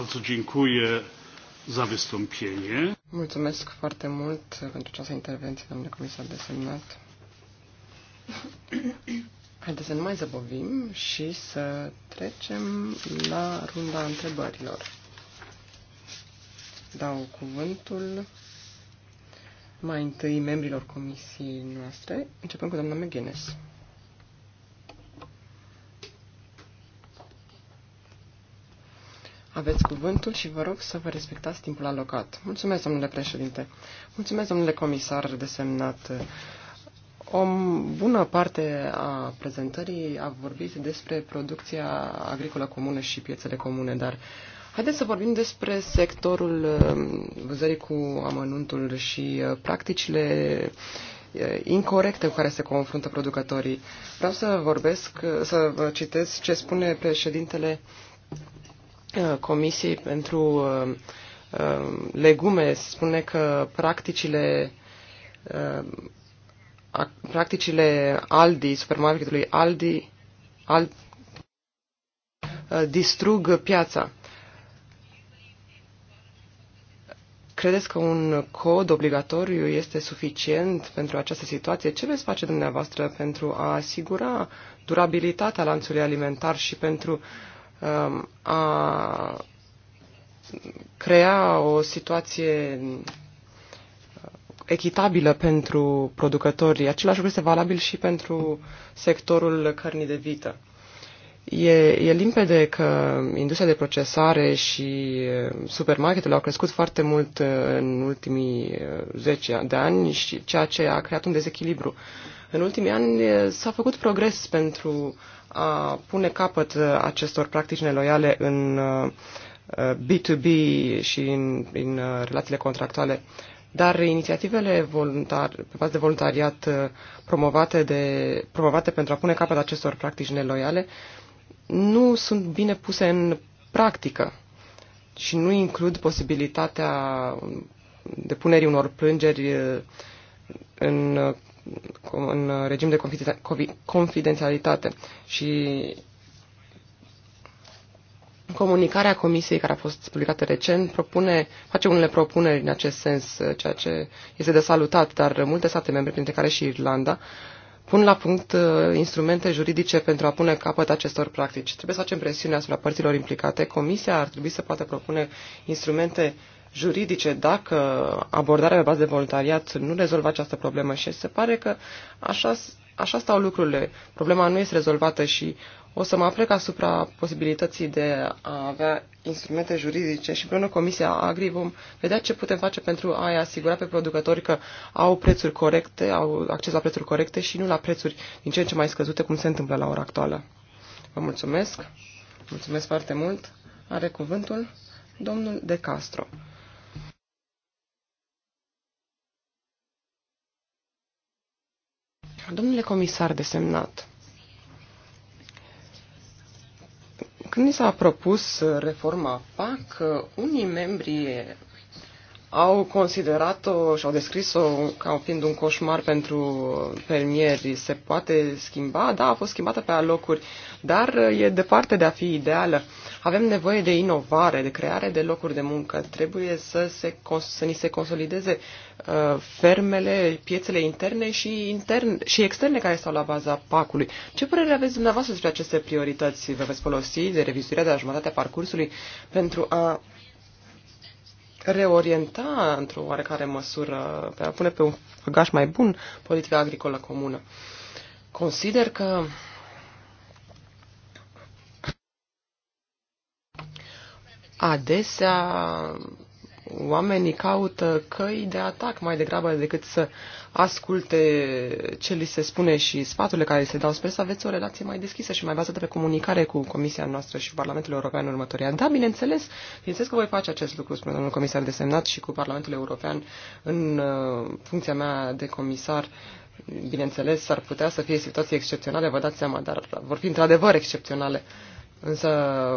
Bardzo dziękuję za wystąpienie. Mulțumesc foarte mult pentru această intervenție, domnule comisar semnat. Haideți să nu mai zăbovim și să trecem la runda întrebărilor. Dau cuvântul mai întâi membrilor comisiei noastre. Începem cu doamna McGuinness. Aveți cuvântul și vă rog să vă respectați timpul alocat. Mulțumesc, domnule președinte. Mulțumesc, domnule comisar desemnat. O bună parte a prezentării a vorbit despre producția agricolă comună și piețele comune, dar haideți să vorbim despre sectorul um, vânzării cu amănuntul și uh, practicile uh, incorrecte cu care se confruntă producătorii. Vreau să vorbesc, uh, să vă citesc ce spune președintele Uh, Comisiei pentru uh, uh, legume spune că practicile practicile Aldi, supermarketului Aldi, Aldi distrug piața. Credeți că un cod obligatoriu este suficient pentru această situație? Ce veți face dumneavoastră pentru a asigura durabilitatea lanțului alimentar și pentru uh, Um, a crea o situație uh, echitabilă pentru producătorii. Același lucru este valabil și pentru sectorul cărnii de vită. E, e limpede că industria de procesare și uh, supermarketele au crescut foarte mult uh, în ultimii 10 de ani, și ceea ce a creat un dezechilibru. În ultimii ani s-a făcut progres pentru a pune capăt uh, acestor practici neloiale în B2B uh, și în, în uh, relațiile contractuale. Dar inițiativele voluntar, pe bază de voluntariat promovate, de, promovate pentru a pune capăt acestor practici neloiale nu sunt bine puse în practică și nu includ posibilitatea depunerii unor plângeri în în uh, regim de confidențialitate și comunicarea comisiei care a fost publicată recent propune, face unele propuneri în acest sens, uh, ceea ce este de salutat, dar multe state membre, printre care și Irlanda, pun la punct uh, instrumente juridice pentru a pune capăt acestor practici. Trebuie să facem presiune asupra părților implicate. Comisia ar trebui să poată propune instrumente juridice dacă abordarea pe bază de voluntariat nu rezolvă această problemă și se pare că așa, așa stau lucrurile. Problema nu este rezolvată și o să mă aplec asupra posibilității de a avea instrumente juridice și împreună Comisia Agri vom vedea ce putem face pentru a-i asigura pe producători că au prețuri corecte, au acces la prețuri corecte și nu la prețuri din ce în ce mai scăzute cum se întâmplă la ora actuală. Vă mulțumesc! Mulțumesc foarte mult! Are cuvântul domnul De Castro. Domnule comisar desemnat, când s-a propus reforma PAC, unii membri au considerat-o și au descris-o ca fiind un coșmar pentru fermieri. Se poate schimba? Da, a fost schimbată pe alocuri, dar e departe de a fi ideală. Avem nevoie de inovare, de creare de locuri de muncă. Trebuie să, se, să ni se consolideze uh, fermele, piețele interne și, intern, și externe care stau la baza pacului. Ce părere aveți dumneavoastră despre aceste priorități? Vă veți folosi de revizuirea de la jumătatea parcursului pentru a reorienta într-o oarecare măsură, pe a pune pe un făgaș mai bun politica agricolă comună. Consider că adesea oamenii caută căi de atac mai degrabă decât să asculte ce li se spune și sfaturile care li se dau. Sper să aveți o relație mai deschisă și mai bazată pe comunicare cu Comisia noastră și Parlamentul European în următoria. Da, bineînțeles, bineînțeles că voi face acest lucru, spune domnul comisar desemnat și cu Parlamentul European în uh, funcția mea de comisar bineînțeles, s-ar putea să fie situații excepționale, vă dați seama, dar vor fi într-adevăr excepționale. Uh, Însă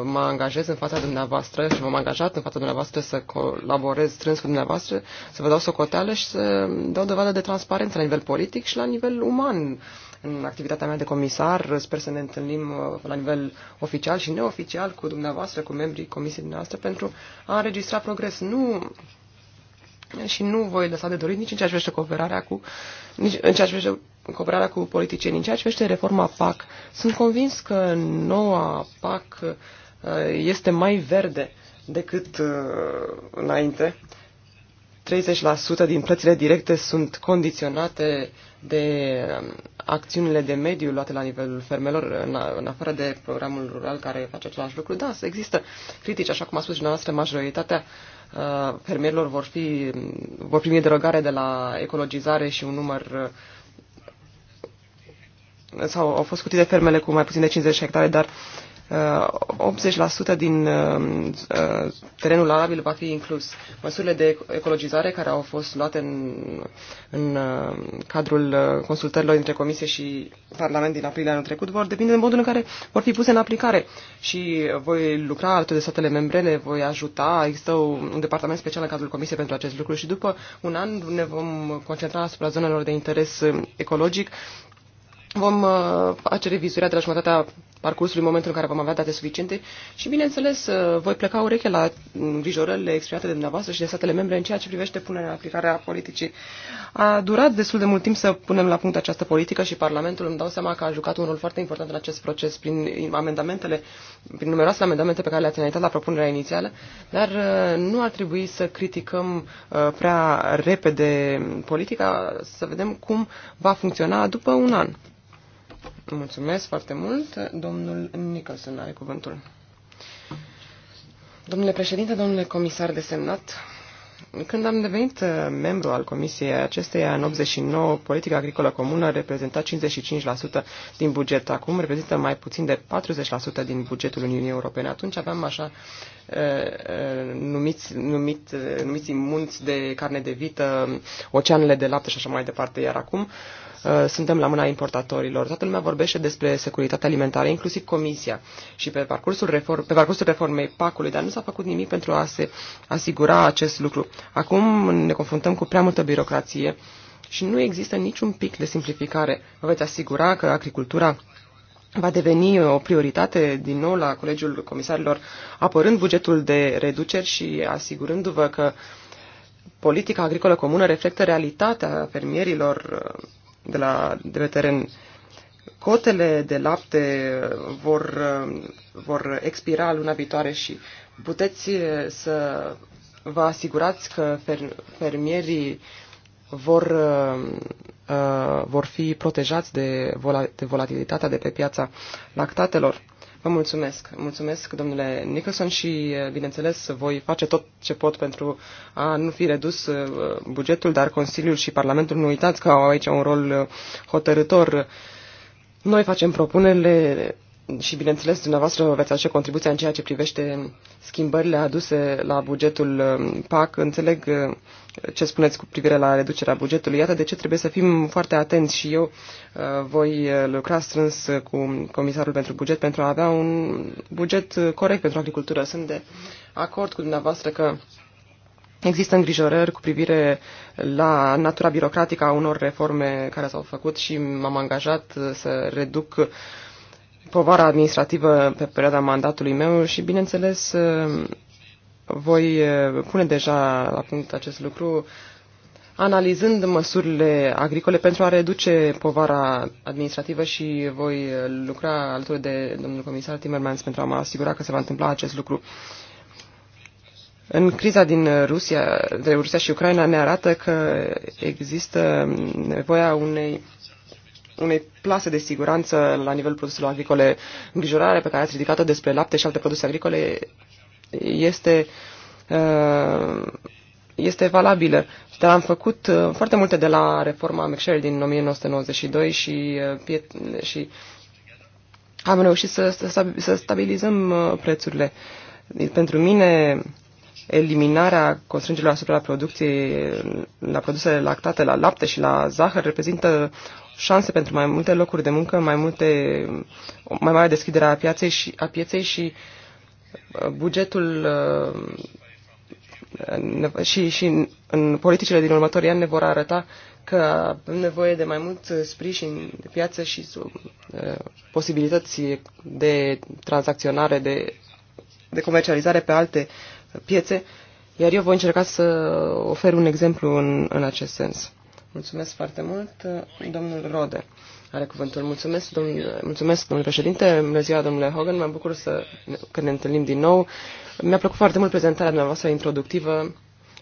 mă angajez în fața dumneavoastră și m-am angajat în fața dumneavoastră să colaborez strâns cu dumneavoastră, să vă dau socoteală și să dau dovadă de transparență la nivel politic și la nivel uman. În activitatea mea de comisar sper să ne întâlnim uh, la nivel oficial și neoficial cu dumneavoastră, cu membrii comisiei dumneavoastră pentru a înregistra progres. Nu și nu voi lăsa de dorit nici în ceea ce privește cooperarea cu, nici în ceea ce cooperarea cu politicienii. În ceea ce vește reforma PAC, sunt convins că noua PAC uh, este mai verde decât uh, înainte. 30% din plățile directe sunt condiționate de um, acțiunile de mediu luate la nivelul fermelor, în, afară de programul rural care face același lucru. Da, există critici, așa cum a spus și noastră, majoritatea uh, fermierilor vor, fi, vor primi derogare de la ecologizare și un număr sau au fost scutite fermele cu mai puțin de 50 hectare, dar uh, 80% din uh, uh, terenul arabil va fi inclus. Măsurile de ecologizare care au fost luate în, în uh, cadrul uh, consultărilor între Comisie și Parlament din aprilie anul trecut vor depinde de modul în care vor fi puse în aplicare și voi lucra alături de statele membre, le voi ajuta. Există un departament special în cadrul Comisiei pentru acest lucru și după un an ne vom concentra asupra zonelor de interes uh, ecologic Vom uh, face revizuirea de la jumătatea parcursului, în momentul în care vom avea date suficiente și, bineînțeles, uh, voi pleca ureche la mm, îngrijorările exprimate de dumneavoastră și de statele membre în ceea ce privește punerea în aplicare a politicii. A durat destul de mult timp să punem la punct această politică și Parlamentul îmi dau seama că a jucat un rol foarte important în acest proces prin amendamentele, prin numeroase amendamente pe care le-ați înaintat la propunerea inițială, dar uh, nu ar trebui să criticăm prea repede politica, să vedem cum va funcționa după un an. Mulțumesc foarte mult. Domnul Nicholson are cuvântul. Domnule președinte, domnule comisar desemnat, când am devenit uh, membru al comisiei acesteia în 89, politica agricolă comună reprezenta 55% din buget. Acum reprezintă mai puțin de 40% din bugetul Uniunii Europene. Atunci aveam așa uh, uh, numiți, numit, numiți munți de carne de vită, oceanele de lapte și așa mai departe. Iar acum Uh, suntem la mâna importatorilor. Toată lumea vorbește despre securitatea alimentară, inclusiv Comisia. Și pe parcursul, reform, pe parcursul reformei PAC-ului, dar nu s-a făcut nimic pentru a se asigura acest lucru. Acum ne confruntăm cu prea multă birocrație și nu există niciun pic de simplificare. Vă veți asigura că agricultura va deveni o prioritate din nou la Colegiul Comisarilor, apărând bugetul de reduceri și asigurându-vă că politica agricolă comună reflectă realitatea fermierilor uh, de, la, de pe teren. Cotele de lapte vor, vor expira luna viitoare și puteți eh, să vă asigurați că fermierii vor, eh, eh, vor fi protejați de volatilitatea de pe piața lactatelor. Vă mulțumesc. Mulțumesc, domnule Nicholson, și, eh, bineînțeles, voi face tot ce pot pentru a nu fi redus eh, bugetul, dar Consiliul și Parlamentul, nu uitați că au aici un rol eh, hotărător. Noi facem propunerile și, bineînțeles, dumneavoastră vă veți face contribuția în ceea ce privește schimbările aduse la bugetul um, PAC. Înțeleg uh, ce spuneți cu privire la reducerea bugetului. Iată de ce trebuie să fim foarte atenți și eu uh, voi uh, lucra strâns cu Comisarul pentru Buget pentru a avea un buget corect pentru agricultură. Sunt de acord cu dumneavoastră că Există îngrijorări cu privire la natura birocratică a unor reforme care s-au făcut și m-am angajat să reduc povara administrativă pe perioada mandatului meu și, bineînțeles, voi eh, pune deja la punct acest lucru analizând măsurile agricole pentru a reduce povara administrativă și voi eh, lucra alături de domnul comisar Timmermans pentru a mă asigura că se va întâmpla acest lucru. În criza din Rusia, de Rusia și Ucraina ne arată că există nevoia unei unei plase de siguranță la nivelul produselor agricole. Îngrijorarea pe care ați ridicat-o despre lapte și alte produse agricole este, uh, este valabilă. Dar am făcut uh, foarte multe de la reforma McSherry din 1992 și, uh, și am reușit să, să stabilizăm prețurile. Pentru mine, eliminarea constrângerilor asupra producției la produsele lactate, la lapte și la zahăr reprezintă șanse pentru mai multe locuri de muncă, mai multe, mai mare deschidere a pieței și, a pieței și uh, bugetul uh, și, și în politicile din următorii ani ne vor arăta că avem nevoie de mai mult sprijin de piață și uh, posibilități de tranzacționare, de, de comercializare pe alte piețe, iar eu voi încerca să ofer un exemplu în, în acest sens. Mulțumesc foarte mult, domnul Rode. Are cuvântul. Mulțumesc, domnule, mulțumesc, domnule președinte. Bună ziua, domnule Hogan. Mă bucur să, că ne întâlnim din nou. Mi-a plăcut foarte mult prezentarea dumneavoastră introductivă.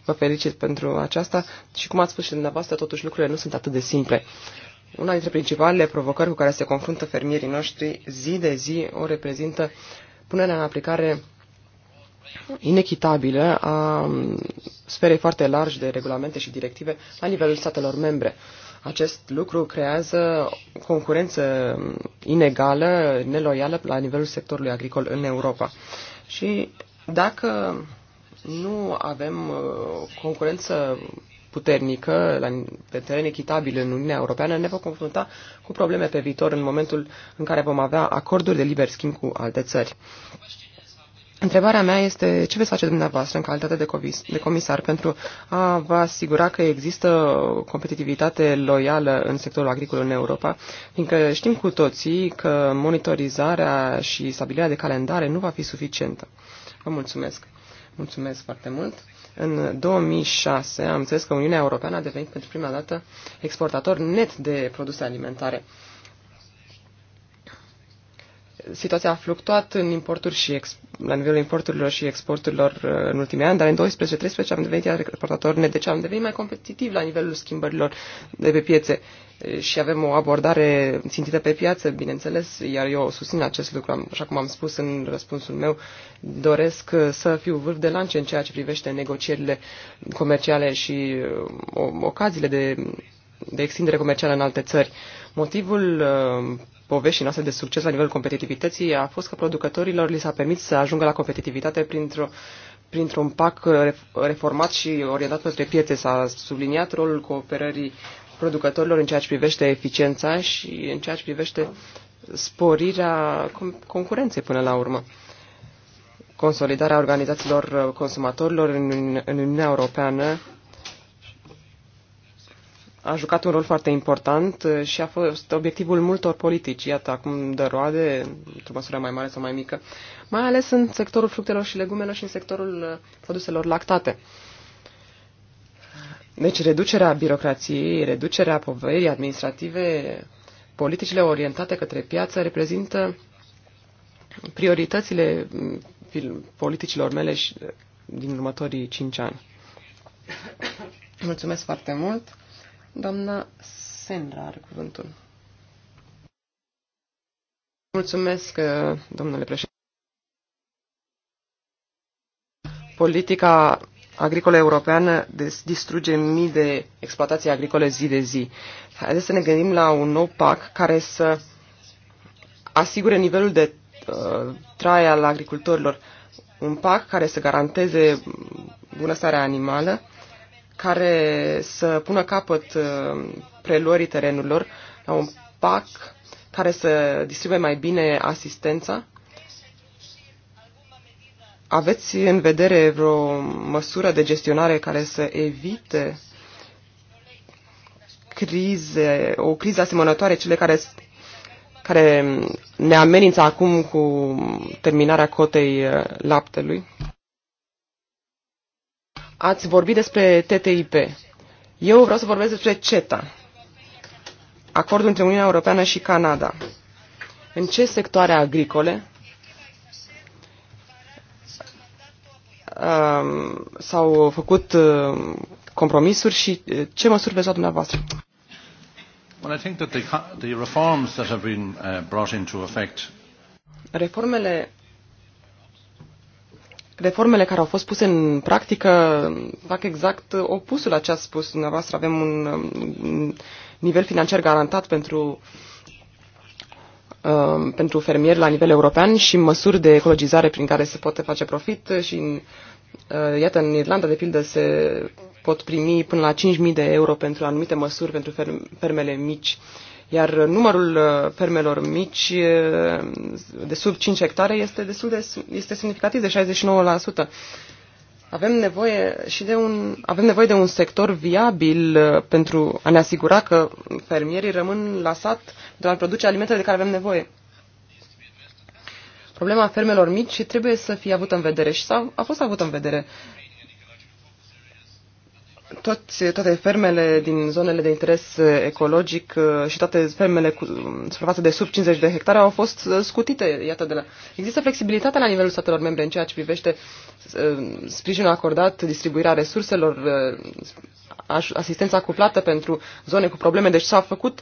Vă felicit pentru aceasta. Și cum ați spus și dumneavoastră, totuși lucrurile nu sunt atât de simple. Una dintre principalele provocări cu care se confruntă fermierii noștri zi de zi o reprezintă punerea în aplicare inechitabilă a sferei foarte largi de regulamente și directive la nivelul statelor membre. Acest lucru creează concurență inegală, neloială la nivelul sectorului agricol în Europa. Și dacă nu avem uh, concurență puternică, la, pe teren echitabil în Uniunea Europeană, ne vom confrunta cu probleme pe viitor în momentul în care vom avea acorduri de liber schimb cu alte țări. Întrebarea mea este ce veți face dumneavoastră în calitate de, comis de comisar pentru a vă asigura că există competitivitate loială în sectorul agricol în Europa, fiindcă știm cu toții că monitorizarea și stabilirea de calendare nu va fi suficientă. Vă mulțumesc. Mulțumesc foarte mult. În 2006 am înțeles că Uniunea Europeană a devenit pentru prima dată exportator net de produse alimentare situația a fluctuat în importuri și ex, la nivelul importurilor și exporturilor uh, în ultimii ani, dar în 2012 am devenit iar exportator net, deci am devenit mai competitiv la nivelul schimbărilor de pe piețe și avem o abordare țintită pe piață, bineînțeles, iar eu susțin acest lucru, așa cum am spus în răspunsul meu, doresc uh, să fiu vârf de lance în ceea ce privește negocierile comerciale și uh, ocaziile de de extindere comercială în alte țări. Motivul uh, poveștii noastre de succes la nivelul competitivității a fost că producătorilor li s-a permis să ajungă la competitivitate printr-o printr-un pac reformat și orientat pe piețe. S-a subliniat rolul cooperării producătorilor în ceea ce privește eficiența și în ceea ce privește sporirea concurenței până la urmă. Consolidarea organizațiilor consumatorilor în Uniunea Europeană a jucat un rol foarte important uh, și a fost obiectivul multor politici. Iată, acum dă roade, într-o măsură mai mare sau mai mică, mai ales în sectorul fructelor și legumelor și în sectorul uh, produselor lactate. Deci reducerea birocrației, reducerea poverii administrative, politicile orientate către piață reprezintă prioritățile mm, politicilor mele și uh, din următorii cinci ani. Mulțumesc foarte mult! Doamna Senra are cuvântul. Mulțumesc, uh, domnule președinte. Politica agricolă europeană distruge mii de exploatații agricole zi de zi. Haideți să ne gândim la un nou PAC care să asigure nivelul de uh, trai al agricultorilor. Un PAC care să garanteze bunăstarea animală care să pună capăt uh, preluării terenurilor, la un PAC care să distribuie mai bine asistența? Aveți în vedere vreo măsură de gestionare care să evite crize, o criză asemănătoare cele care, care ne amenință acum cu terminarea cotei uh, laptelui? ați vorbit despre TTIP. Eu vreau să vorbesc despre CETA, acordul între Uniunea Europeană și Canada. În ce sectoare agricole um, s-au făcut um, compromisuri și uh, ce măsuri vezi dumneavoastră? Well, I think that the, the reforms that have been uh, brought into effect Reformele reformele care au fost puse în practică fac exact opusul a ce ați spus dumneavoastră. Avem un nivel financiar garantat pentru um, pentru fermieri la nivel european și măsuri de ecologizare prin care se poate face profit și uh, iată în Irlanda de pildă se pot primi până la 5.000 de euro pentru anumite măsuri pentru fermele mici iar numărul uh, fermelor mici uh, de sub 5 hectare este, destul de, este semnificativ de 69%. Avem nevoie și de un, avem nevoie de un sector viabil uh, pentru a ne asigura că fermierii rămân la sat de a produce alimentele de care avem nevoie. Problema fermelor mici trebuie să fie avută în vedere și s-a, a fost avută în vedere toți, toate fermele din zonele de interes uh, ecologic uh, și toate fermele cu um, suprafață de sub 50 de hectare au fost uh, scutite. Iată de la... Există flexibilitate la nivelul statelor membre în ceea ce privește sprijinul acordat, distribuirea resurselor, asistența cuplată pentru zone cu probleme. Deci s-a făcut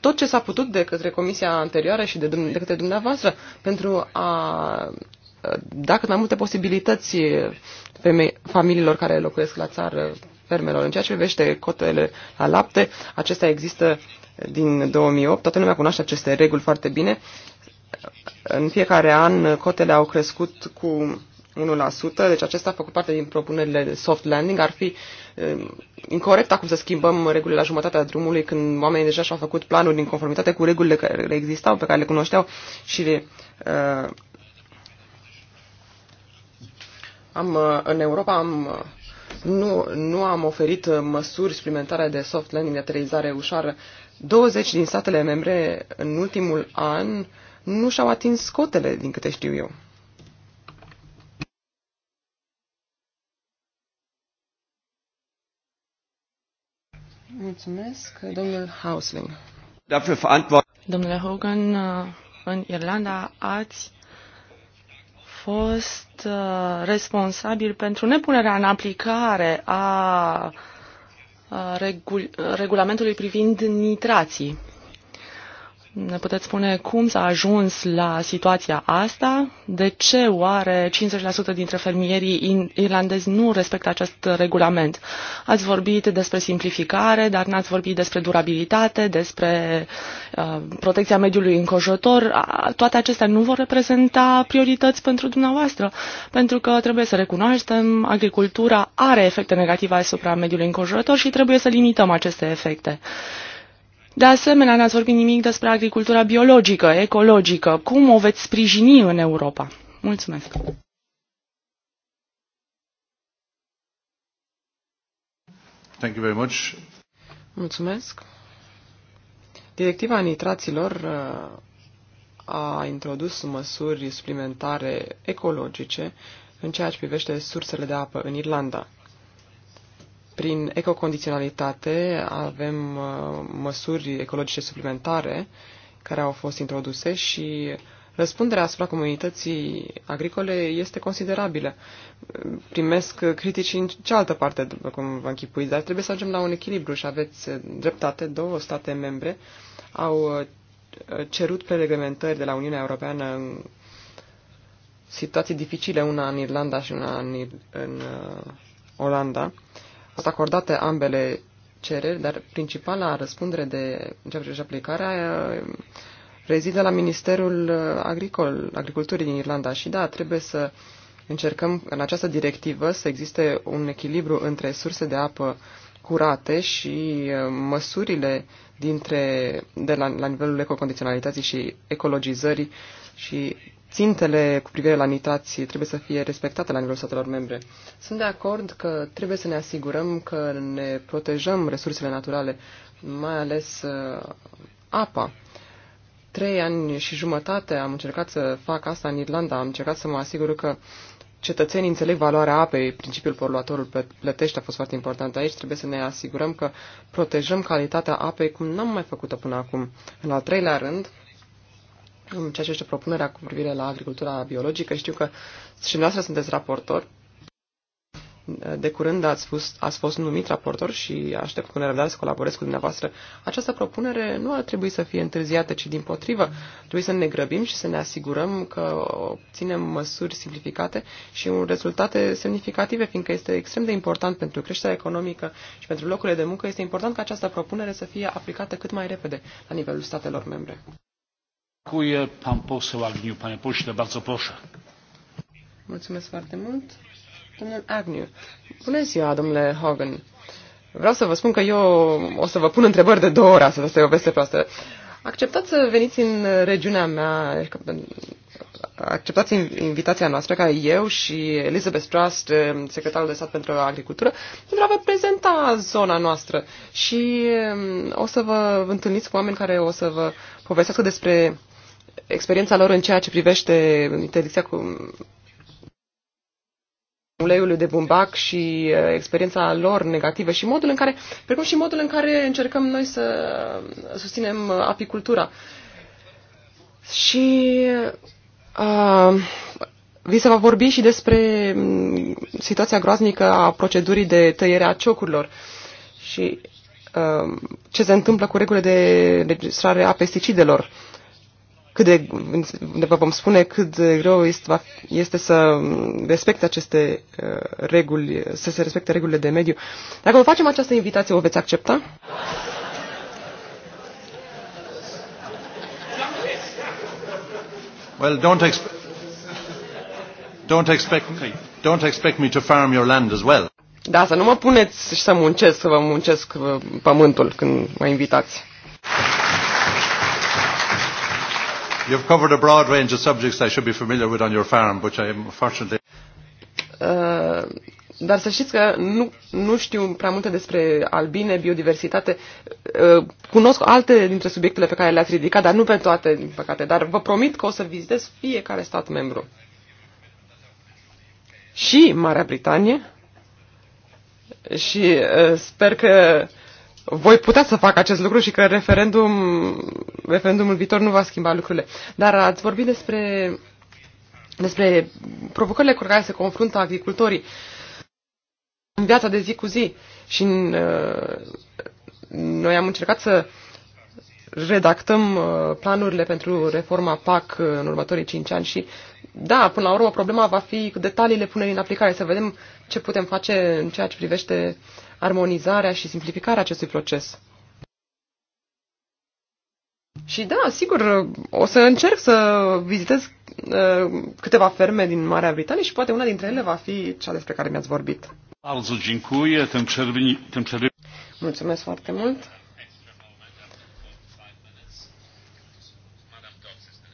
tot ce s-a putut de către comisia anterioară și de, de către dumneavoastră pentru a da cât mai multe posibilități femei, familiilor care locuiesc la țară fermelor. În ceea ce privește cotele la lapte, acestea există din 2008. Toată lumea cunoaște aceste reguli foarte bine. În fiecare an cotele au crescut cu 1%, deci acesta a făcut parte din propunerile de soft landing. Ar fi uh, incorrect acum să schimbăm regulile la jumătatea drumului când oamenii deja și-au făcut planuri din conformitate cu regulile care existau, pe care le cunoșteau și le, uh, am, uh, în Europa am uh, nu, nu am oferit uh, măsuri suplimentare de soft landing, de aterizare ușoară. 20 din statele membre în ultimul an nu și-au atins cotele, din câte știu eu. Mulțumesc, domnul Hausling. Domnule Hogan, uh, în Irlanda ați fost uh, responsabil pentru nepunerea în aplicare a uh, uh, regulamentului privind nitrații. Ne puteți spune cum s-a ajuns la situația asta? De ce oare 50% dintre fermierii irlandezi nu respectă acest regulament? Ați vorbit despre simplificare, dar n-ați vorbit despre durabilitate, despre uh, protecția mediului înconjurător. Toate acestea nu vor reprezenta priorități pentru dumneavoastră, pentru că trebuie să recunoaștem, agricultura are efecte negative asupra mediului înconjurător și trebuie să limităm aceste efecte. De asemenea, n-ați vorbit nimic despre agricultura biologică, ecologică. Cum o veți sprijini în Europa? Mulțumesc! Thank you very much. Mulțumesc. Directiva nitraților uh, a introdus măsuri suplimentare ecologice în ceea ce privește sursele de apă în Irlanda. Prin ecocondiționalitate avem uh, măsuri ecologice suplimentare care au fost introduse și răspunderea asupra comunității agricole este considerabilă. Primesc critici în cealaltă parte, după cum vă închipuiți, dar trebuie să ajungem la un echilibru și aveți dreptate. Două state membre au uh, cerut prereglementări de la Uniunea Europeană în situații dificile, una în Irlanda și una în, în uh, Olanda fost acordate ambele cereri, dar principala răspundere de în ceea ce aplicarea eh, rezidă la Ministerul eh, Agricol, Agriculturii din Irlanda și da, trebuie să încercăm în această directivă să existe un echilibru între surse de apă curate și eh, măsurile dintre, de la, la nivelul ecocondiționalității și ecologizării și țintele cu privire la nitrați trebuie să fie respectate la nivelul statelor membre. Sunt de acord că trebuie să ne asigurăm că ne protejăm resursele naturale, mai ales uh, apa. Trei ani și jumătate am încercat să fac asta în Irlanda. Am încercat să mă asigur că cetățenii înțeleg valoarea apei, principiul poluatorul plătește a fost foarte important aici. Trebuie să ne asigurăm că protejăm calitatea apei cum n-am mai făcut-o până acum. În al treilea rând, în ceea ce este propunerea cu privire la agricultura biologică. Știu că și noastră sunteți raportor. De curând ați, spus, ați fost numit raportor și aștept cu nerăbdare să colaborez cu dumneavoastră. Această propunere nu ar trebui să fie întârziată, ci din potrivă. Trebuie să ne grăbim și să ne asigurăm că obținem măsuri simplificate și un rezultate semnificative, fiindcă este extrem de important pentru creșterea economică și pentru locurile de muncă. Este important ca această propunere să fie aplicată cât mai repede la nivelul statelor membre. Mulțumesc foarte mult. Domnul Agniu. Bună ziua, domnule Hogan. Vreau să vă spun că eu o să vă pun întrebări de două ori să asta e o veste proastă. Acceptați să veniți în regiunea mea, acceptați invitația noastră, care eu și Elizabeth Trust, secretarul de stat pentru agricultură, pentru a vă prezenta zona noastră. Și um, o să vă întâlniți cu oameni care o să vă povestească despre experiența lor în ceea ce privește interdicția cu uleiului de bumbac și uh, experiența lor negativă și modul în care, precum și modul în care încercăm noi să susținem uh, apicultura. Și uh, vi se va vorbi și despre mm, situația groaznică a procedurii de tăiere a ciocurilor și uh, ce se întâmplă cu regulile de registrare a pesticidelor. Uh, cât de, de vă vom spune cât de greu este, este să respecte aceste uh, reguli, să se respecte regulile de mediu. Dacă vă facem această invitație, o veți accepta? Well, don't, expect, don't, expect, don't expect me to farm your land as well. Da, să nu mă puneți și să muncesc, să vă muncesc uh, pământul când mă invitați. You've covered a broad range of subjects I should be familiar with on your farm, which I am fortunately... Uh, dar să știți că nu, nu știu prea multe despre albine, biodiversitate. Uh, cunosc alte dintre subiectele pe care le-ați ridicat, dar nu pe toate, din păcate. Dar vă promit că o să vizitez fiecare stat membru. Și Marea Britanie. Și uh, sper că uh, voi putea să fac acest lucru și că referendum, referendumul viitor nu va schimba lucrurile. Dar ați vorbit despre, despre provocările cu care se confruntă agricultorii în viața de zi cu zi. Și în, uh, noi am încercat să redactăm uh, planurile pentru reforma PAC uh, în următorii 5 ani și da, până la urmă problema va fi cu detaliile punerii în aplicare, să vedem ce putem face în ceea ce privește uh, armonizarea și simplificarea acestui proces. Și da, sigur, o să încerc să vizitez uh, câteva ferme din Marea Britanie și poate una dintre ele va fi cea despre care mi-ați vorbit. Mulțumesc foarte mult.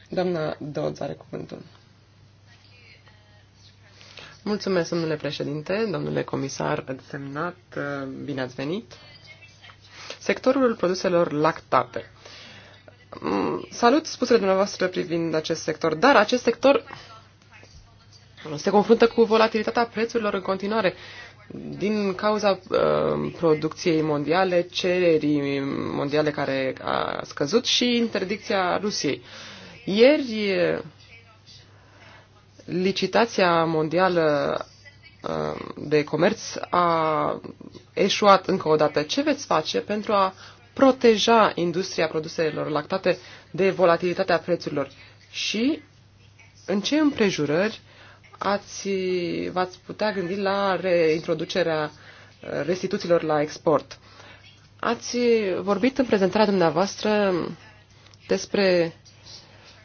Doamna Dodds are cuvântul. Mulțumesc, domnule președinte, domnule comisar semnat, uh, bine ați venit. Sectorul produselor lactate. Mm, salut spusele dumneavoastră privind acest sector, dar acest sector se confruntă cu volatilitatea prețurilor în continuare din cauza uh, producției mondiale, cererii mondiale care a scăzut și interdicția Rusiei. Ieri licitația mondială uh, de comerț a eșuat încă o dată. Ce veți face pentru a proteja industria produselor lactate de volatilitatea prețurilor? Și în ce împrejurări ați, v-ați putea gândi la reintroducerea uh, restituțiilor la export? Ați vorbit în prezentarea dumneavoastră despre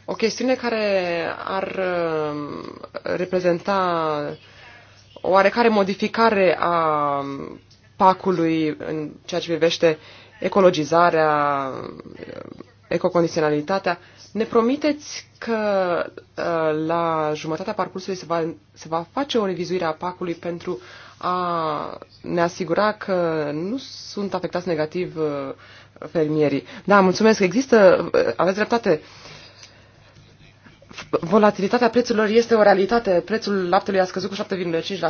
o chestiune care ar uh, reprezenta o oarecare modificare a pacului în ceea ce privește ecologizarea, uh, ecocondiționalitatea. Ne promiteți că uh, la jumătatea parcursului se va, se va face o revizuire a pacului pentru a ne asigura că nu sunt afectați negativ fermierii. Da, mulțumesc. Există, aveți dreptate, volatilitatea prețurilor este o realitate. Prețul laptelui a scăzut cu 7,5%,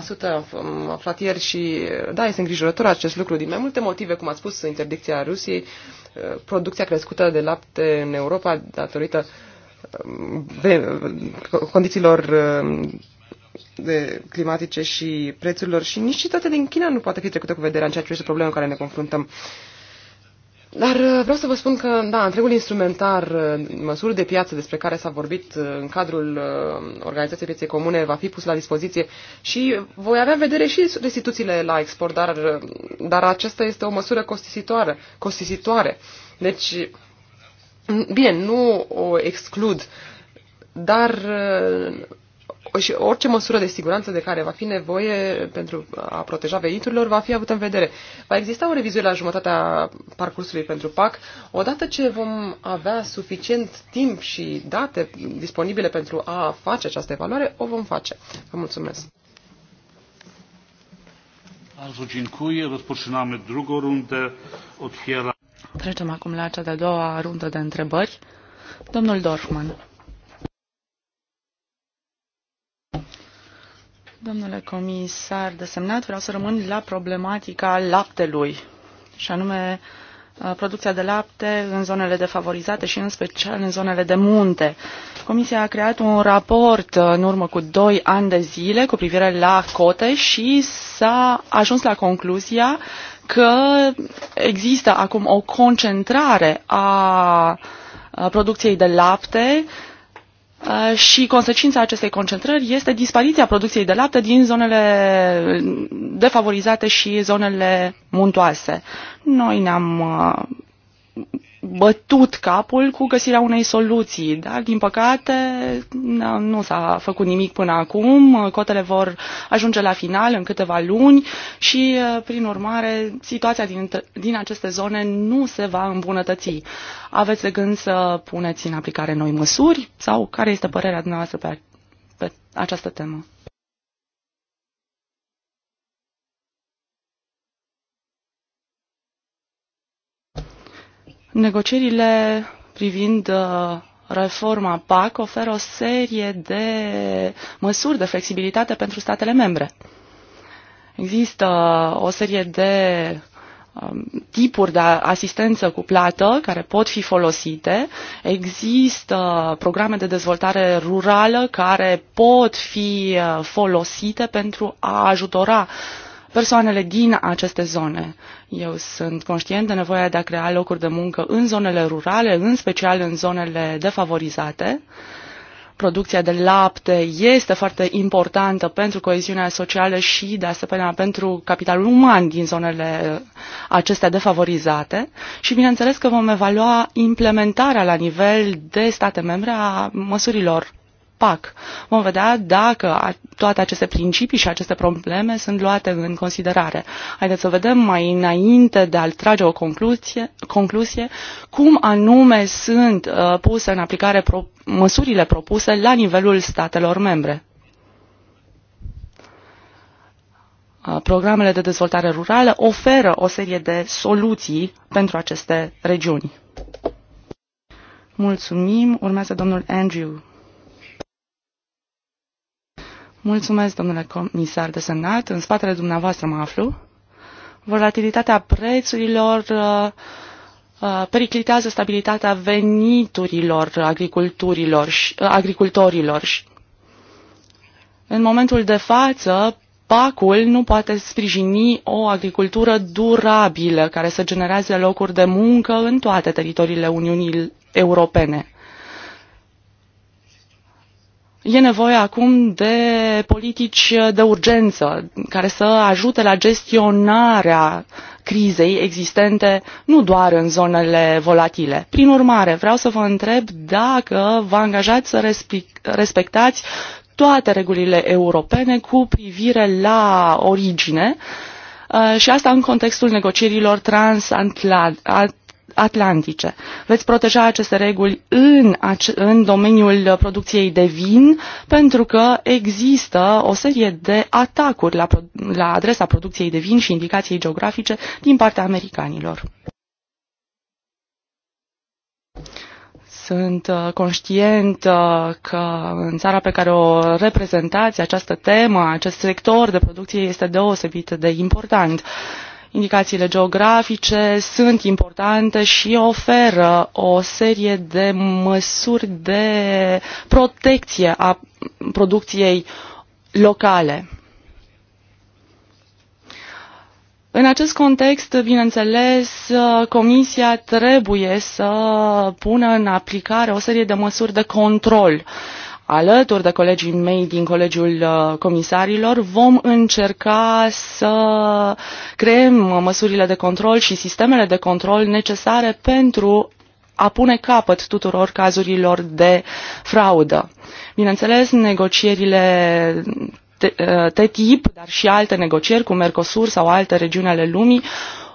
am aflat ieri și, da, este îngrijorător acest lucru din mai multe motive, cum a spus, interdicția Rusiei, eh, producția crescută de lapte în Europa datorită eh, condițiilor eh, de climatice și prețurilor și nici citate din China nu poate fi trecută cu vederea în ceea ce este problema în care ne confruntăm. Uh, dar uh, vreau să vă spun că, da, întregul instrumentar, uh, măsuri de piață despre care s-a vorbit uh, în cadrul Organizației Pieței Comune va fi pus la dispoziție și voi avea vedere și restituțiile la export, dar, dar aceasta este o măsură costisitoare. costisitoare. Deci, bine, nu o exclud, dar și orice măsură de siguranță de care va fi nevoie pentru a proteja veniturilor va fi avută în vedere. Va exista o revizuire la jumătatea parcursului pentru PAC. Odată ce vom avea suficient timp și date disponibile pentru a face această evaluare, o vom face. Vă mulțumesc. Trecem acum la cea de-a doua rundă de întrebări. Domnul Dorfman. Domnule comisar desemnat, vreau să rămân la problematica laptelui, și anume uh, producția de lapte în zonele defavorizate și în special în zonele de munte. Comisia a creat un raport uh, în urmă cu 2 ani de zile cu privire la cote și s-a ajuns la concluzia că există acum o concentrare a producției de lapte Uh, și consecința acestei concentrări este dispariția producției de lapte din zonele defavorizate și zonele muntoase. Noi ne-am uh, bătut capul cu găsirea unei soluții, dar din păcate nu s-a făcut nimic până acum, cotele vor ajunge la final în câteva luni și uh, prin urmare situația din, din aceste zone nu se va îmbunătăți. Aveți de gând să puneți în aplicare noi măsuri sau care este părerea dumneavoastră pe, pe această temă? Negocierile privind uh, reforma PAC oferă o serie de măsuri de flexibilitate pentru statele membre. Există o serie de um, tipuri de asistență plată care pot fi folosite. Există programe de dezvoltare rurală care pot fi uh, folosite pentru a ajutora uh, persoanele din aceste zone. Eu sunt conștient de nevoia de a crea locuri de muncă în zonele rurale, în special în zonele defavorizate. Producția de lapte este foarte importantă pentru coeziunea socială și, de asemenea, pentru capitalul uman din zonele uh, acestea defavorizate. Și, bineînțeles, că vom evalua implementarea la nivel de state membre a măsurilor PAC. Vom vedea dacă toate aceste principii și aceste probleme sunt luate în considerare. Haideți să vedem mai înainte de a trage o concluzie, concluzie cum anume sunt uh, puse în aplicare pro- măsurile propuse la nivelul statelor membre. Uh, programele de dezvoltare rurală oferă o serie de soluții pentru aceste regiuni. Mulțumim. Urmează domnul Andrew. Mulțumesc, domnule comisar de Senat. În spatele dumneavoastră mă aflu. Volatilitatea prețurilor uh, uh periclitează stabilitatea veniturilor agriculturilor și, uh, agricultorilor. În momentul de față, PAC-ul nu poate sprijini o agricultură durabilă care să genereze locuri de muncă în toate teritoriile Uniunii Europene e nevoie acum de politici de urgență care să ajute la gestionarea crizei existente nu doar în zonele volatile. Prin urmare, vreau să vă întreb dacă vă angajați să respectați toate regulile europene cu privire la origine uh, și asta în contextul negocierilor transatlantice atlantice. Veți proteja aceste reguli în, în domeniul producției de vin pentru că există o serie de atacuri la, la adresa producției de vin și indicației geografice din partea americanilor. Sunt uh, conștient uh, că în țara pe care o reprezentați, această temă, acest sector de producție este deosebit de important. Indicațiile geografice sunt importante și oferă o serie de măsuri de protecție a producției locale. În acest context, bineînțeles, Comisia trebuie să pună în aplicare o serie de măsuri de control uh, alături de colegii mei din Colegiul uh, Comisarilor, vom încerca să creăm măsurile de control și sistemele de control necesare pentru a pune capăt tuturor cazurilor de fraudă. Bineînțeles, negocierile TTIP, uh, dar și alte negocieri cu Mercosur sau alte regiuni ale lumii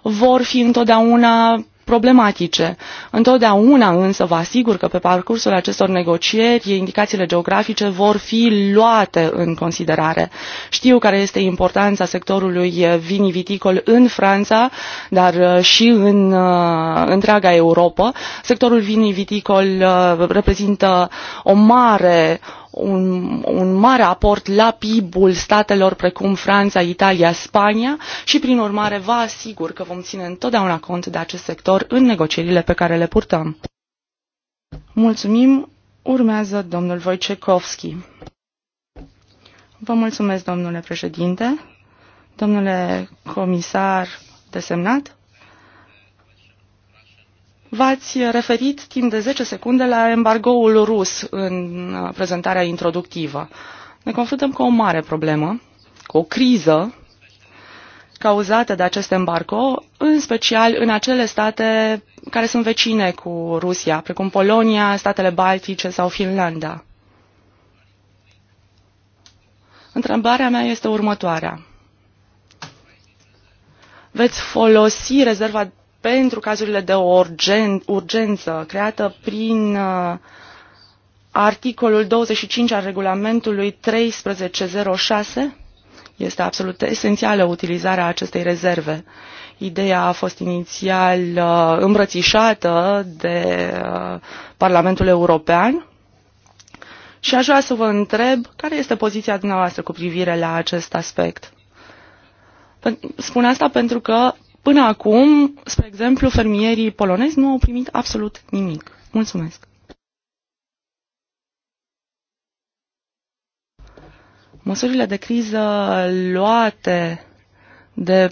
vor fi întotdeauna problematice. Întotdeauna însă vă asigur că pe parcursul acestor negocieri indicațiile geografice vor fi luate în considerare. Știu care este importanța sectorului viniviticol în Franța, dar uh, și în uh, întreaga Europa. Sectorul viniviticol uh, reprezintă o mare un, un mare aport la PIB-ul statelor precum Franța, Italia, Spania și, prin urmare, vă asigur că vom ține întotdeauna cont de acest sector în negocierile pe care le purtăm. Mulțumim. Urmează domnul Wojciechowski. Vă mulțumesc, domnule președinte, domnule comisar desemnat. V-ați referit timp de 10 secunde la embargoul rus în uh, prezentarea introductivă. Ne confruntăm cu o mare problemă, cu o criză cauzată de acest embargo, în special în acele state care sunt vecine cu Rusia, precum Polonia, statele Baltice sau Finlanda. Întrebarea mea este următoarea. Veți folosi rezerva pentru cazurile de urgen, urgență creată prin uh, articolul 25 al regulamentului 1306 este absolut esențială utilizarea acestei rezerve. Ideea a fost inițial uh, îmbrățișată de uh, Parlamentul European și aș vrea să vă întreb care este poziția dumneavoastră cu privire la acest aspect. Spun asta pentru că Până acum, spre exemplu, fermierii polonezi nu au primit absolut nimic. Mulțumesc! Măsurile de criză luate de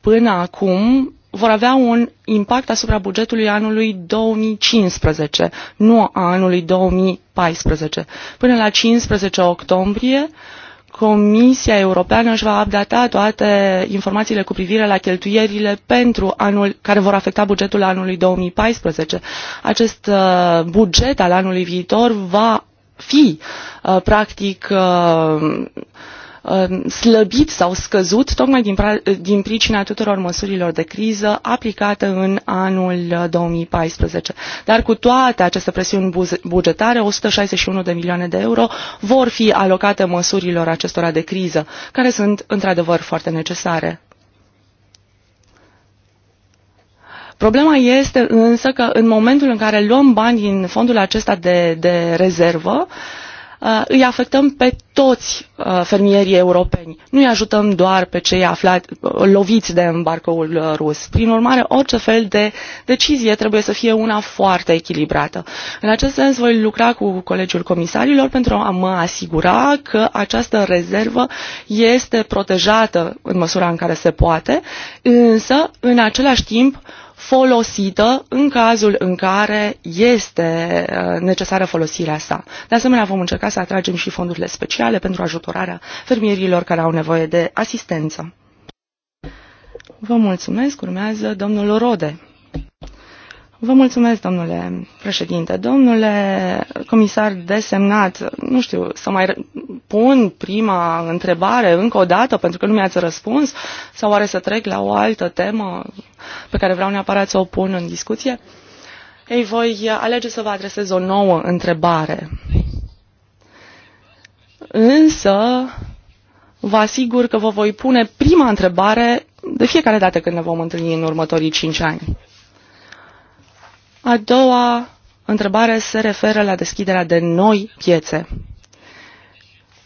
până acum vor avea un impact asupra bugetului anului 2015, nu a anului 2014. Până la 15 octombrie, uh, Comisia Europeană își va updata toate informațiile cu privire la cheltuierile pentru anul care vor afecta bugetul anului 2014. Acest uh, buget al anului viitor va fi uh, practic uh, Um, slăbit sau scăzut tocmai din, din pricina tuturor măsurilor de criză aplicate în anul 2014. Uh, Dar cu toate aceste presiuni bugetare, 161 de milioane de euro vor fi alocate măsurilor acestora de criză, care sunt într-adevăr foarte necesare. Problema este însă că în momentul în care luăm bani din fondul acesta de, de rezervă, uh, Uh, îi afectăm pe toți uh, fermierii europeni. Nu îi ajutăm doar pe cei aflați uh, loviți de embargoul rus. Prin urmare, orice fel de decizie trebuie să fie una foarte echilibrată. În acest sens, voi lucra cu Colegiul Comisarilor pentru a mă asigura că această rezervă este protejată în măsura în care se poate, însă, în același timp, folosită în cazul în care este uh, necesară folosirea sa. De asemenea, vom încerca să atragem și fondurile speciale pentru ajutorarea fermierilor care au nevoie de asistență. Vă mulțumesc. Urmează domnul Rode. Vă mulțumesc, domnule președinte. Domnule comisar desemnat, nu știu, să mai pun prima întrebare încă o dată, pentru că nu mi-ați răspuns, sau oare să trec la o altă temă pe care vreau neapărat să o pun în discuție? Ei, voi alege să vă adresez o nouă întrebare. Însă, vă asigur că vă voi pune prima întrebare de fiecare dată când ne vom întâlni în următorii cinci ani. A doua întrebare se referă la deschiderea de noi piețe.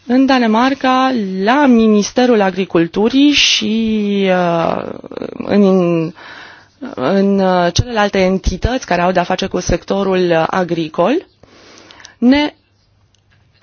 În Danemarca, la Ministerul Agriculturii și uh, în, în celelalte entități care au de-a face cu sectorul agricol, ne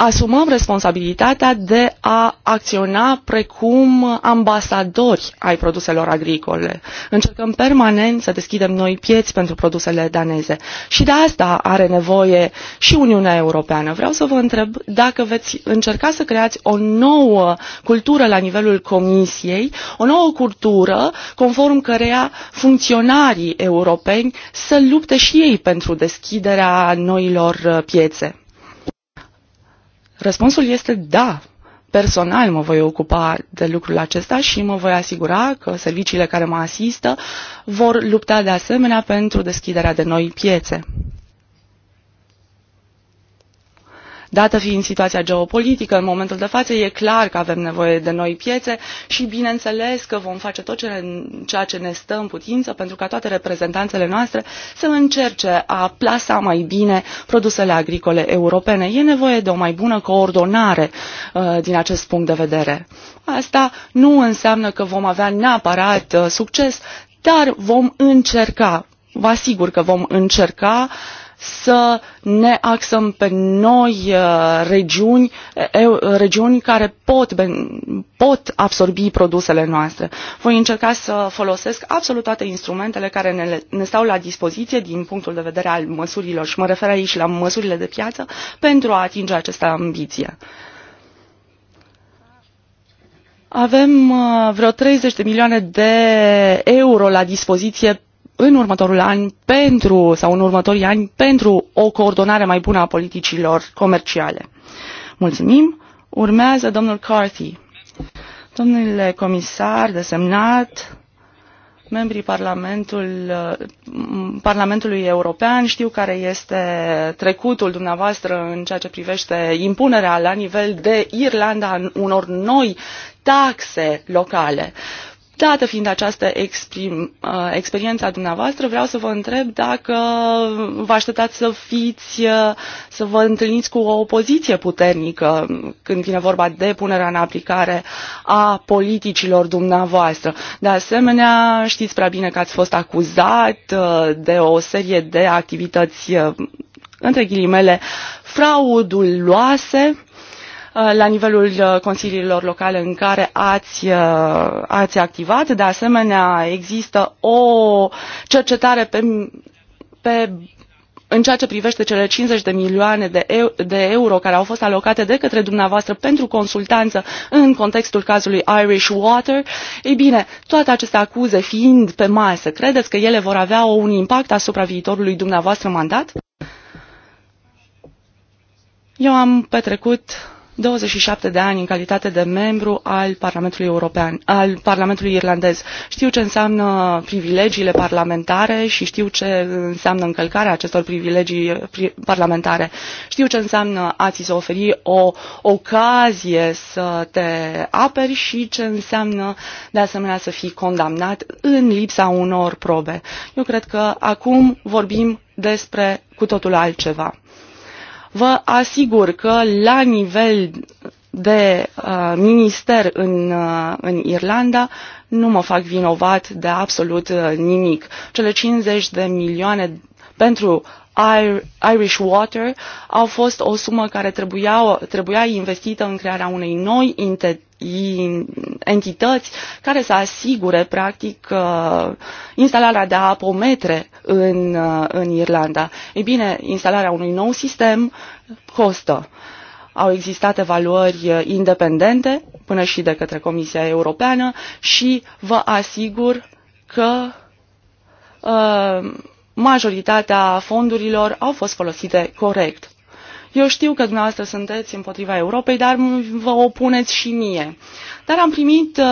asumăm responsabilitatea de a acționa precum ambasadori ai produselor agricole. Încercăm permanent să deschidem noi pieți pentru produsele daneze și de asta are nevoie și Uniunea Europeană. Vreau să vă întreb dacă veți încerca să creați o nouă cultură la nivelul Comisiei, o nouă cultură conform căreia funcționarii europeni să lupte și ei pentru deschiderea noilor piețe. Răspunsul este da. Personal mă voi ocupa de lucrul acesta și mă voi asigura că serviciile care mă asistă vor lupta de asemenea pentru deschiderea de noi piețe. Dată fiind situația geopolitică, în momentul de față e clar că avem nevoie de noi piețe și bineînțeles că vom face tot ceea ce ne stă în putință pentru ca toate reprezentanțele noastre să încerce a plasa mai bine produsele agricole europene. E nevoie de o mai bună coordonare uh, din acest punct de vedere. Asta nu înseamnă că vom avea neapărat uh, succes, dar vom încerca vă asigur că vom încerca să ne axăm pe noi uh, regiuni, regiuni care pot, pot absorbi produsele noastre. Voi încerca să folosesc absolut toate instrumentele care ne, ne stau la dispoziție din punctul de vedere al măsurilor și mă refer aici la măsurile de piață pentru a atinge această ambiție. Avem uh, vreo 30 de milioane de euro la dispoziție în următorul an pentru, sau în următorii ani pentru o coordonare mai bună a politicilor comerciale. Mulțumim. Urmează domnul Carthy. Domnule comisar desemnat, membrii Parlamentul, Parlamentului European știu care este trecutul dumneavoastră în ceea ce privește impunerea la nivel de Irlanda unor noi taxe locale. Uh, Dată fiind această exprim, uh, experiență a dumneavoastră, vreau să vă întreb dacă vă așteptați să fiți, uh, să vă întâlniți cu o opoziție puternică când vine vorba de punerea în aplicare a politicilor dumneavoastră. De asemenea, știți prea bine că ați fost acuzat uh, de o serie de activități între ghilimele frauduloase Uh, la nivelul uh, consiliilor locale în care ați, uh, ați activat. De asemenea, există o cercetare pe, pe în ceea ce privește cele 50 de milioane de, eu, de euro care au fost alocate de către dumneavoastră pentru consultanță în contextul cazului Irish Water, ei bine, toate aceste acuze fiind pe masă, credeți că ele vor avea un impact asupra viitorului dumneavoastră mandat? Eu am petrecut 27 de ani în calitate de membru al Parlamentului European, al Parlamentului Irlandez. Știu ce înseamnă privilegiile parlamentare și știu ce înseamnă încălcarea acestor privilegii parlamentare. Știu ce înseamnă a-ți se oferi o ocazie să te aperi și ce înseamnă de asemenea să fii condamnat în lipsa unor probe. Eu cred că acum vorbim despre cu totul altceva. Vă asigur că la nivel de uh, minister în, uh, în Irlanda nu mă fac vinovat de absolut uh, nimic. Cele 50 de milioane pentru Irish Water au fost o sumă care trebuia, trebuia investită în crearea unei noi entități entități care să asigure, practic, uh, instalarea de apometre în, uh, în Irlanda. Ei bine, instalarea unui nou sistem costă. Au existat evaluări uh, independente, până și de către Comisia Europeană, și vă asigur că uh, majoritatea fondurilor au fost folosite corect. Eu știu că dumneavoastră sunteți împotriva Europei, dar vă opuneți și mie. Dar am primit uh,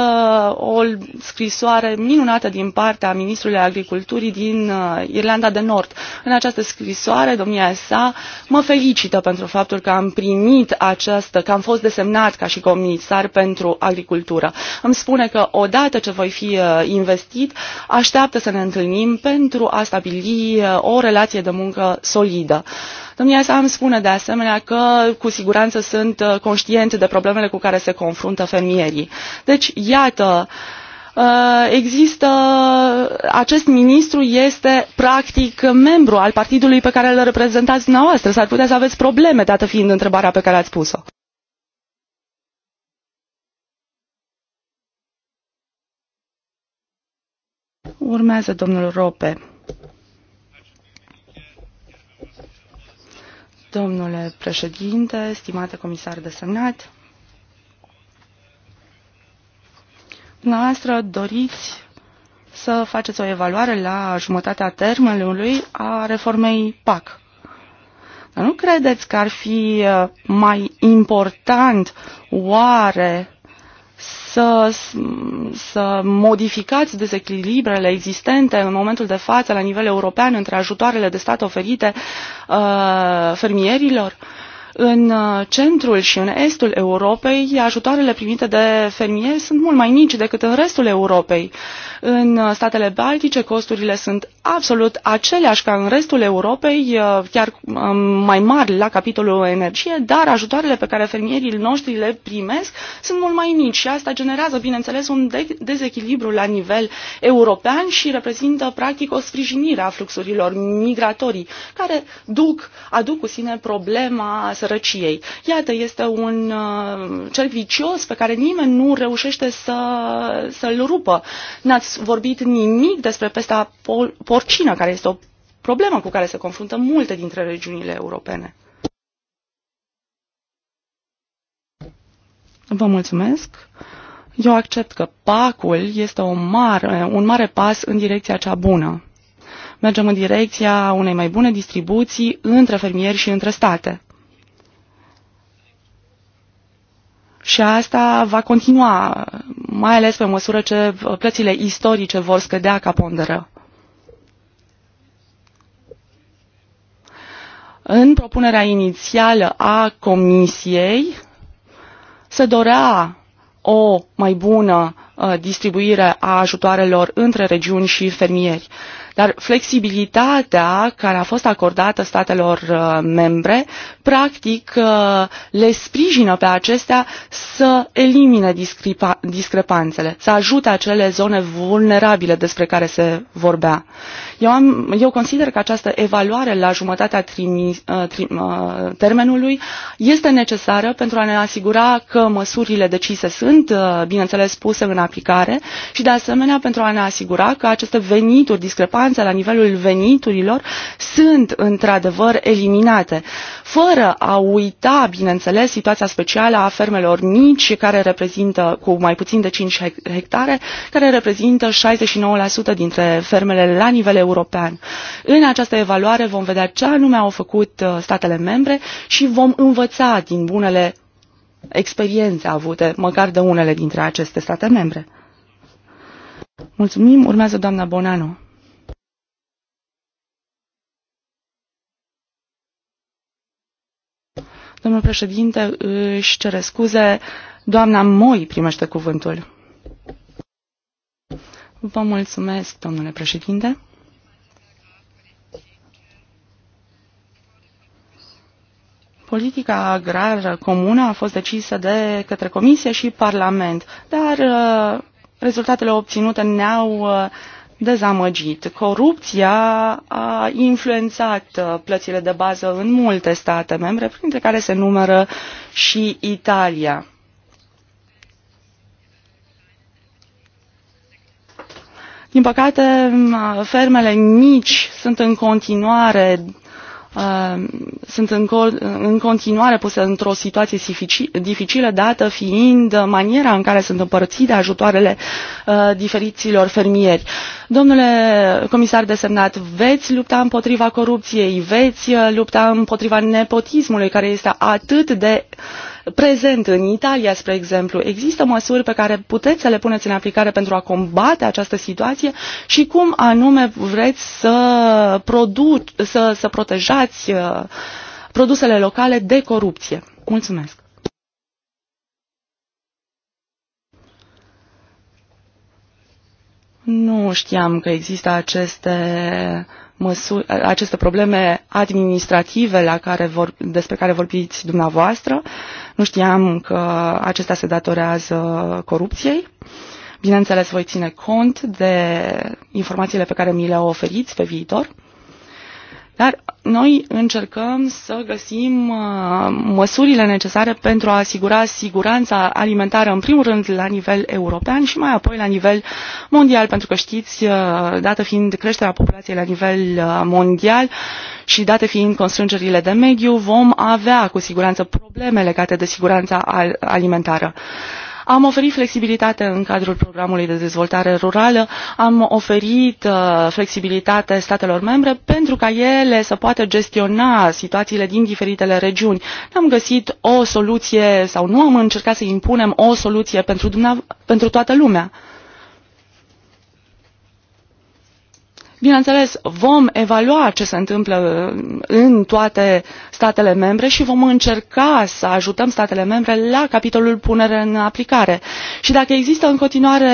o scrisoare minunată din partea Ministrului Agriculturii din uh, Irlanda de Nord. În această scrisoare, domnia sa mă felicită pentru faptul că am primit această, că am fost desemnat ca și comisar pentru agricultură. Îmi spune că odată ce voi fi uh, investit, așteaptă să ne întâlnim pentru a stabili uh, o relație de muncă solidă. Uh, Domnia sa îmi spune de asemenea că cu siguranță sunt uh, conștient de problemele cu care se confruntă fermierii. Deci, iată, uh, există acest ministru este practic membru al partidului pe care îl reprezentați dumneavoastră. S-ar putea să aveți probleme, dată fiind întrebarea pe care ați pus-o. Urmează domnul Rope. Domnule președinte, stimate comisar semnat, dumneavoastră doriți să faceți o evaluare la jumătatea termenului a reformei PAC. Dar nu credeți că ar fi uh, mai important oare să, să modificați dezechilibrele existente în momentul de față la nivel european între ajutoarele de stat oferite uh, fermierilor? Uh, în uh, centrul și în estul Europei, ajutoarele primite de fermieri sunt mult mai mici decât în restul Europei. În uh, statele baltice, costurile sunt absolut aceleași ca în restul Europei, uh, chiar um, mai mari la capitolul energie, dar ajutoarele pe care fermierii noștri le primesc sunt mult mai mici și asta generează, bineînțeles, un dezechilibru la nivel european și reprezintă, practic, o sprijinire a fluxurilor migratorii, care duc, aduc cu sine problema să sărăciei. Iată, este un uh, cerc vicios pe care nimeni nu reușește să, să-l rupă. N-ați vorbit nimic despre pesta porcină, care este o problemă cu care se confruntă multe dintre regiunile europene. Vă mulțumesc. Eu accept că pacul este o mare, un mare pas în direcția cea bună. Mergem în direcția unei mai bune distribuții între fermieri și între state. Și asta va continua, mai ales pe măsură ce uh, plățile istorice vor scădea ca ponderă. În propunerea inițială a Comisiei se dorea o mai bună uh, distribuire a ajutoarelor între regiuni și fermieri. Dar flexibilitatea care a fost acordată statelor uh, membre, practic uh, le sprijină pe acestea să elimine discrepanțele, să ajute acele zone vulnerabile despre care se vorbea. Eu, am, eu consider că această evaluare la jumătatea trimi, uh, tri, termenului este necesară pentru a ne asigura că măsurile decise sunt, bineînțeles, puse în aplicare și, de asemenea, pentru a ne asigura că aceste venituri discrepanțe discrepanțe la nivelul veniturilor sunt într-adevăr eliminate, fără a uita, bineînțeles, situația specială a fermelor mici care reprezintă cu mai puțin de 5 hectare, care reprezintă 69% dintre fermele la nivel european. În această evaluare vom vedea ce anume au făcut uh, statele membre și vom învăța din bunele experiențe avute, măcar de unele dintre aceste state membre. Mulțumim. Urmează doamna Bonano. Domnul președinte își cere scuze. Doamna Moi primește cuvântul. Vă mulțumesc, domnule președinte. Politica agrară comună a fost decisă de către Comisie și Parlament, dar uh, rezultatele obținute ne-au uh, dezamăgit. Corupția a influențat uh, plățile de bază în multe state membre, printre care se numără și Italia. Din păcate, fermele mici sunt în continuare Ehm, sunt în, în continuare puse într-o situație dificilă, dată fiind maniera în care sunt împărțite ajutoarele eh, diferiților fermieri. Domnule comisar desemnat, veți lupta împotriva corupției, veți eh, lupta împotriva nepotismului, care este atât de prezent în Italia, spre exemplu. Există măsuri pe care puteți să le puneți în aplicare pentru a combate această situație și cum anume vreți să, produ- să, să protejați uh, produsele locale de corupție. Mulțumesc! Nu știam că există aceste aceste probleme administrative la care vor, despre care vorbiți dumneavoastră. Nu știam că acestea se datorează corupției. Bineînțeles, voi ține cont de informațiile pe care mi le oferiți pe viitor. Dar noi încercăm să găsim uh, măsurile necesare pentru a asigura siguranța alimentară, în primul rând, la nivel european și mai apoi la nivel mondial, pentru că știți, uh, dată fiind creșterea populației la nivel uh, mondial și date fiind constrângerile de mediu, vom avea cu siguranță probleme legate de siguranța alimentară. Am oferit flexibilitate în cadrul programului de dezvoltare rurală, am oferit uh, flexibilitate statelor membre pentru ca ele să poată gestiona situațiile din diferitele regiuni. Nu am găsit o soluție sau nu am încercat să impunem o soluție pentru, pentru toată lumea. Bineînțeles, vom evalua ce se întâmplă în toate statele membre și vom încerca să ajutăm statele membre la capitolul punere în aplicare. Și dacă există în continuare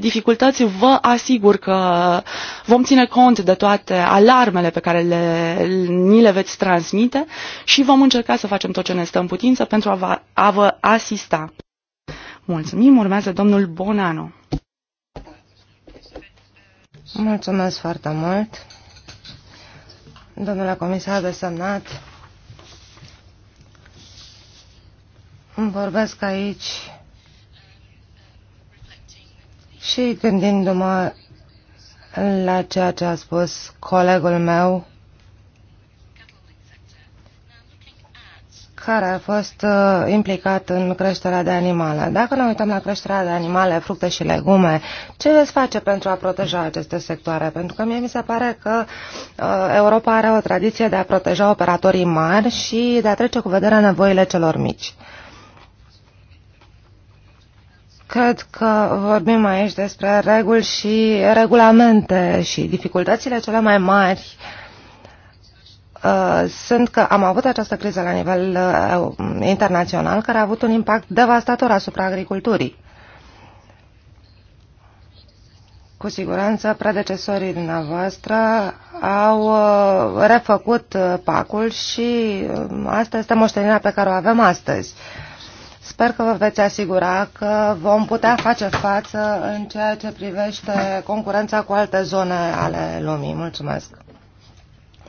dificultăți, vă asigur că vom ține cont de toate alarmele pe care le, ni le veți transmite și vom încerca să facem tot ce ne stă în putință pentru a vă, a vă asista. Mulțumim, urmează domnul Bonano. Mulțumesc foarte mult. Domnule comisar de semnat, îmi vorbesc aici și gândindu-mă la ceea ce a spus colegul meu care a fost uh, implicat în creșterea de animale. Dacă ne uităm la creșterea de animale, fructe și legume, ce veți face pentru a proteja aceste sectoare? Pentru că mie mi se pare că uh, Europa are o tradiție de a proteja operatorii mari și de a trece cu vederea nevoile celor mici. Cred că vorbim aici despre reguli și regulamente și dificultățile cele mai mari uh, Uh, sunt că am avut această criză la nivel uh, internațional care a avut un impact devastator asupra agriculturii. Cu siguranță, predecesorii dumneavoastră au uh, refăcut uh, pacul și uh, asta este moștenirea pe care o avem astăzi. Sper că vă veți asigura că vom putea face față în ceea ce privește concurența cu alte zone ale lumii. Mulțumesc!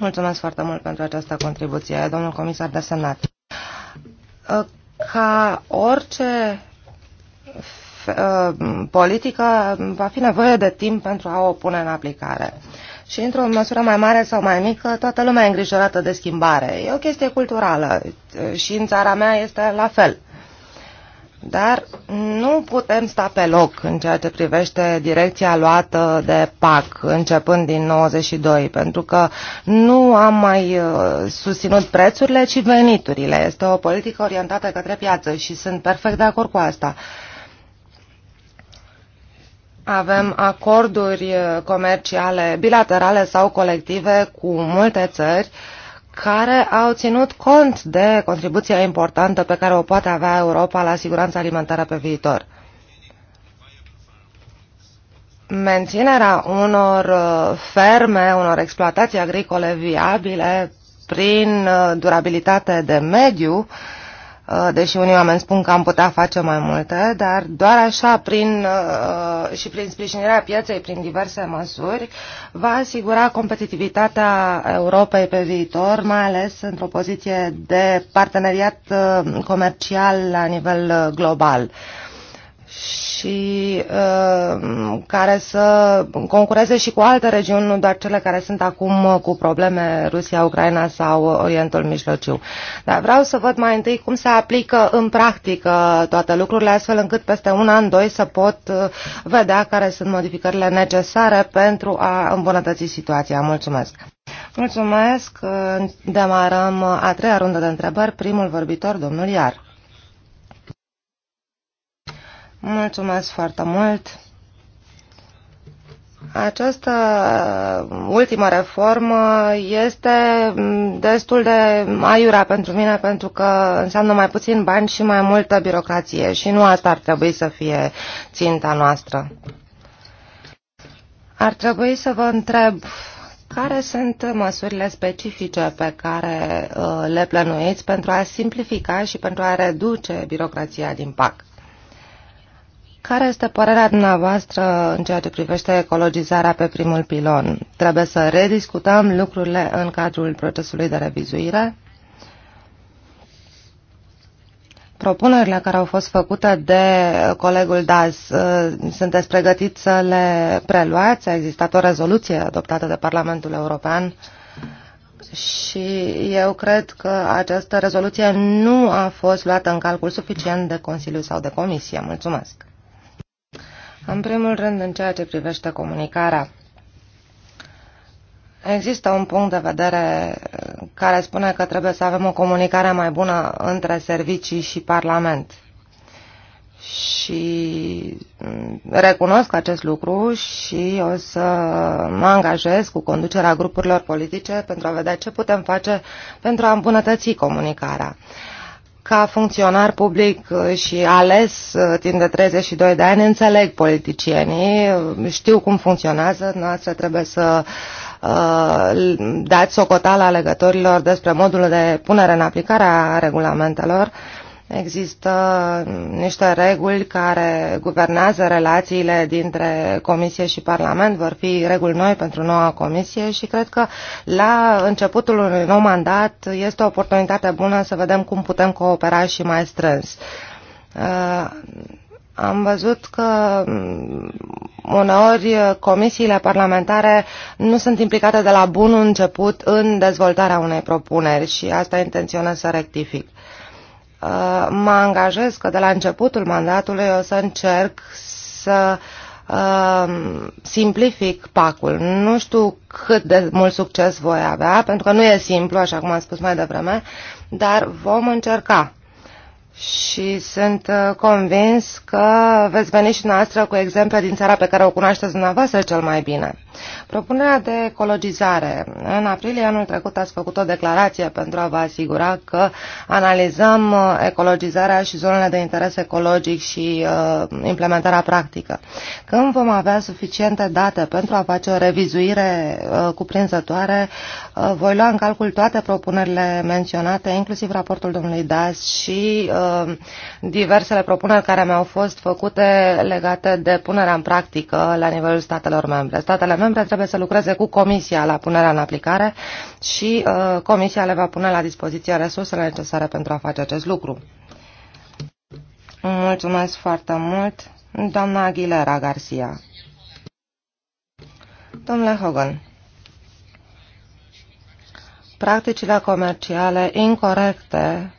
Mulțumesc foarte mult pentru această contribuție, domnul comisar de senat. Ă, ca orice ă, politică va fi nevoie de timp pentru a o pune în aplicare. Și într-o măsură mai mare sau mai mică, toată lumea e îngrijorată de schimbare. E o chestie culturală și în țara mea este la fel. Dar nu putem sta pe loc în ceea ce privește direcția luată de PAC începând din 92, pentru că nu am mai uh, susținut prețurile, ci veniturile. Este o politică orientată către piață și sunt perfect de acord cu asta. Avem acorduri uh, comerciale bilaterale sau colective cu multe țări uh, care au ținut cont de contribuția importantă pe care o poate avea Europa la siguranța alimentară pe viitor. Menținerea unor uh, ferme, unor exploatații agricole viabile prin uh, durabilitate de mediu uh, Uh, deși unii oameni spun că am putea face mai multe, dar doar așa prin, uh, uh, și prin sprijinirea pieței prin diverse măsuri va asigura competitivitatea Europei pe viitor, mai ales într-o poziție de parteneriat comercial la nivel global și uh, care să concureze și cu alte regiuni, nu doar cele care sunt acum uh, cu probleme Rusia, Ucraina sau uh, Orientul Mijlociu. Dar vreau să văd mai întâi cum se aplică în practică toate lucrurile, astfel încât peste un an, doi să pot uh, vedea care sunt modificările necesare pentru a îmbunătăți situația. Mulțumesc! Mulțumesc! Demarăm a treia rundă de întrebări. Primul vorbitor, domnul Iar. Mulțumesc foarte mult! Această uh, ultimă reformă este mm, destul de aiurea pentru mine pentru că înseamnă mai puțin bani și mai multă birocrație și nu asta ar trebui să fie ținta noastră. Ar trebui să vă întreb care sunt măsurile specifice pe care uh, le plănuiți pentru a simplifica și pentru a reduce birocrația din PAC? Care este părerea dumneavoastră în ceea ce privește ecologizarea pe primul pilon? Trebuie să rediscutăm lucrurile în cadrul procesului de revizuire? Propunerile care au fost făcute de colegul Das, uh, sunteți pregătiți să le preluați? A existat o rezoluție adoptată de Parlamentul European și eu cred că această rezoluție nu a fost luată în calcul suficient de Consiliu sau de Comisie. Mulțumesc! În primul rând, în ceea ce privește comunicarea, există un punct de vedere care spune că trebuie să avem o comunicare mai bună între servicii și Parlament. Și recunosc acest lucru și o să mă angajez cu conducerea grupurilor politice pentru a vedea ce putem face pentru a îmbunătăți comunicarea. Uh, ca funcționar public uh, și ales uh, timp de 32 de ani, înțeleg politicienii, uh, știu cum funcționează, noastră trebuie să dați socotala alegătorilor despre modul de punere în aplicare a regulamentelor. Există niște reguli care guvernează relațiile dintre Comisie și Parlament, vor fi reguli noi pentru noua Comisie și cred că la începutul unui nou mandat este o oportunitate bună să vedem cum putem coopera și mai strâns. Uh, am văzut că mm, uneori comisiile parlamentare nu sunt implicate de la bun început în dezvoltarea unei propuneri și asta intenționez să rectific. Uh, mă angajez că de la începutul mandatului o să încerc să uh, simplific pacul. Nu știu cât de mult succes voi avea, pentru că nu e simplu, așa cum am spus mai devreme, dar vom încerca. Și sunt uh, convins că veți veni și noastră cu exemple din țara pe care o cunoașteți dumneavoastră cel mai bine. Propunerea de ecologizare. În aprilie anul trecut ați făcut o declarație pentru a vă asigura că analizăm uh, ecologizarea și zonele de interes ecologic și uh, implementarea practică. Când vom avea suficiente date pentru a face o revizuire uh, cuprinzătoare, uh, voi lua în calcul toate propunerile menționate, inclusiv raportul domnului Das și uh, diversele propuneri care mi-au fost făcute legate de punerea în practică la nivelul statelor membre. Statele membre trebuie să lucreze cu Comisia la punerea în aplicare și uh, Comisia le va pune la dispoziție resursele necesare pentru a face acest lucru. Mulțumesc foarte mult, doamna Aguilera Garcia. Domnule Hogan, practicile comerciale incorrecte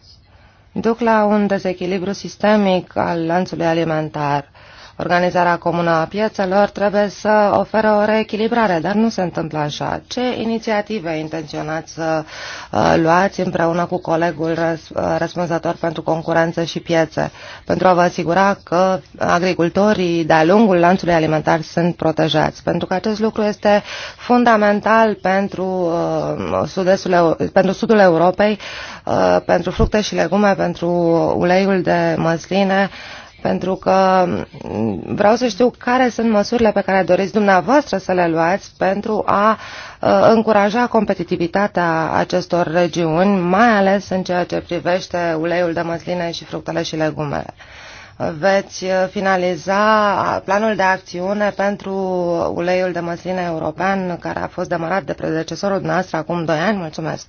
duc la un dezechilibru sistemic al lanțului alimentar organizarea comună a piețelor trebuie să oferă o reechilibrare, dar nu se întâmplă așa. Ce inițiative intenționați să uh, luați împreună cu colegul uh, răspunzător pentru concurență și piețe pentru a vă asigura că agricultorii de-a lungul lanțului alimentar sunt protejați? Pentru că acest lucru este fundamental pentru, uh, sud-estul, pentru sudul Europei, pentru fructe și legume, pentru uleiul de măsline, pentru că mm, vreau să știu care sunt măsurile pe care doriți dumneavoastră să le luați pentru a uh, încuraja competitivitatea acestor regiuni, mai ales în ceea ce privește uleiul de măsline și fructele și legumele veți uh, finaliza planul de acțiune pentru uleiul de măsline european care a fost demarat de predecesorul noastră acum 2 ani. Mulțumesc!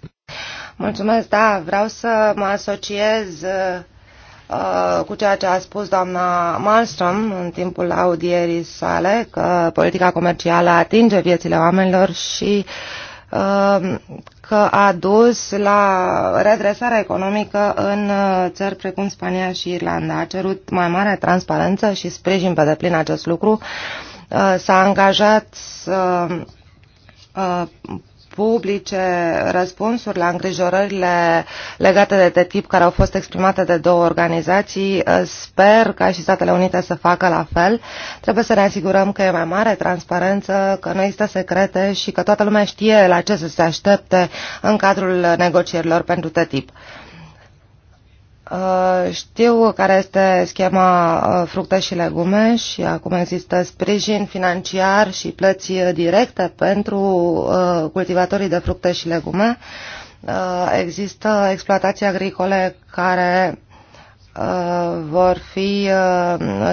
Mulțumesc, da, vreau să mă asociez uh, Uh, cu ceea ce a spus doamna Malmström în timpul audierii sale, că politica comercială atinge viețile oamenilor și uh, că a dus la redresarea economică în uh, țări precum Spania și Irlanda. A cerut mai mare transparență și sprijin pe deplin acest lucru. S-a angajat să publice răspunsuri la îngrijorările legate de TTIP care au fost exprimate de două organizații. Uh, sper ca și Statele Unite să facă la fel. Trebuie să ne asigurăm că e mai mare transparență, că nu există secrete și că toată lumea știe la ce să se aștepte în cadrul negocierilor pentru TTIP. Uh, știu care este schema uh, fructe și legume și acum există sprijin financiar și plăți directe pentru uh, cultivatorii de fructe și legume. Există exploatații agricole care vor fi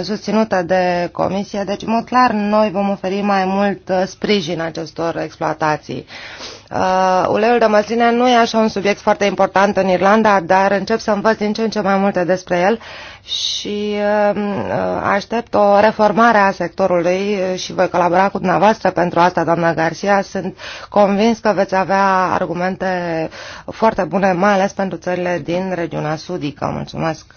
susținute de comisie, deci în mod clar noi vom oferi mai mult sprijin acestor exploatații. Uh, Uh, uleiul de măsline nu e așa un subiect foarte important în Irlanda, dar încep să învăț din ce în ce mai multe despre el și um, uh, aștept o reformare a sectorului uh, și voi colabora cu dumneavoastră pentru asta, doamna Garcia. Sunt convins că veți avea argumente foarte bune, mai ales pentru țările din regiunea sudică. Mulțumesc!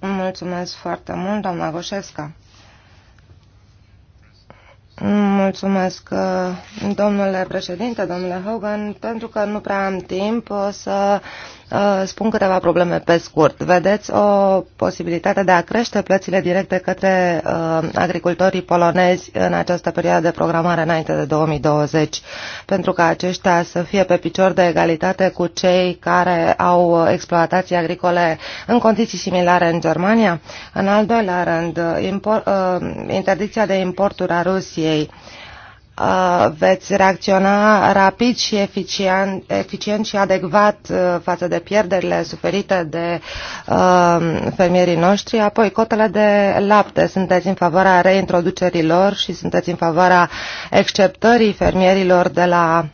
Mulțumesc foarte mult, doamna Goșesca! Mulțumesc, domnule președinte, domnule Hogan. Pentru că nu prea am timp, o să Uh, spun câteva probleme pe scurt. Vedeți o posibilitate de a crește plățile directe către uh, agricultorii polonezi în această perioadă de programare înainte de 2020, pentru ca aceștia să fie pe picior de egalitate cu cei care au exploatații agricole în condiții similare în Germania? În al doilea rând, import, uh, interdicția de importuri a Rusiei. Uh, Uh, veți reacționa rapid și eficient, eficient și adecvat uh, față de pierderile suferite de uh, fermierii noștri. Apoi, cotele de lapte, sunteți în favoarea reintroducerilor și sunteți în favoarea exceptării fermierilor de la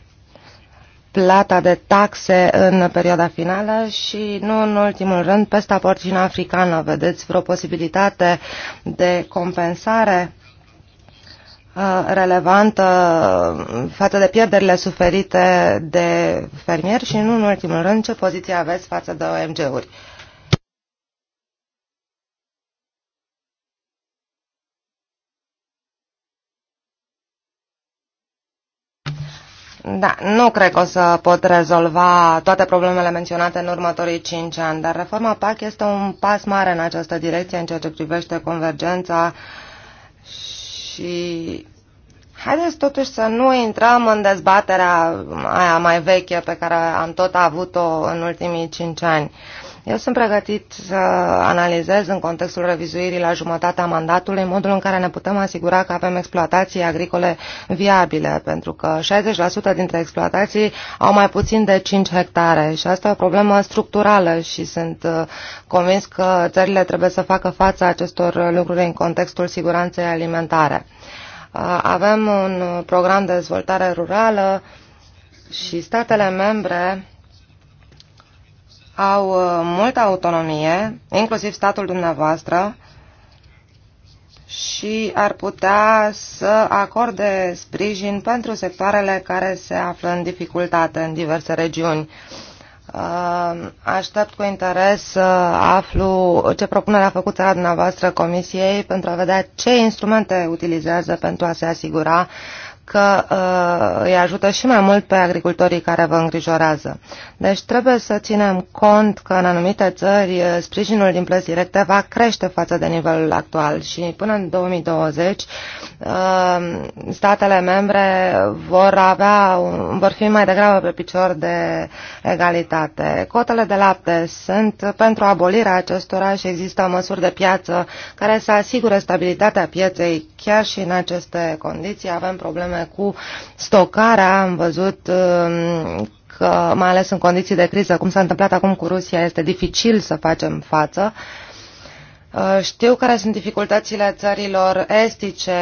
plata de taxe în perioada finală și, nu în ultimul rând, peste porcina africană. Vedeți vreo posibilitate de compensare relevantă uh, față de pierderile suferite de fermieri și, nu în ultimul rând, ce poziție aveți față de OMG-uri? Da, nu cred că o să pot rezolva toate problemele menționate în următorii 5 ani, dar reforma PAC este un pas mare în această direcție în ceea ce privește convergența uh, și haideți totuși să nu intrăm în dezbaterea aia mai veche pe care am tot avut-o în ultimii cinci ani. Uh, eu sunt pregătit să analizez în contextul revizuirii la jumătatea mandatului modul în care ne putem asigura că avem exploatații agricole viabile, pentru că 60% dintre exploatații au mai puțin de 5 hectare și asta e o problemă structurală și sunt uh, convins că țările trebuie să facă față acestor lucruri în contextul siguranței alimentare. Uh, avem un program de dezvoltare rurală și statele membre au uh, multă autonomie, inclusiv statul dumneavoastră, și ar putea să acorde sprijin pentru sectoarele care se află în dificultate în diverse regiuni. Uh, aștept cu interes să aflu ce propunere a făcut țara dumneavoastră Comisiei pentru a vedea ce instrumente utilizează pentru a se asigura că uh, îi ajută și mai mult pe agricultorii care vă îngrijorează. Deci trebuie să ținem cont că în anumite țări uh, sprijinul din plăți directe va crește față de nivelul actual și până în 2020 uh, statele membre vor avea, vor fi mai degrabă pe picior de egalitate. Cotele de lapte sunt pentru abolirea acestora și există măsuri de piață care să asigure stabilitatea pieței chiar și în aceste condiții avem probleme probleme cu stocarea. Am văzut um, că, mai ales în condiții de criză, cum s-a întâmplat acum cu Rusia, este dificil să facem față. Uh, știu care sunt dificultățile țărilor estice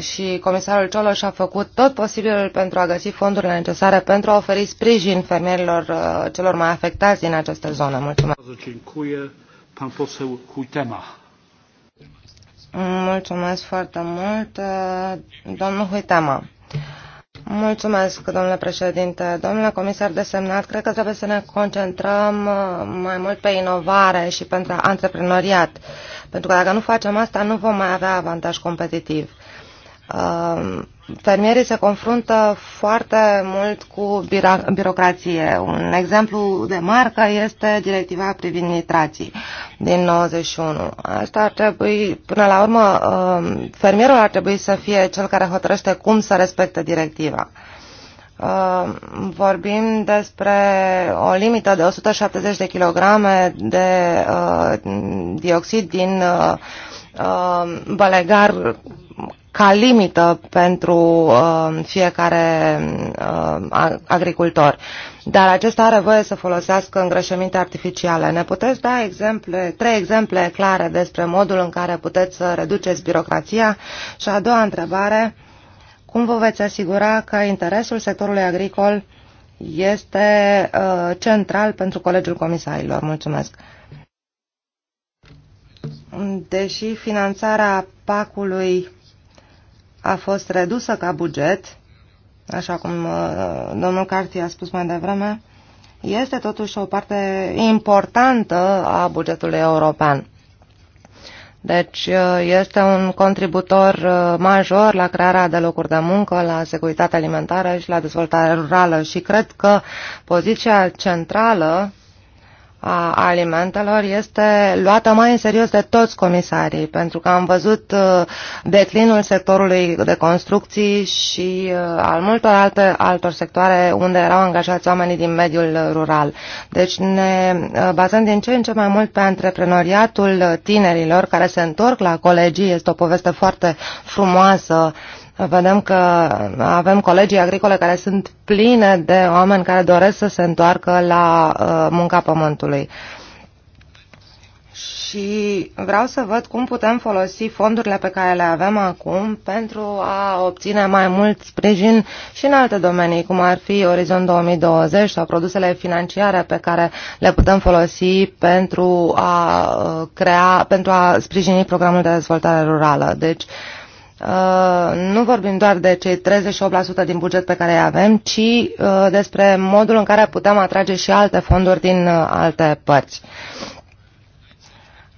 și comisarul Cioloș a făcut tot posibilul pentru a găsi fondurile necesare pentru a oferi sprijin fermierilor uh, celor mai afectați din această zonă. Mulțumesc. Mulțumesc foarte mult, uh, domnul Huitama. Mulțumesc, domnule președinte. Domnule comisar desemnat, cred că trebuie să ne concentrăm uh, mai mult pe inovare și pentru antreprenoriat. Pentru că dacă nu facem asta, nu vom mai avea avantaj competitiv. Ehm, fermierii se confruntă foarte mult cu birocrație. Un exemplu de marcă este directiva privind nitrații din 91. Asta ar trebui, până la urmă, ehm, fermierul ar trebui să fie cel care hotărăște cum să respecte directiva. Ehm, vorbim despre o limită de 170 de kg de dioxid din balegar ca limită pentru uh, fiecare uh, agricultor. Dar acesta are voie să folosească îngrășăminte artificiale. Ne puteți da exemple, trei exemple clare despre modul în care puteți să reduceți birocrația? Și a doua întrebare, cum vă veți asigura că interesul sectorului agricol este uh, central pentru Colegiul Comisarilor? Mulțumesc! Deși finanțarea PAC-ului a fost redusă ca buget, așa cum uh, domnul Carti a spus mai devreme, este totuși o parte importantă a bugetului european. Deci uh, este un contributor uh, major la crearea de locuri de muncă, la securitatea alimentară și la dezvoltarea rurală și cred că poziția centrală a alimentelor este luată mai în serios de toți comisarii, pentru că am văzut uh, declinul sectorului de construcții și uh, al multor alte, altor sectoare unde erau angajați oamenii din mediul rural. Deci ne uh, bazăm din ce în ce mai mult pe antreprenoriatul tinerilor care se întorc la colegii, este o poveste foarte frumoasă Vedem că avem colegii agricole care sunt pline de oameni care doresc să se întoarcă la uh, munca pământului. Și vreau să văd cum putem folosi fondurile pe care le avem acum pentru a obține mai mult sprijin și în alte domenii, cum ar fi Orizont 2020 sau produsele financiare pe care le putem folosi pentru a uh, crea, pentru a sprijini programul de dezvoltare rurală. Deci, uh, Uh, nu vorbim doar de cei 38% din buget pe care îi avem, ci uh, despre modul în care putem atrage și alte fonduri din uh, alte părți.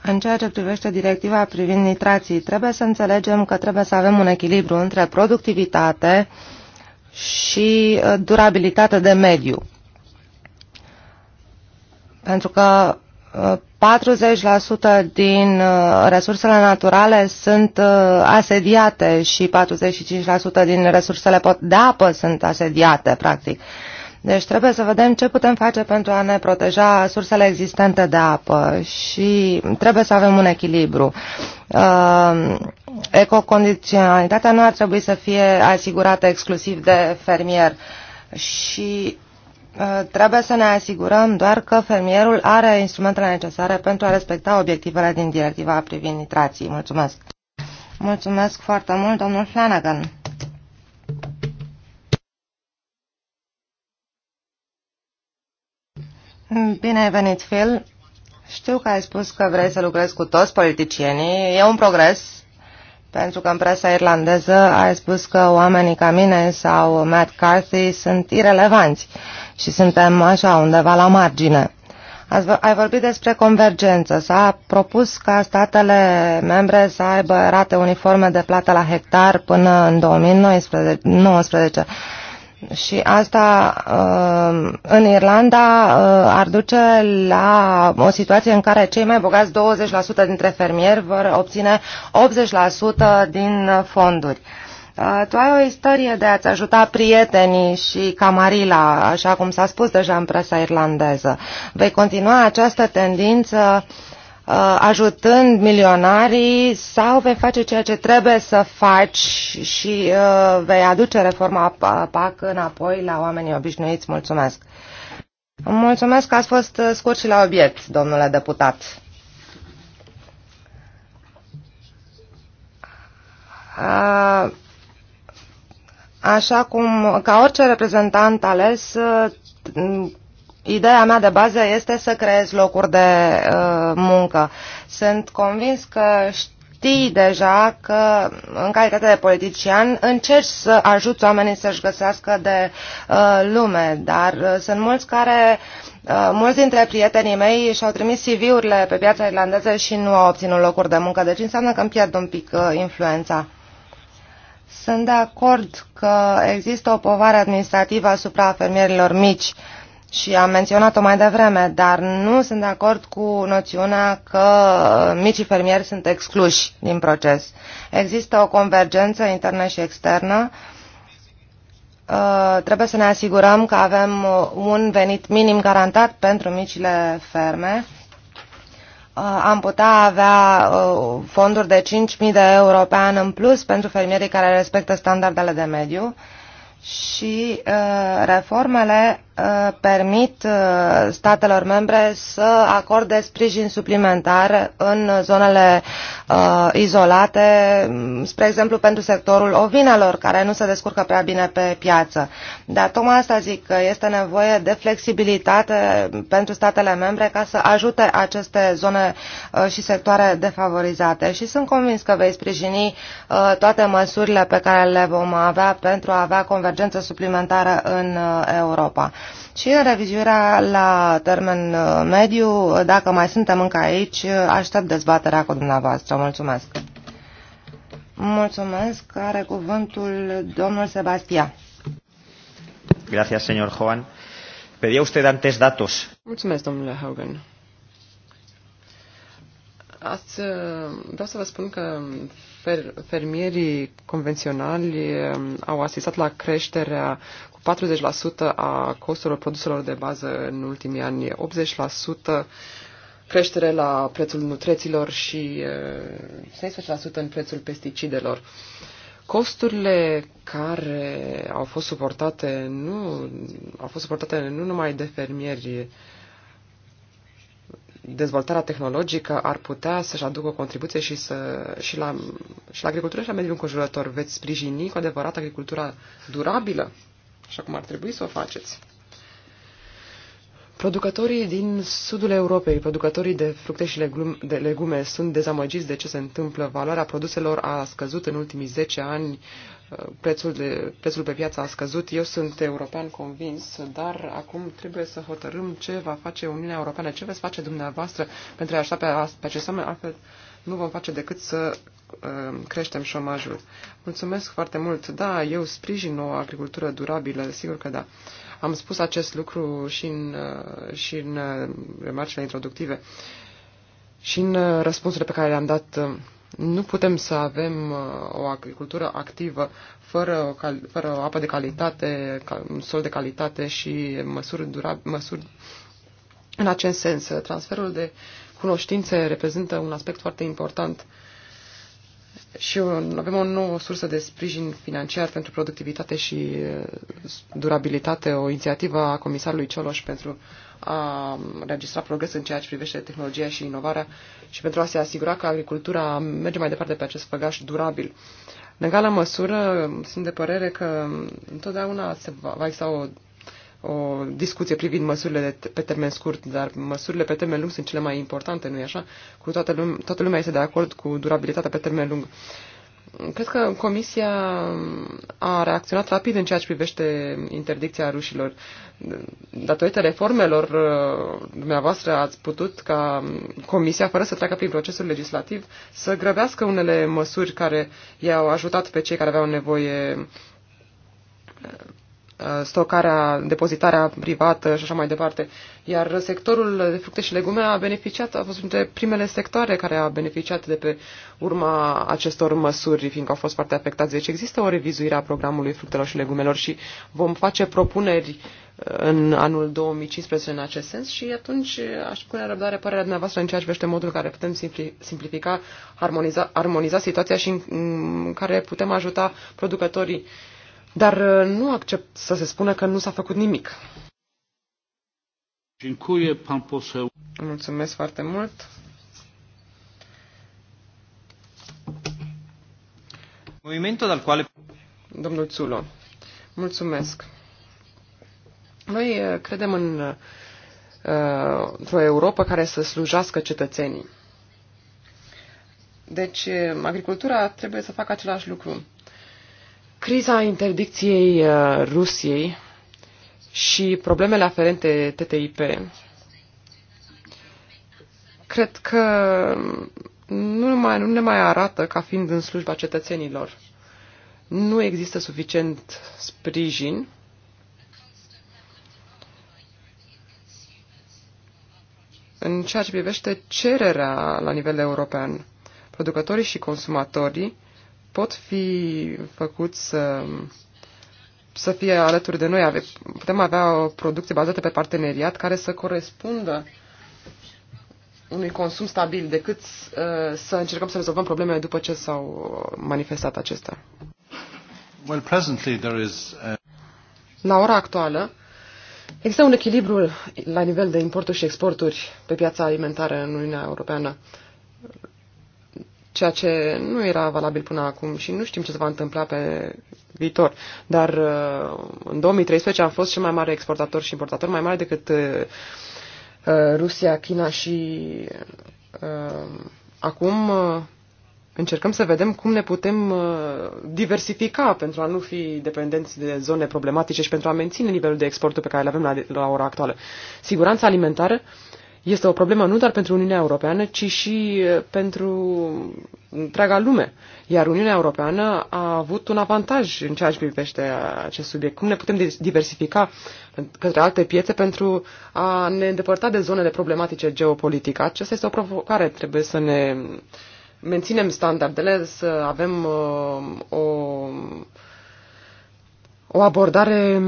În ceea ce privește directiva privind nitrații, trebuie să înțelegem că trebuie să avem un echilibru între productivitate și durabilitate de mediu. Pentru că 40% din uh, resursele naturale sunt uh, asediate și 45% din resursele de apă sunt asediate, practic. Deci trebuie să vedem ce putem face pentru a ne proteja sursele existente de apă și trebuie să avem un echilibru. Uh, ecocondiționalitatea nu ar trebui să fie asigurată exclusiv de fermier și Uh, trebuie să ne asigurăm doar că fermierul are instrumentele necesare pentru a respecta obiectivele din directiva privind nitrații. Mulțumesc! Mulțumesc foarte mult, domnul Flanagan! Bine ai venit, Phil! Știu că ai spus că vrei să lucrezi cu toți politicienii. E un progres pentru că în presa irlandeză ai spus că oamenii ca mine sau Matt Carthy sunt irelevanți și suntem așa undeva la margine. Ai vorbit despre convergență. S-a propus ca statele membre să aibă rate uniforme de plată la hectar până în 2019. Și asta uh, în Irlanda uh, ar duce la o situație în care cei mai bogați 20% dintre fermieri vor obține 80% din fonduri. Uh, tu ai o istorie de a-ți ajuta prietenii și camarila, așa cum s-a spus deja în presa irlandeză. Vei continua această tendință Uh, ajutând milionarii sau vei face ceea ce trebuie să faci și uh, vei aduce reforma PAC înapoi la oamenii obișnuiți? Mulțumesc! Mulțumesc că ați fost uh, scurt și la obiect, domnule deputat. Așa cum, ca orice reprezentant ales, Ideea mea de bază este să creez locuri de uh, muncă. Sunt convins că știi deja că, în calitate de politician, încerci să ajuți oamenii să-și găsească de uh, lume, dar uh, sunt mulți care uh, mulți dintre prietenii mei și-au trimis CV-urile pe piața irlandeză și nu au obținut locuri de muncă, deci înseamnă că îmi pierd un pic uh, influența. Sunt de acord că există o povară administrativă asupra fermierilor mici și am menționat-o mai devreme, dar nu sunt de acord cu noțiunea că micii fermieri sunt excluși din proces. Există o convergență internă și externă. Uh, trebuie să ne asigurăm că avem un venit minim garantat pentru micile ferme. Uh, am putea avea uh, fonduri de 5.000 de euro pe an în plus pentru fermierii care respectă standardele de mediu și uh, reformele uh, permit uh, statelor membre să acorde sprijin suplimentar în zonele uh, izolate, mm, spre exemplu pentru sectorul ovinelor, care nu se descurcă prea bine pe piață. Dar tocmai asta zic că este nevoie de flexibilitate pentru statele membre ca să ajute aceste zone uh, și sectoare defavorizate. Și sunt convins că vei sprijini uh, toate măsurile pe care le vom avea pentru a avea convergență suplimentară în uh, Europa. Uh, și în revizuirea la termen uh, mediu, dacă mai suntem încă aici, aștept dezbaterea cu dumneavoastră. Mulțumesc! Mulțumesc! Are cuvântul domnul Sebastian. Gracias, señor Joan. Pedía usted antes datos. Mulțumesc, domnule Haugen. Ați, uh, vreau să vă spun că fer, fermierii convenționali um, au asistat la creșterea 40% a costurilor produselor de bază în ultimii ani, 80% creștere la prețul nutreților și 16% eh, în prețul pesticidelor. Costurile care au fost suportate nu, au fost suportate nu numai de fermieri, dezvoltarea tehnologică ar putea să-și aducă o contribuție și, să, și, la, și la agricultură și la mediul înconjurător. Veți sprijini cu adevărat agricultura durabilă? așa cum ar trebui să o faceți. Producătorii din sudul Europei, producătorii de fructe și legume, de legume sunt dezamăgiți de ce se întâmplă. Valoarea produselor a scăzut în ultimii 10 ani, uh, prețul, de, prețul pe piață a scăzut. Eu sunt european convins, dar acum trebuie să hotărâm ce va face Uniunea Europeană, ce veți face dumneavoastră pentru a ajuta pe, pe acest oameni, altfel nu vom face decât să Um, creștem șomajul. Mulțumesc foarte mult. Da, eu sprijin o agricultură durabilă, sigur că da. Am spus acest lucru și în, uh, și în uh, remarcile introductive și în uh, răspunsurile pe care le-am dat. Nu putem să avem o agricultură activă fără o, cal, fără o apă de calitate, un sol de calitate și măsuri, dura, măsuri în acest sens. Transferul de cunoștințe reprezintă un aspect foarte important uh, și avem o nouă sursă de sprijin financiar pentru productivitate și uh, durabilitate, o inițiativă a comisarului Cioloș pentru a registra progres în ceea ce privește tehnologia și inovarea și pentru a se asigura că agricultura merge mai departe pe acest făgaș durabil. În egală măsură, sunt de părere că întotdeauna se va, va exista o o discuție privind măsurile de, pe termen scurt, dar măsurile pe termen lung sunt cele mai importante, nu-i așa? Cu toată, lum- toată lumea este de acord cu durabilitatea pe termen lung. Cred că Comisia a reacționat rapid în ceea ce privește interdicția rușilor. Datorită reformelor dumneavoastră ați putut ca Comisia, fără să treacă prin procesul legislativ, să grăbească unele măsuri care i-au ajutat pe cei care aveau nevoie Uh, stocarea, depozitarea privată și așa mai departe. Iar sectorul de fructe și legume a beneficiat, a fost dintre primele sectoare care a beneficiat de pe urma acestor măsuri, fiindcă au fost foarte afectați. Deci există o revizuire a programului fructelor și legumelor și vom face propuneri uh, în anul 2015 în acest sens și atunci aș pune răbdare părerea dumneavoastră în ceea ce vește modul în care putem simplifica, armoniza, armoniza situația și în, în care putem ajuta producătorii uh, dar uh, nu accept să se spună că nu s-a făcut nimic. Mulțumesc foarte mult. Movimentul al quale... Domnul Țulo, mulțumesc. Noi uh, credem în uh, într-o Europa care să slujească cetățenii. Deci, agricultura trebuie să facă același lucru. Criza interdicției uh, Rusiei și problemele aferente TTIP cred că nu, mai, nu ne mai arată ca fiind în slujba cetățenilor. Nu există suficient sprijin în ceea ce privește cererea la nivel european. Producătorii și consumatorii pot fi făcuți să, să fie alături de noi. Ave, putem avea o producție bazată pe parteneriat care să corespundă unui consum stabil decât uh, să încercăm să rezolvăm problemele după ce s-au manifestat acestea. Well, presently there is, uh... La ora actuală, Există un echilibru la nivel de importuri și exporturi pe piața alimentară în Uniunea Europeană ceea ce nu era valabil până acum și nu știm ce se va întâmpla pe viitor. Dar uh, în 2013 am fost cel mai mare exportator și importator, mai mare decât uh, uh, Rusia, China și acum încercăm să vedem cum ne putem diversifica pentru a nu fi dependenți de zone problematice și pentru a menține nivelul de exporturi pe care le avem la, la ora actuală. Siguranța alimentară este o problemă nu doar pentru Uniunea Europeană, ci și pentru întreaga lume. Iar Uniunea Europeană a avut un avantaj în ceea ce privește acest subiect. Cum ne putem diversifica către alte piețe pentru a ne îndepărta de zonele problematice geopolitice? Aceasta este o provocare. Trebuie să ne menținem standardele, să avem uh, o, o abordare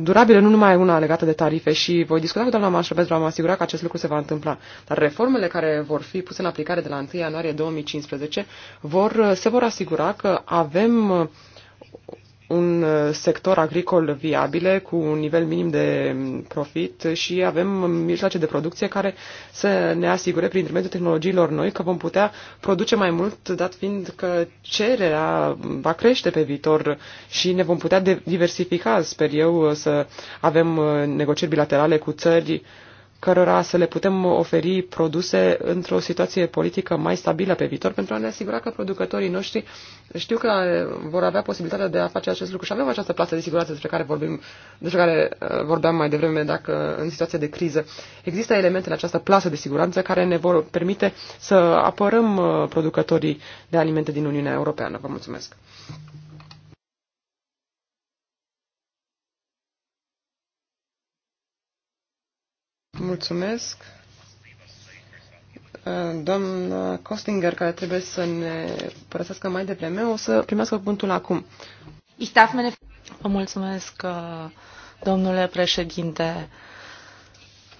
durabile, nu numai una legată de tarife și voi discuta cu doamna Marșă pentru a mă asigura că acest lucru se va întâmpla. Dar reformele care vor fi puse în aplicare de la 1 ianuarie 2015 vor, se vor asigura că avem un uh, sector agricol viabile cu un nivel minim de profit și avem mijloace de producție care să ne asigure prin intermediul tehnologiilor noi că vom putea produce mai mult, dat fiind că cererea va crește pe viitor și ne vom putea diversifica, sper eu, să avem uh, negocieri bilaterale cu țări cărora să le putem oferi produse într-o situație politică mai stabilă pe viitor pentru a ne asigura că producătorii noștri știu că vor avea posibilitatea de a face acest lucru și avem această plasă de siguranță despre care, vorbim, despre care uh, vorbeam mai devreme dacă în situație de criză. Există elemente în această plasă de siguranță care ne vor permite să apărăm uh, producătorii de alimente din Uniunea Europeană. Vă mulțumesc! Mulțumesc. Doamna Costinger, care trebuie să ne părăsească mai devreme, o să primească cuvântul acum. Vă mulțumesc, domnule președinte.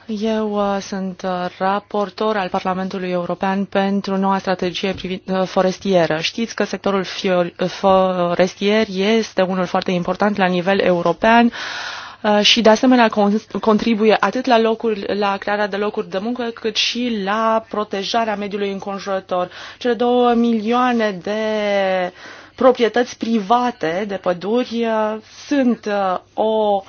Eu uh, sunt uh, raportor al Parlamentului European pentru noua strategie uh, forestieră. Știți că sectorul forestier este unul foarte important la nivel european Uh, și de asemenea contribuie atât la, locuri, la crearea de locuri de muncă cât și la protejarea mediului înconjurător. Cele două milioane de proprietăți private de păduri uh, sunt uh, o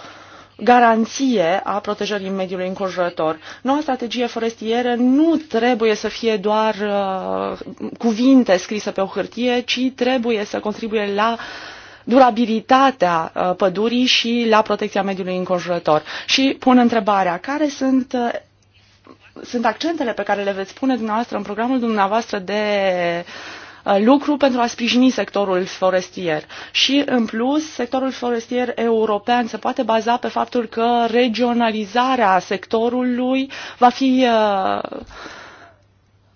garanție a protejării mediului înconjurător. Noua strategie forestieră nu trebuie să fie doar uh, cuvinte scrise pe o hârtie, ci trebuie să contribuie la uh, durabilitatea uh, pădurii și la protecția mediului înconjurător. Și pun întrebarea, care sunt uh, sunt accentele pe care le veți pune dumneavoastră în programul dumneavoastră de uh, lucru pentru a sprijini sectorul forestier. Și, în plus, sectorul forestier european se poate baza pe faptul că regionalizarea sectorului va fi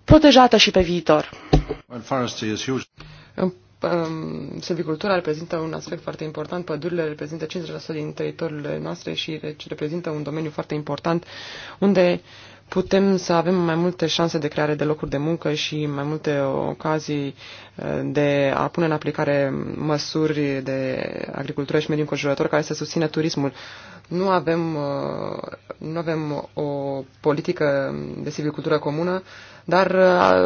protejată și pe viitor. Um, silvicultura reprezintă un aspect foarte important, pădurile reprezintă 50% din teritoriile noastre și deci, reprezintă un domeniu foarte important unde putem să avem mai multe șanse de creare de locuri de muncă și mai multe ocazii uh, de a pune în aplicare măsuri de agricultură și mediu înconjurător care să susțină turismul nu avem, uh, nu avem o politică de silvicultură comună, dar,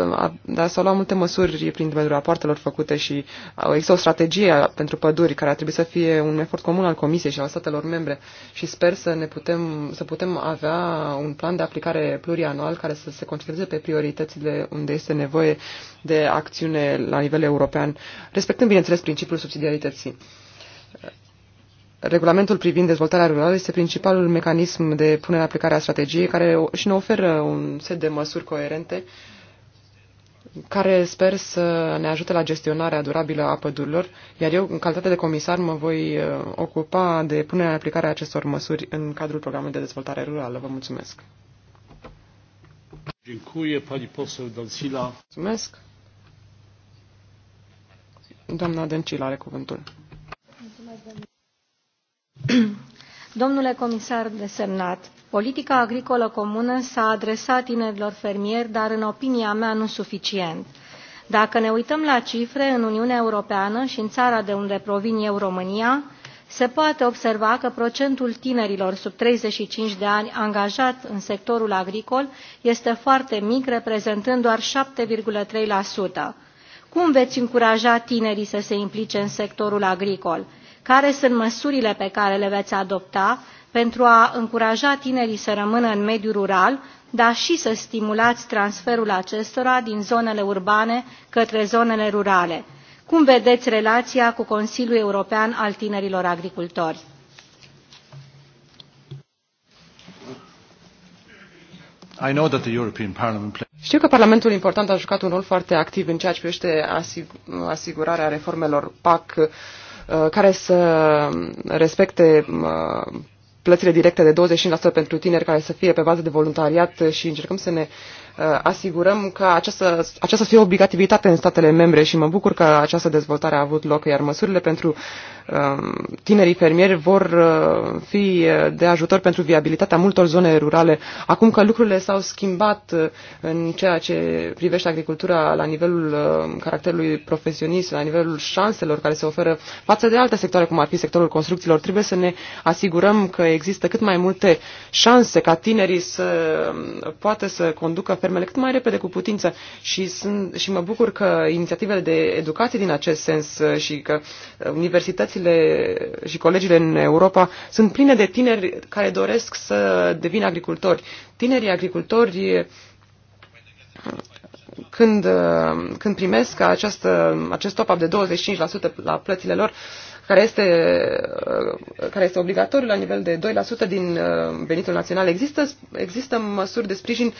uh, dar s-au luat multe măsuri prin intermediul rapoartelor făcute și uh, există o strategie pentru păduri care ar trebui să fie un efort comun al Comisiei și al statelor membre și sper să, ne putem, să putem avea un plan de aplicare plurianual care să se concentreze pe prioritățile unde este nevoie de acțiune la nivel european, respectând, bineînțeles, principiul subsidiarității. Regulamentul privind dezvoltarea rurală este principalul mecanism de punere în aplicare a strategiei care și ne oferă un set de măsuri coerente care sper să ne ajute la gestionarea durabilă a pădurilor, iar eu, în calitate de comisar, mă voi uh, ocupa de punerea în aplicare a acestor măsuri în cadrul programului de dezvoltare rurală. Vă mulțumesc! Mulțumesc! Doamna Dăncilă are cuvântul. Domnule comisar desemnat, politica agricolă comună s-a adresat tinerilor fermieri, dar în opinia mea nu suficient. Dacă ne uităm la cifre, în Uniunea Europeană și în țara de unde provin eu, România, se poate observa că procentul tinerilor sub 35 de ani angajat în sectorul agricol este foarte mic, reprezentând doar 7,3%. Cum veți încuraja tinerii să se implice în sectorul agricol? care sunt măsurile pe care le veți adopta pentru a încuraja tinerii să rămână în mediul rural, dar și să stimulați transferul acestora din zonele urbane către zonele rurale. Cum vedeți relația cu Consiliul European al Tinerilor Agricultori? I know that the European Parliament Știu că Parlamentul important a jucat un rol foarte activ în ceea ce privește asigurarea reformelor PAC Uh, care să respecte uh, plățile directe de 25% pentru tineri care să fie pe bază de voluntariat și încercăm să ne Uh, asigurăm că această, aceasta să fie obligativitate în statele membre și mă bucur că această dezvoltare a avut loc, iar măsurile pentru um, tinerii fermieri vor uh, fi de ajutor pentru viabilitatea multor zone rurale. Acum că lucrurile s-au schimbat uh, în ceea ce privește agricultura la nivelul caracterului profesionist, la nivelul șanselor care se oferă față de alte sectoare, cum ar fi sectorul construcțiilor, trebuie să ne asigurăm că există cât mai multe șanse ca tinerii să um, poată să conducă fermele cât mai repede cu putință și, sunt, și mă bucur că inițiativele de educație din acest sens uh, și că uh, universitățile și colegiile în Europa sunt pline de tineri care doresc să devină agricultori. Tinerii agricultori când, uh, când primesc această, acest top-up de 25% la plățile lor, care este, care este obligatoriu la nivel de 2% din venitul național, există, există măsuri de sprijin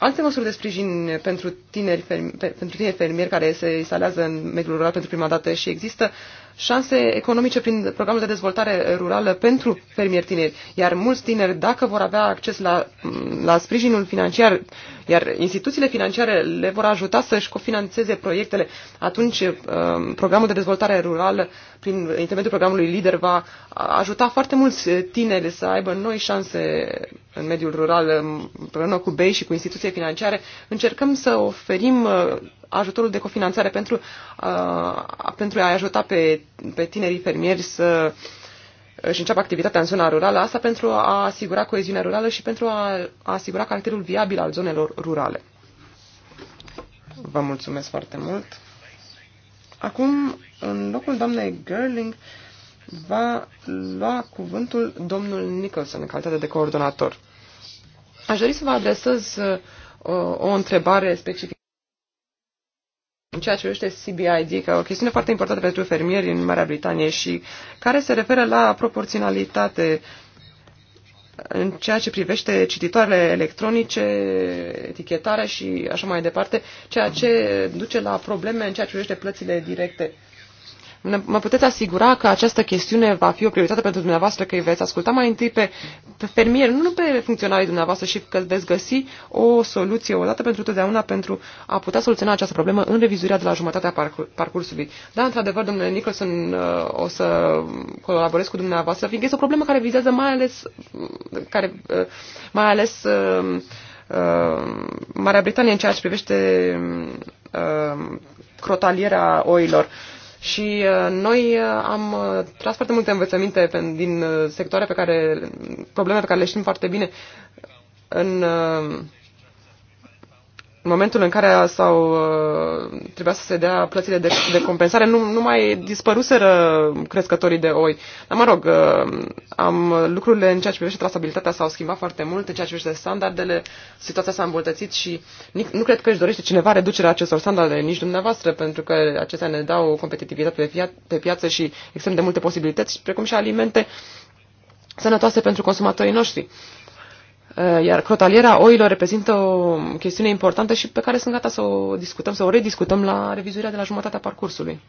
Alte măsuri de sprijin pentru tineri, fermi, pentru tineri fermieri care se instalează în mediul rural pentru prima dată și există șanse economice prin programul de dezvoltare rurală pentru fermieri tineri. Iar mulți tineri, dacă vor avea acces la, la sprijinul financiar, iar instituțiile financiare le vor ajuta să-și cofinanțeze proiectele, atunci um, programul de dezvoltare rurală, prin intermediul programului LIDER, va ajuta foarte mulți tineri să aibă noi șanse în mediul rural, împreună cu BEI și cu instituții financiare. Încercăm să oferim uh, ajutorul de cofinanțare pentru, a, uh, pentru a ajuta pe, pe tinerii fermieri să își înceapă activitatea în zona rurală, asta pentru a asigura coeziunea rurală și pentru a, a asigura caracterul viabil al zonelor rurale. Vă mulțumesc foarte mult. Acum, în locul doamnei Gerling, va lua cuvântul domnul Nicholson în calitate de coordonator. Aș dori să vă adresez o, uh, o întrebare specifică în ceea ce privește CBID, ca o chestiune foarte importantă pentru fermieri în Marea Britanie și care se referă la proporționalitate în ceea ce privește cititoarele electronice, etichetarea și așa mai departe, ceea ce duce la probleme în ceea ce privește plățile directe mă puteți asigura că această chestiune va fi o prioritate pentru dumneavoastră, că îi veți asculta mai întâi pe, fermieri, nu pe funcționarii dumneavoastră și că veți găsi o soluție odată pentru totdeauna pentru a putea soluționa această problemă în revizuirea de la jumătatea parcursului. Da, într-adevăr, domnule Nicholson, uh, o să colaborez cu dumneavoastră, fiindcă este o problemă care vizează mai ales, care, uh, mai ales uh, uh, Marea Britanie în ceea ce privește uh, crotalierea oilor. Și uh, noi uh, am uh, tras foarte multe învățăminte din sectoare pe care, probleme pe care le știm foarte bine în momentul în care sau uh, trebuia să se dea plățile de, de compensare, nu, nu mai dispăruseră crescătorii de oi. Dar mă rog, uh, am, lucrurile în ceea ce privește trasabilitatea s-au schimbat foarte mult, în ceea ce privește standardele, situația s-a îmbunătățit și nu, nu cred că își dorește cineva reducerea acestor standarde, nici dumneavoastră, pentru că acestea ne dau competitivitate pe, fia, pe piață și extrem de multe posibilități, precum și alimente sănătoase pentru consumatorii noștri. Uh, Eh, iar crotalierea oilor reprezintă o chestiune importantă și pe care sunt gata să o discutăm, să o rediscutăm la revizuirea de la jumătatea parcursului.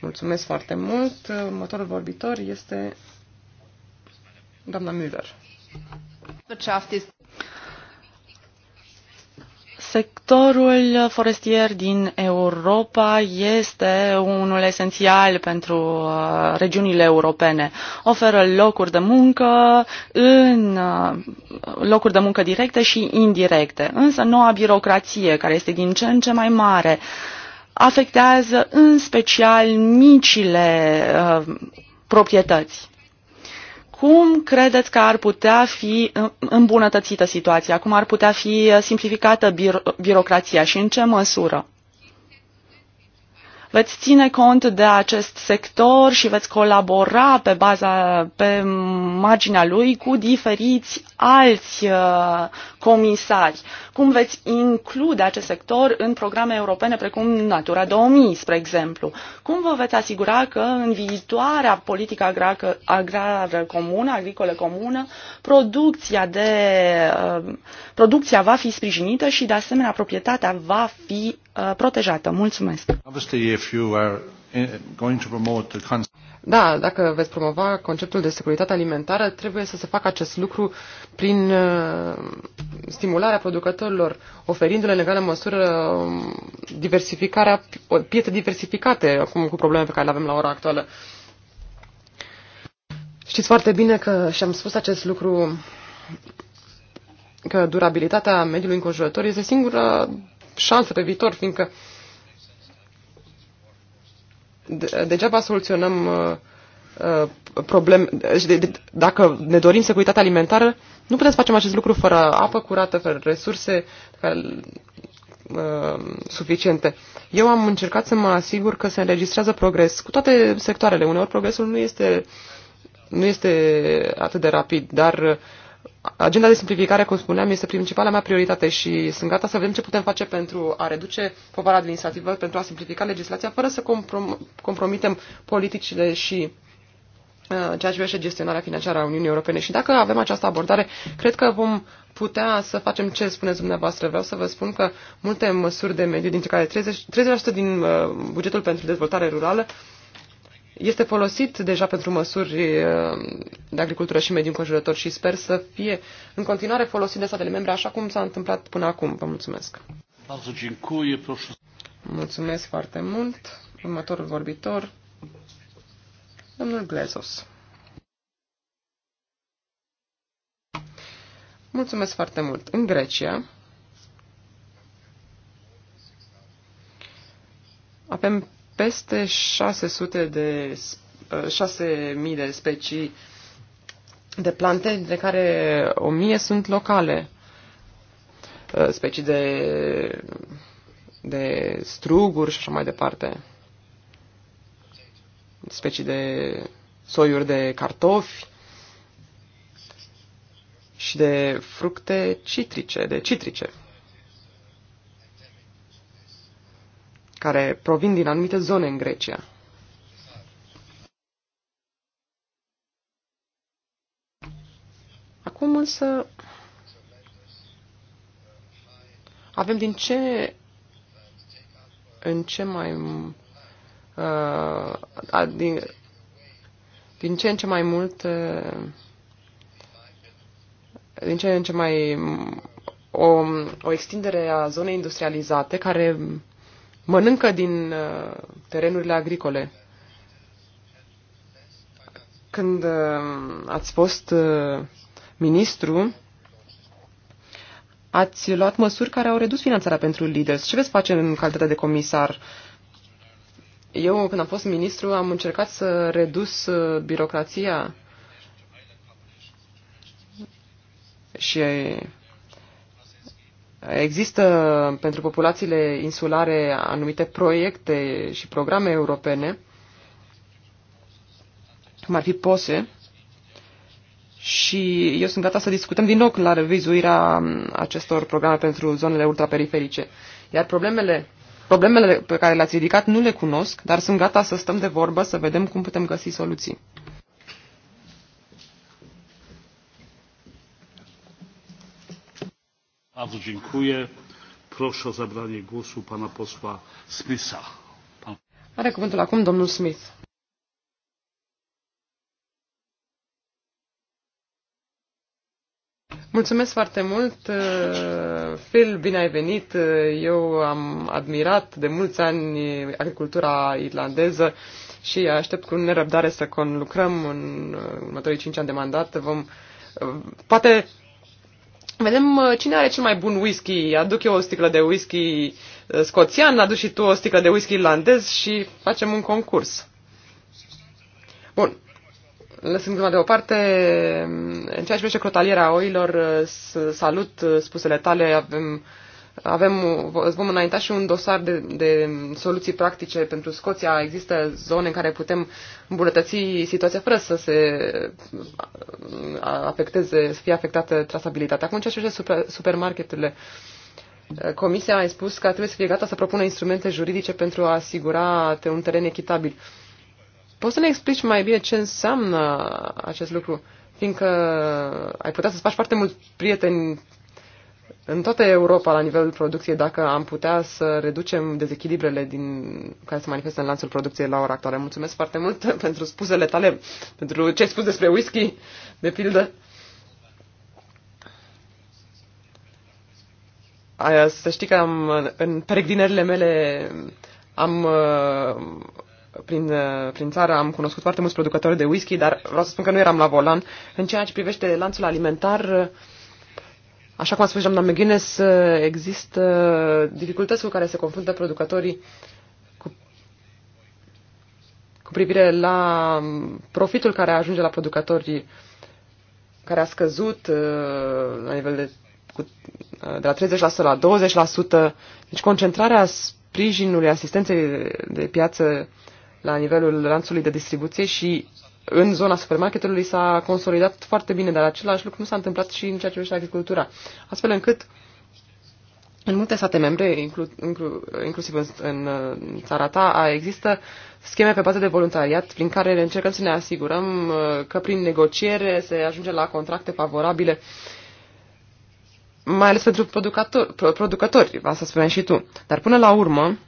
Mulțumesc foarte mult. Următorul vorbitor este doamna Müller. Sectorul forestier din Europa este unul esențial pentru uh, regiunile europene. Oferă locuri de muncă în uh, locuri de muncă directe și indirecte. Însă noua birocrație, care este din ce în ce mai mare, afectează în special micile uh, proprietăți cum credeți că ar putea fi uh, îmbunătățită situația? Cum ar putea fi uh, simplificată birocrația și în ce măsură? veți ține cont de acest sector și veți colabora pe baza, pe marginea lui cu diferiți alți uh, comisari. Cum veți include acest sector în programe europene precum Natura 2000, spre exemplu? Cum vă veți asigura că în viitoarea politică agrară, agrară comună, agricolă comună, producția, de, uh, producția va fi sprijinită și de asemenea proprietatea va fi uh, protejată? Mulțumesc! Obviously, if you are eh, going to promote the concept. Da, dacă veți promova conceptul de securitate alimentară, trebuie să se facă acest lucru prin eh, stimularea producătorilor, oferindu-le în egală măsură mm, diversificarea, piețe diversificate, acum cu probleme pe care le avem la ora actuală. Știți foarte bine că și-am spus acest lucru că durabilitatea mediului înconjurător este singura șansă pe viitor, fiindcă uh, degeaba soluționăm uh, uh, probleme. Deci dacă ne dorim securitatea alimentară, nu putem să facem acest lucru fără apă curată, fără resurse care, uh, suficiente. Eu am încercat să mă asigur că se înregistrează progres cu toate sectoarele. Uneori progresul nu este, nu este atât de rapid, dar agenda de simplificare, cum spuneam, este principala mea prioritate și sunt gata să vedem ce putem face pentru a reduce povara administrativă, pentru a simplifica legislația, fără să comprom- compromitem politicile și uh, ceea ce privește gestionarea financiară a Uniunii Europene. Și dacă avem această abordare, cred că vom putea să facem ce spuneți dumneavoastră. Vreau să vă spun că multe măsuri de mediu, dintre care 30%, 30 din uh, bugetul pentru dezvoltare rurală, este folosit deja pentru măsuri uh, de agricultură și mediu înconjurător și sper să fie în continuare folosit de statele membre așa cum s-a întâmplat până acum. Vă mulțumesc. Mulțumesc foarte mult. Următorul vorbitor, domnul Glezos. Mulțumesc foarte mult. În Grecia avem peste 600 de 6.000 uh, de specii de plante, dintre care 1.000 sunt locale. Uh, specii de, de struguri și așa mai departe. Specii de soiuri de cartofi și de fructe citrice, de citrice. care provin din anumite zone în Grecia. Acum însă avem din ce în ce mai uh, din, din ce în ce mai mult uh, din ce în ce mai o, o extindere a zonei industrializate care mănâncă din uh, terenurile agricole. Când uh, ați fost uh, ministru, ați luat măsuri care au redus finanțarea pentru Leaders. Ce veți face în calitate de comisar? Eu, când am fost ministru, am încercat să redus birocrația și Există pentru populațiile insulare anumite proiecte și programe europene, cum ar fi POSE, și eu sunt gata să discutăm din nou la revizuirea acestor programe pentru zonele ultraperiferice. Iar problemele, problemele pe care le-ați ridicat nu le cunosc, dar sunt gata să stăm de vorbă, să vedem cum putem găsi soluții. Bardzo dziękuję. Proszę o zabranie głosu pana posła Smitha. Pan... Are cuvântul acum domnul Smith. Mulțumesc foarte mult, uh, Phil, bine ai venit. Uh, Eu am admirat de mulți ani agricultura irlandeză și aștept cu nerăbdare să conlucrăm în uh, următorii cinci ani de mandat. Vom, poate Vedem uh, cine are cel mai bun whisky. Aduc eu o sticlă de whisky uh, scoțian, aduci și tu o sticlă de whisky irlandez și facem un concurs. Bun. Lăsând gluma deoparte, în ceea ce privește crotaliera oilor, uh, salut spusele tale, avem uh, avem, vom înainta și un dosar de, de soluții practice pentru Scoția. Există zone în care putem îmbunătăți situația fără să se afecteze, să fie afectată trasabilitatea. Acum, ceea ce așa supermarketurile, Comisia a spus că trebuie să fie gata să propună instrumente juridice pentru a asigura un teren echitabil. Poți să ne explici mai bine ce înseamnă acest lucru? Fiindcă ai putea să-ți faci foarte mulți prieteni în toată Europa, la nivelul producției, dacă am putea să reducem dezechilibrele din, care se manifestă în lanțul producției la ora actuală. Mulțumesc foarte mult pentru spusele tale, pentru ce ai spus despre whisky, de pildă. Aia, să știi că am, în peregrinările mele am uh, prin, uh, prin țară am cunoscut foarte mulți producători de whisky, dar vreau să spun că nu eram la volan. În ceea ce privește lanțul alimentar, uh, Așa cum a spus doamna McGuinness, există dificultăți cu care se confruntă producătorii cu, cu privire la profitul care ajunge la producătorii care a scăzut uh, la nivel de, cu, uh, de la 30% la 20%. Deci concentrarea sprijinului, asistenței de piață la nivelul lanțului de distribuție și în zona supermarketului s-a consolidat foarte bine, dar același lucru nu s-a întâmplat și în ceea ce privește agricultura. Astfel încât în multe state membre, inclu, inclu, inclusiv în, în țara ta, există scheme pe bază de voluntariat prin care încercăm să ne asigurăm uh, că prin negociere se ajunge la contracte favorabile, mai ales pentru producători, producători asta spuneai și tu. Dar până la urmă,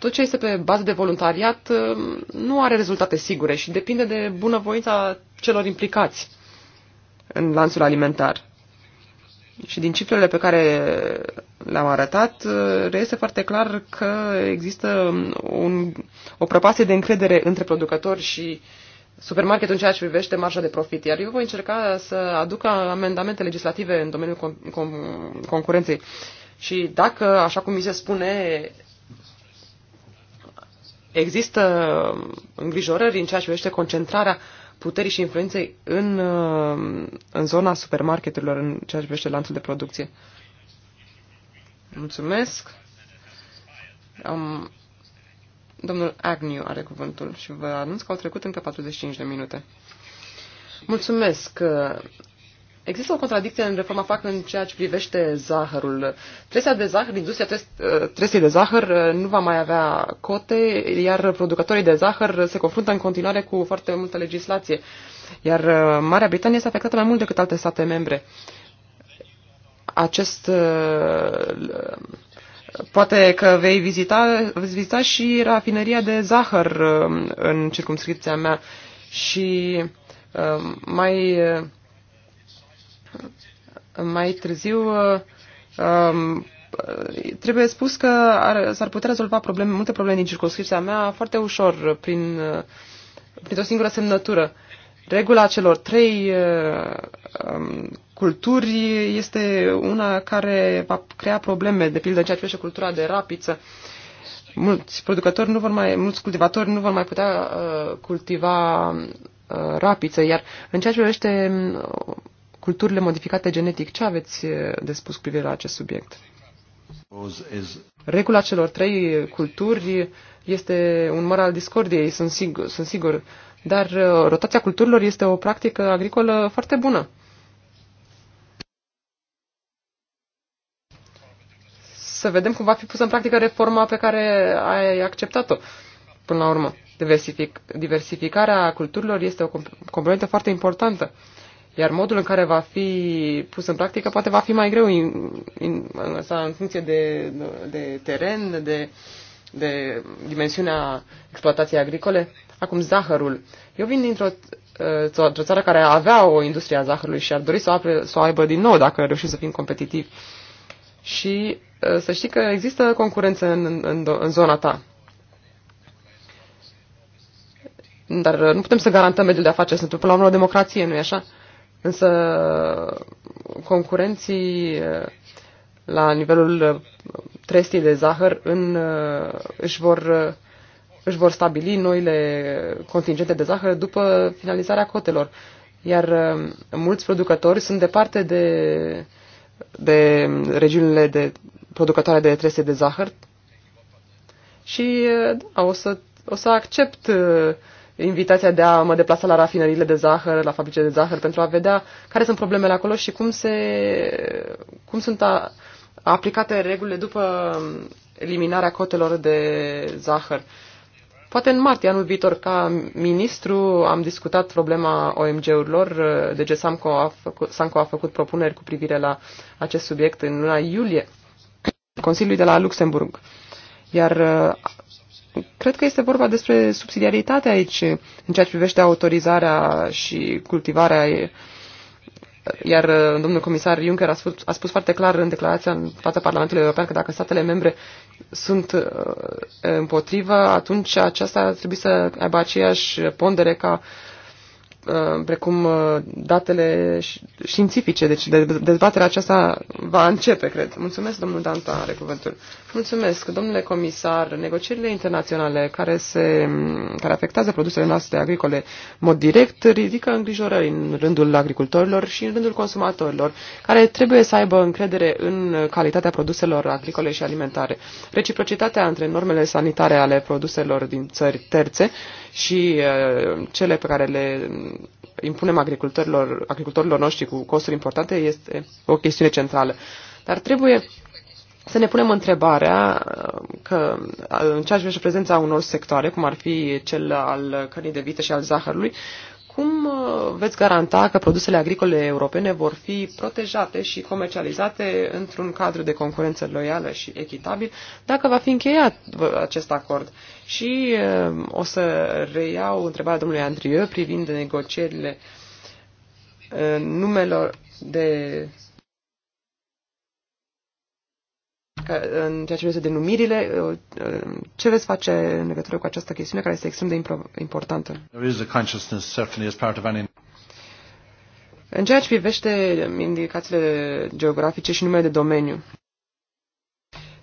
tot ce este pe bază de voluntariat uh, nu are rezultate sigure și depinde de bunăvoința celor implicați în lanțul alimentar. Și din cifrele pe care le-am arătat, uh, reiese foarte clar că există un, o prăpastie de încredere între producători și supermarketul în ceea ce privește marja de profit. Iar eu voi încerca să aduc amendamente legislative în domeniul con- con- concurenței. Și dacă, așa cum mi se spune, există îngrijorări în ceea ce privește concentrarea puterii și influenței în, uh, în zona supermarketurilor, în ceea ce privește lanțul de producție. Mulțumesc. Um, domnul Agnew are cuvântul și vă anunț că au trecut încă 45 de minute. Mulțumesc. Uh, Există o contradicție în reforma FAC în ceea ce privește zahărul. Tresia de zahăr, industria tres, uh, tresei de zahăr uh, nu va mai avea cote, iar producătorii de zahăr se confruntă în continuare cu foarte multă legislație. Iar uh, Marea Britanie este afectată mai mult decât alte state membre. Acest Poate că vei vizita, vei vizita și rafineria de zahăr în circumscripția mea și mai mai târziu um, trebuie spus că ar, s-ar putea rezolva probleme, multe probleme din circunscripția mea foarte ușor, prin, uh, prin o singură semnătură. Regula celor trei uh, um, culturi este una care va crea probleme, de pildă în ceea ce privește cultura de rapiță. Mulți producători nu vor mai, mulți cultivatori nu vor mai putea uh, cultiva uh, rapiță, iar în ceea ce privește uh, culturile modificate genetic. Ce aveți eh, de spus cu privire la acest subiect? Regula celor trei culturi este un măr al discordiei, sunt sigur, sunt sigur, dar eh, rotația culturilor este o practică agricolă foarte bună. Să vedem cum va fi pusă în practică reforma pe care ai acceptat-o până la urmă. Diversific, diversificarea culturilor este o componentă foarte importantă iar modul în care va fi pus în practică poate va fi mai greu in, in, in, în funcție de, de teren, de, de dimensiunea exploatației agricole. Acum zahărul. Eu vin dintr-o într-o ă, țară care avea o industrie a zahărului și ar dori să o, apre, să o aibă din nou dacă reușim să fim competitivi. Și ă, să știi că există concurență în, în, în zona ta. Dar nu putem să garantăm mediul de afaceri, suntem până la urmă o democrație, nu-i așa? Însă concurenții eh, la nivelul eh, trestii de zahăr în, eh, își, vor, își vor stabili noile contingente de zahăr după finalizarea cotelor. Iar mulți producători sunt departe de, de regiunile de producătoare de trestie de zahăr și da, o să, o să accept invitația de a mă deplasa la rafinările de zahăr, la fabrice de zahăr, pentru a vedea care sunt problemele acolo și cum, se, cum sunt a, aplicate regulile după eliminarea cotelor de zahăr. Poate în martie anul viitor, ca ministru, am discutat problema OMG-urilor. DG Sanco a, făcut, Sanco a făcut propuneri cu privire la acest subiect în luna iulie Consiliului de la Luxemburg. Iar Cred că este vorba despre subsidiaritate aici, în ceea ce privește autorizarea și cultivarea. Iar uh, domnul comisar Juncker a spus, a spus foarte clar în declarația în fața Parlamentului European că dacă statele membre sunt uh, împotrivă, atunci aceasta ar trebui să aibă aceeași pondere ca uh, Uh, precum uh, datele științifice. Deci dezbaterea aceasta va începe, cred. Mulțumesc, domnul Danta, are cuvântul. Mulțumesc, domnule comisar. Negocierile internaționale care, se, care afectează produsele noastre agricole în mod direct ridică îngrijorări în rândul agricultorilor și în rândul consumatorilor, care trebuie să aibă încredere în calitatea produselor agricole și alimentare. Reciprocitatea între normele sanitare ale produselor din țări terțe și uh, cele pe care le impunem agricultorilor, agricultorilor noștri cu costuri importante este o chestiune centrală. Dar trebuie să ne punem întrebarea uh, că uh, în ceea ce privește prezența unor sectoare, cum ar fi cel al cărnii de vită și al zahărului, cum uh, veți garanta că produsele agricole europene vor fi protejate și comercializate într-un cadru de concurență loială și echitabil dacă va fi încheiat acest acord? Și uh, o să reiau întrebarea domnului Andrieu privind negocierile uh, numelor de în ceea ce privește denumirile, uh, uh, ce veți face în legătură cu această chestiune care este extrem de importantă? În ceea ce privește indicațiile geografice și numele de domeniu,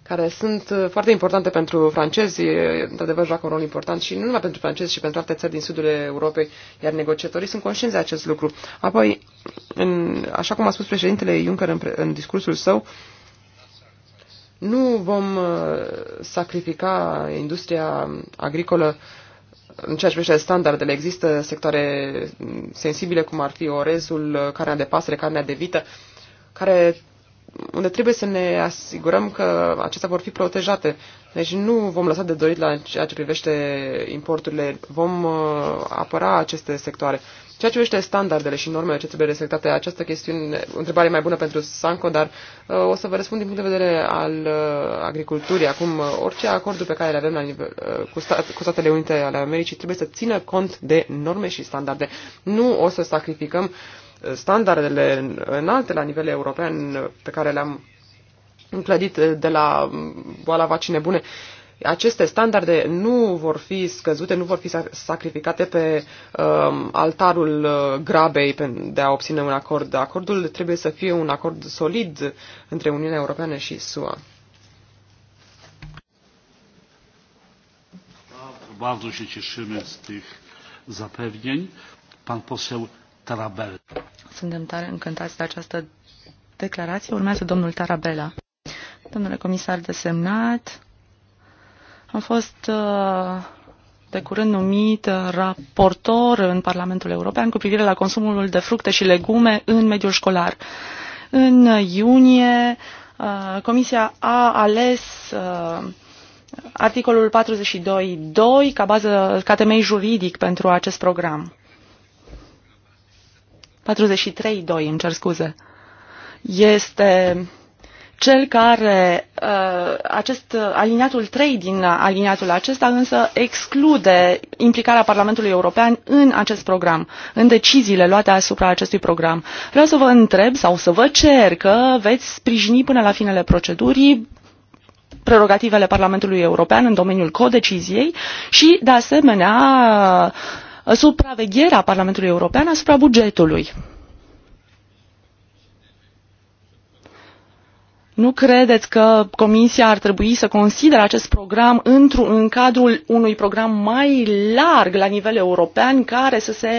care sunt uh, foarte importante pentru francezi, într-adevăr joacă un rol important și nu numai pentru francezi, ci pentru alte țări din sudul Europei, iar negociatorii sunt conștienți de acest lucru. Apoi, în, așa cum a spus președintele Juncker în, în discursul său, uh, nu vom uh, sacrifica industria agricolă în ceea ce privește standardele. Există sectoare sensibile, cum ar fi orezul, carnea de pasăre, carnea de vită, care unde trebuie să ne asigurăm că acestea vor fi protejate. Deci nu vom lăsa de dorit la ceea ce privește importurile, vom uh, apăra aceste sectoare. Ceea ce privește standardele și normele ce trebuie respectate, această chestiune, întrebare mai bună pentru Sanco, dar uh, o să vă răspund din punct de vedere al uh, agriculturii. Acum, uh, orice acorduri pe care le avem la nivel, uh, cu, stat, cu Statele Unite ale Americii trebuie să țină cont de norme și standarde. Nu o să sacrificăm uh, standardele înalte la nivel european uh, pe care le-am clădit uh, de la um, boala vacine bune. Uh, aceste standarde nu vor fi scăzute, nu vor fi sacrificate pe uh, altarul uh, grabei de a obține un acord. Acordul trebuie să fie un acord solid între Uniunea Europeană și SUA. Bardzo się cieszymy z tych zapewnień. Pan poseł Tarabella. Suntem tare încântați de această declarație. Urmează domnul Tarabella. Domnule comisar desemnat, am fost uh, de curând numit uh, raportor în Parlamentul European cu privire la consumul de fructe și legume în mediul școlar. În iunie, uh, Comisia a ales articolul 42.2 ca bază, ca temei juridic pentru acest program. 43.2, îmi cer scuze. Este cel care, uh, acest uh, aliniatul 3 din aliniatul acesta însă exclude implicarea Parlamentului European în acest program, în deciziile luate asupra acestui program. Vreau să vă întreb sau să vă cer că veți sprijini până la finele procedurii prerogativele Parlamentului European în domeniul codeciziei și, de asemenea, supravegherea Parlamentului European asupra bugetului. Nu credeți că Comisia ar trebui să considere acest program într în cadrul unui program mai larg la nivel european care să se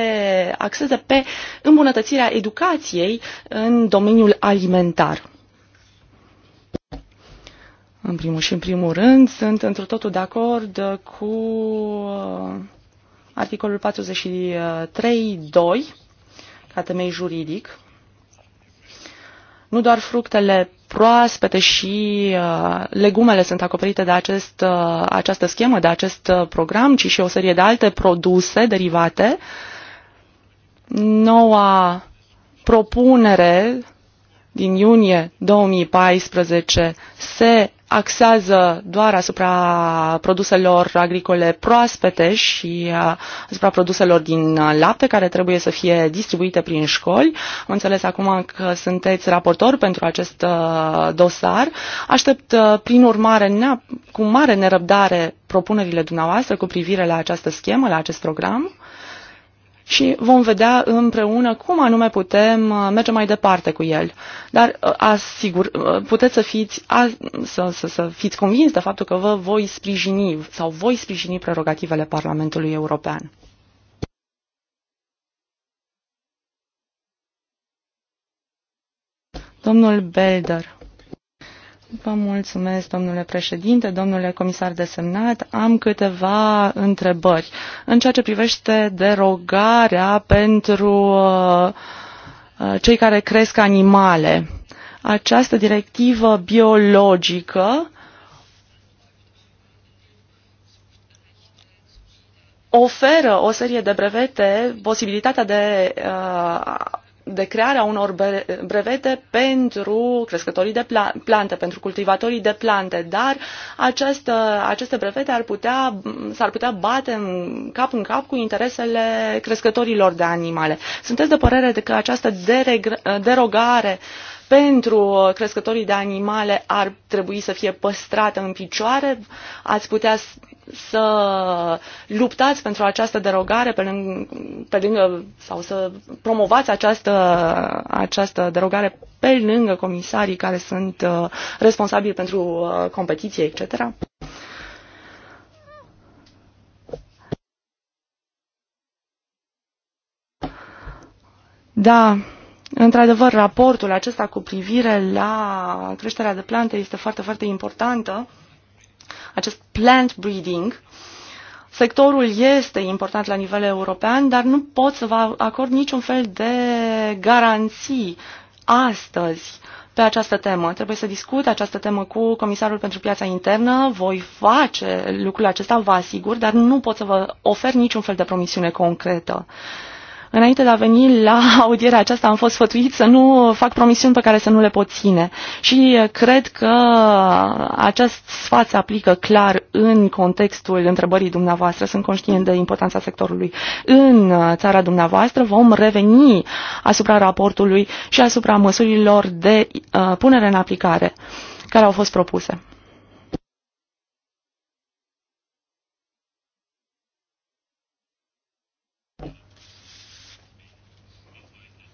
axeze pe îmbunătățirea educației în domeniul alimentar? În primul și în primul rând, sunt într totul de acord cu uh, articolul 43.2 ca temei juridic. Nu doar fructele proaspete și uh, legumele sunt acoperite de acest, uh, această schemă, de acest uh, program, ci și o serie de alte produse derivate. Noua propunere din iunie 2014 se axează doar asupra produselor agricole proaspete și uh, asupra produselor din uh, lapte care trebuie să fie distribuite prin școli. Am înțeles acum că sunteți raportor pentru acest uh, dosar. Aștept prin urmare cu mare nerăbdare propunerile dumneavoastră cu privire la această schemă, la acest program și vom vedea împreună cum anume putem uh, merge mai departe cu el. Dar uh, asigur, uh, puteți să fiți, să, să, să fiți convins de faptul că vă voi sprijini sau voi sprijini prerogativele Parlamentului European. Domnul Belder. Vă mulțumesc, domnule președinte, domnule comisar desemnat. Am câteva întrebări. În ceea ce privește derogarea pentru uh, cei care cresc animale, această directivă biologică oferă o serie de brevete posibilitatea de uh, de crearea unor brevete pentru crescătorii de plante, pentru cultivatorii de plante, dar această, aceste brevete ar putea, s-ar putea bate în cap în cap cu interesele crescătorilor de animale. Sunteți de părere de că această derogare pentru crescătorii de animale ar trebui să fie păstrată în picioare? Ați putea să luptați pentru această derogare pe lângă, pe lângă sau să promovați această, această derogare pe lângă comisarii care sunt uh, responsabili pentru uh, competiție, etc.? Da, într-adevăr, raportul acesta cu privire la creșterea de plante este foarte, foarte importantă acest plant breeding. Sectorul este important la nivel european, dar nu pot să vă acord niciun fel de garanții astăzi pe această temă. Trebuie să discut această temă cu Comisarul pentru Piața Internă. Voi face lucrul acesta, vă asigur, dar nu pot să vă ofer niciun fel de promisiune concretă. Uh, Înainte de a veni la audierea aceasta am fost sfătuit să nu fac promisiuni pe care să nu le pot ține și uh, cred că acest sfat se aplică clar în contextul întrebării dumneavoastră. Sunt conștient de importanța sectorului în uh, țara dumneavoastră. Vom reveni asupra raportului și asupra măsurilor de uh, punere în aplicare care au fost propuse.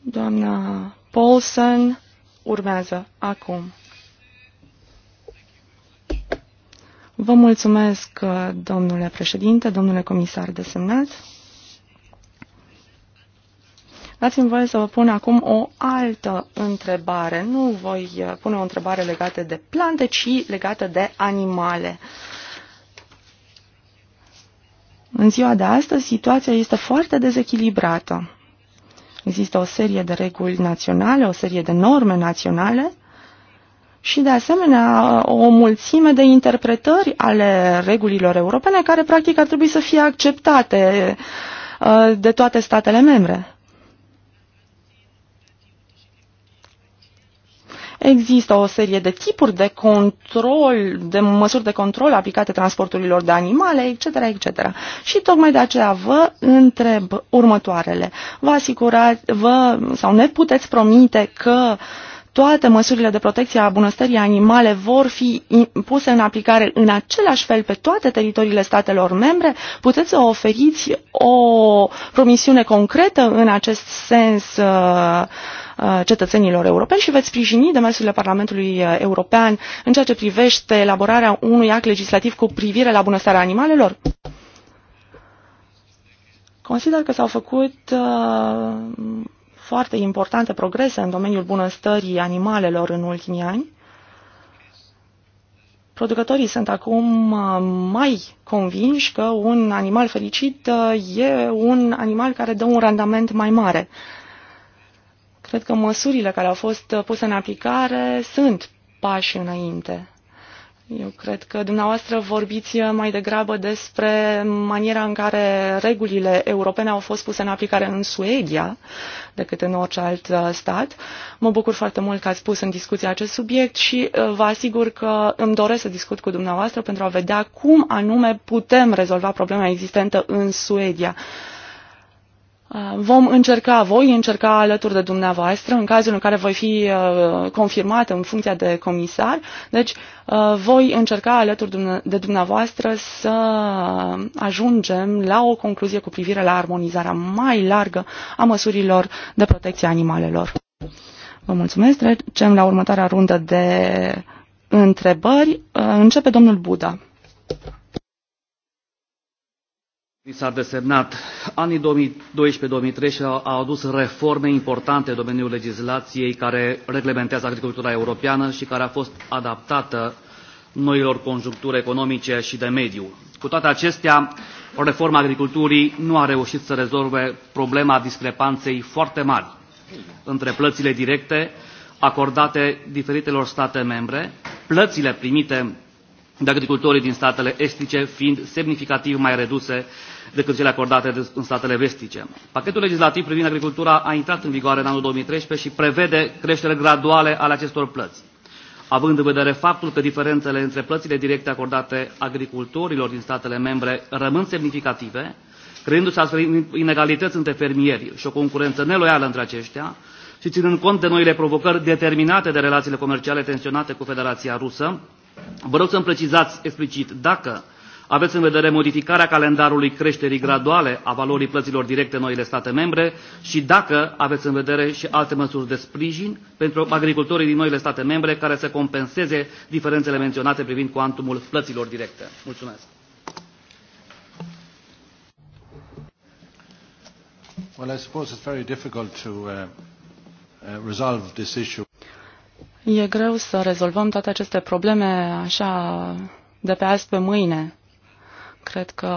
Doamna Paulson urmează acum. Vă mulțumesc, domnule președinte, domnule comisar desemnat. Dați-mi voie să vă pun acum o altă întrebare. Nu voi pune o întrebare legată de plante, ci legată de animale. În ziua de astăzi, situația este foarte dezechilibrată. Există o serie de reguli naționale, o serie de norme naționale și, de asemenea, o mulțime de interpretări ale regulilor europene care, practic, ar trebui să fie acceptate uh, de toate statele membre. Există o serie de tipuri de control, de măsuri de control aplicate transporturilor de animale, etc., etc. Și tocmai de aceea vă întreb următoarele. Vă asigurați, vă, sau ne puteți promite că uh, toate măsurile de protecție a bunăstării animale vor fi puse în aplicare în același fel pe toate teritoriile statelor membre, puteți să oferiți o promisiune concretă în acest sens uh, uh, cetățenilor europeni și veți sprijini demersurile Parlamentului uh, European în ceea ce privește elaborarea unui act legislativ cu privire la bunăstarea animalelor? Consider că s-au făcut uh, foarte importante progrese în domeniul bunăstării animalelor în ultimii ani. Producătorii sunt acum uh, mai convinși că un animal fericit uh, e un animal care dă un randament mai mare. Cred că măsurile care au fost puse în aplicare sunt pași înainte. Eu cred că dumneavoastră vorbiți mai degrabă despre maniera în care regulile europene au fost puse în aplicare în Suedia decât în orice alt uh, stat. Mă bucur foarte mult că ați pus în discuție acest subiect și uh, vă asigur că îmi doresc să discut cu dumneavoastră pentru a vedea cum anume putem rezolva problema existentă în Suedia. Uh, vom încerca, voi încerca alături de dumneavoastră, în cazul în care voi fi uh, confirmat în funcția de comisar, deci uh, voi încerca alături de dumneavoastră să ajungem la o concluzie cu privire la armonizarea mai largă a măsurilor de protecție a animalelor. Vă mulțumesc. Trecem la următoarea rundă de întrebări. Începe domnul Buda. Mi s-a desemnat. Anii 2012-2013 au adus reforme importante în domeniul legislației care reglementează agricultura europeană și care a fost adaptată noilor conjuncturi economice și de mediu. Cu toate acestea, reforma agriculturii nu a reușit să rezolve problema discrepanței foarte mari între plățile directe acordate diferitelor state membre, plățile primite de agricultorii din statele estice fiind semnificativ mai reduse decât cele acordate în statele vestice. Pachetul legislativ privind agricultura a intrat în vigoare în anul 2013 și prevede creșteri graduale ale acestor plăți. Având în vedere faptul că diferențele între plățile directe acordate agricultorilor din statele membre rămân semnificative, creându-se astfel inegalități între fermieri și o concurență neloială între aceștia, și ținând cont de noile provocări determinate de relațiile comerciale tensionate cu Federația Rusă, Vă rog să-mi precizați explicit dacă aveți în vedere modificarea calendarului creșterii graduale a valorii plăților directe în noile state membre și dacă aveți în vedere și alte măsuri de sprijin pentru agricultorii din noile state membre care să compenseze diferențele menționate privind cuantumul plăților directe. Mulțumesc. Well, I suppose it's very difficult to uh, uh, resolve this issue E greu să rezolvăm toate aceste probleme așa de pe azi pe mâine. Cred că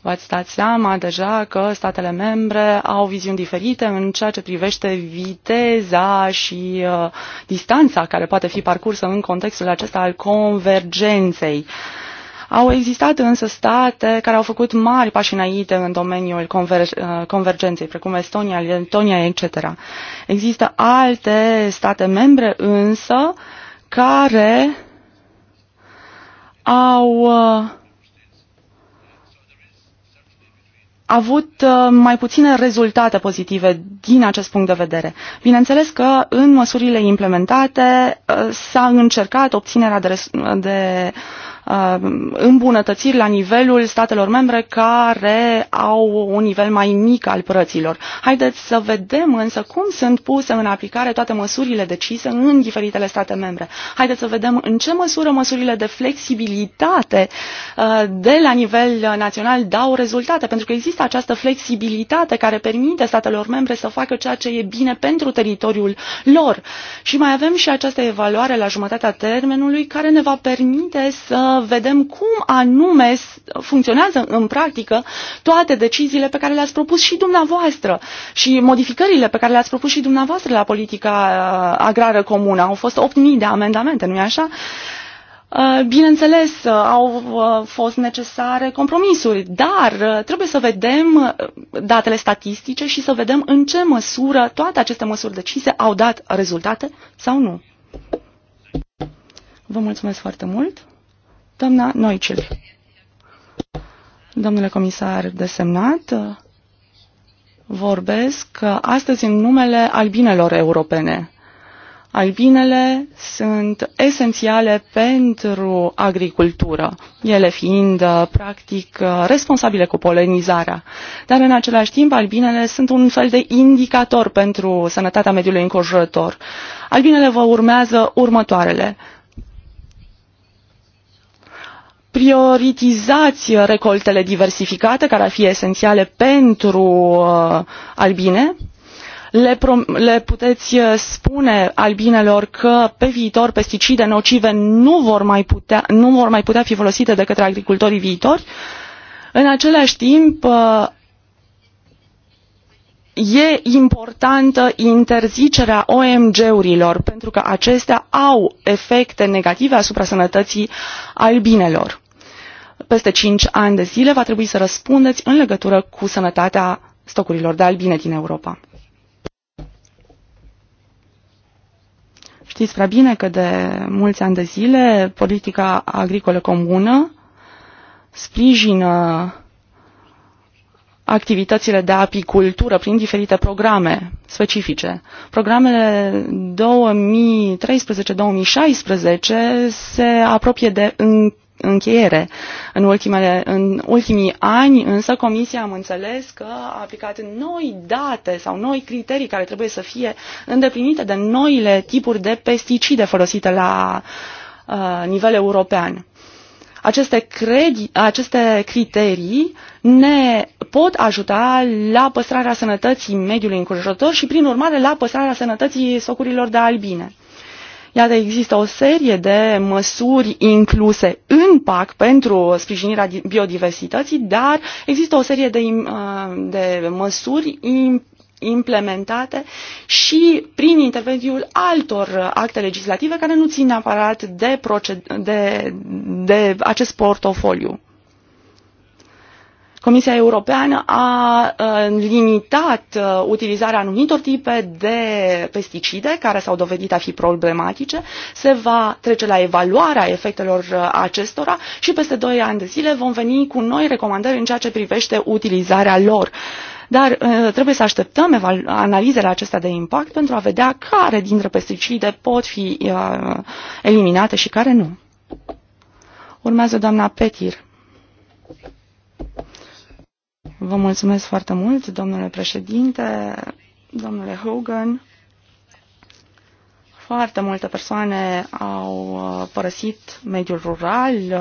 v-ați dat seama deja că statele membre au viziuni diferite în ceea ce privește viteza și uh, distanța care poate fi parcursă în contextul acesta al convergenței. Uh, au existat însă state care au făcut mari pași înainte în domeniul conver- uh, convergenței, precum Estonia, Letonia, etc. Există alte state membre însă care au uh, avut uh, mai puține rezultate pozitive din acest punct de vedere. Bineînțeles că în măsurile implementate s-a încercat obținerea de, de uh, Uh, îmbunătățiri la nivelul statelor membre care au un nivel mai mic al plăților. Haideți să vedem însă cum sunt puse în aplicare toate măsurile decise în diferitele state membre. Haideți să vedem în ce măsură măsurile de flexibilitate uh, de la nivel național dau rezultate, pentru că există această flexibilitate care permite statelor membre să facă ceea ce e bine pentru teritoriul lor. Și mai avem și această evaluare la jumătatea termenului care ne va permite să vedem cum anume funcționează în practică toate deciziile pe care le-ați propus și dumneavoastră și modificările pe care le-ați propus și dumneavoastră la politica uh, agrară comună. Au fost 8.000 de amendamente, nu-i așa? Uh, bineînțeles, uh, au fost necesare compromisuri, dar trebuie să vedem datele statistice și să vedem în ce măsură toate aceste măsuri decise au dat rezultate sau nu. Vă mulțumesc foarte mult. Doamna Noicil. Domnule comisar desemnat, vorbesc astăzi în numele albinelor europene. Albinele sunt esențiale pentru agricultură, ele fiind practic responsabile cu polenizarea. Dar în același timp, albinele sunt un fel de indicator pentru sănătatea mediului înconjurător. Albinele vă urmează următoarele prioritizați recoltele diversificate, care ar fi esențiale pentru uh, albine? Le, le puteți uh, spune albinelor că pe viitor pesticide nocive nu vor mai putea, nu vor mai putea fi folosite de către agricultorii viitori? În același timp, uh, e importantă interzicerea omg urilor pentru că acestea au efecte negative asupra sănătății albinelor. Peste cinci ani de zile va trebui să răspundeți în legătură cu sănătatea stocurilor de albine din Europa. Știți prea bine că de mulți ani de zile politica agricolă comună sprijină activitățile de apicultură prin diferite programe specifice. Programele 2013-2016 se apropie de încheiere. În, ultimele, în ultimii ani, însă, Comisia am înțeles că a aplicat noi date sau noi criterii care trebuie să fie îndeplinite de noile tipuri de pesticide folosite la uh, nivel european. Aceste, credi, aceste criterii ne pot ajuta la păstrarea sănătății mediului înconjurător și, prin urmare, la păstrarea sănătății socurilor de albine. Iată, există o serie de măsuri incluse în PAC pentru sprijinirea biodiversității, dar există o serie de, uh, de măsuri implementate și prin intermediul altor acte legislative care nu țin neapărat de, proced- de, de acest portofoliu. Comisia Europeană a uh, limitat uh, utilizarea anumitor tipe de pesticide care s-au dovedit a fi problematice, se va trece la evaluarea efectelor uh, acestora și peste doi ani de zile vom veni cu noi recomandări în ceea ce privește utilizarea lor. Dar trebuie să așteptăm analizele acestea de impact pentru a vedea care dintre pesticide pot fi eliminate și care nu. Urmează doamna Petir. Vă mulțumesc foarte mult, domnule președinte, domnule Hogan. Foarte multe persoane au uh, părăsit mediul rural, uh,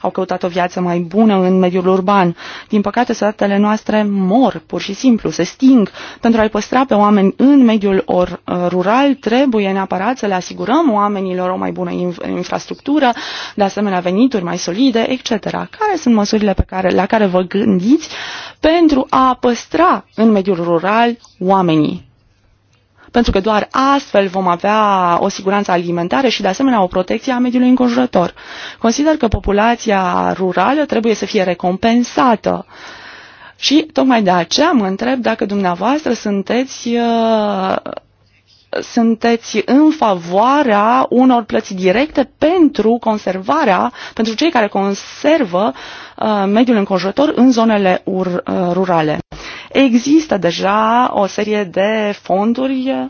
au căutat o viață mai bună în mediul urban. Din păcate, satele noastre mor, pur și simplu, se sting. Pentru a-i păstra pe oameni în mediul or, uh, rural, trebuie neapărat să le asigurăm oamenilor o mai bună infrastructură, de asemenea venituri mai solide, etc. Care sunt măsurile pe care, la care vă gândiți pentru a păstra în mediul rural oamenii? pentru că doar astfel vom avea o siguranță alimentară și, de asemenea, o protecție a mediului înconjurător. Consider că populația rurală trebuie să fie recompensată. Și tocmai de aceea mă întreb dacă dumneavoastră sunteți uh, sunteți în favoarea unor plăți directe pentru conservarea, pentru cei care conservă uh, mediul înconjurător în zonele ur, uh, rurale. Există deja o serie de fonduri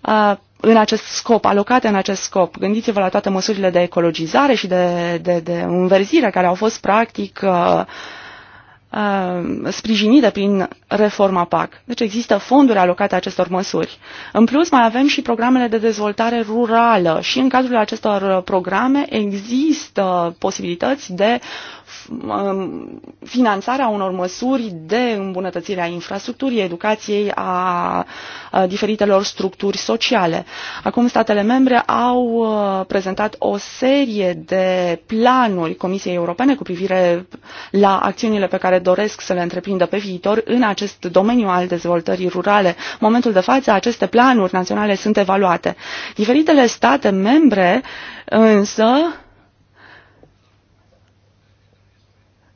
uh, în acest scop, alocate în acest scop. Gândiți-vă la toate măsurile de ecologizare și de, de, de înverzire care au fost practic uh, Uh, sprijinită prin reforma PAC. Deci există fonduri alocate acestor măsuri. În plus, mai avem și programele de dezvoltare rurală și în cadrul acestor programe există posibilități de Um, finanțarea unor măsuri de îmbunătățire a infrastructurii, educației, a diferitelor structuri sociale. Acum statele membre au uh, prezentat o serie de planuri Comisiei Europene cu privire la acțiunile pe care doresc să le întreprindă pe viitor în acest domeniu al dezvoltării rurale. În momentul de față, aceste planuri naționale sunt evaluate. Diferitele state membre însă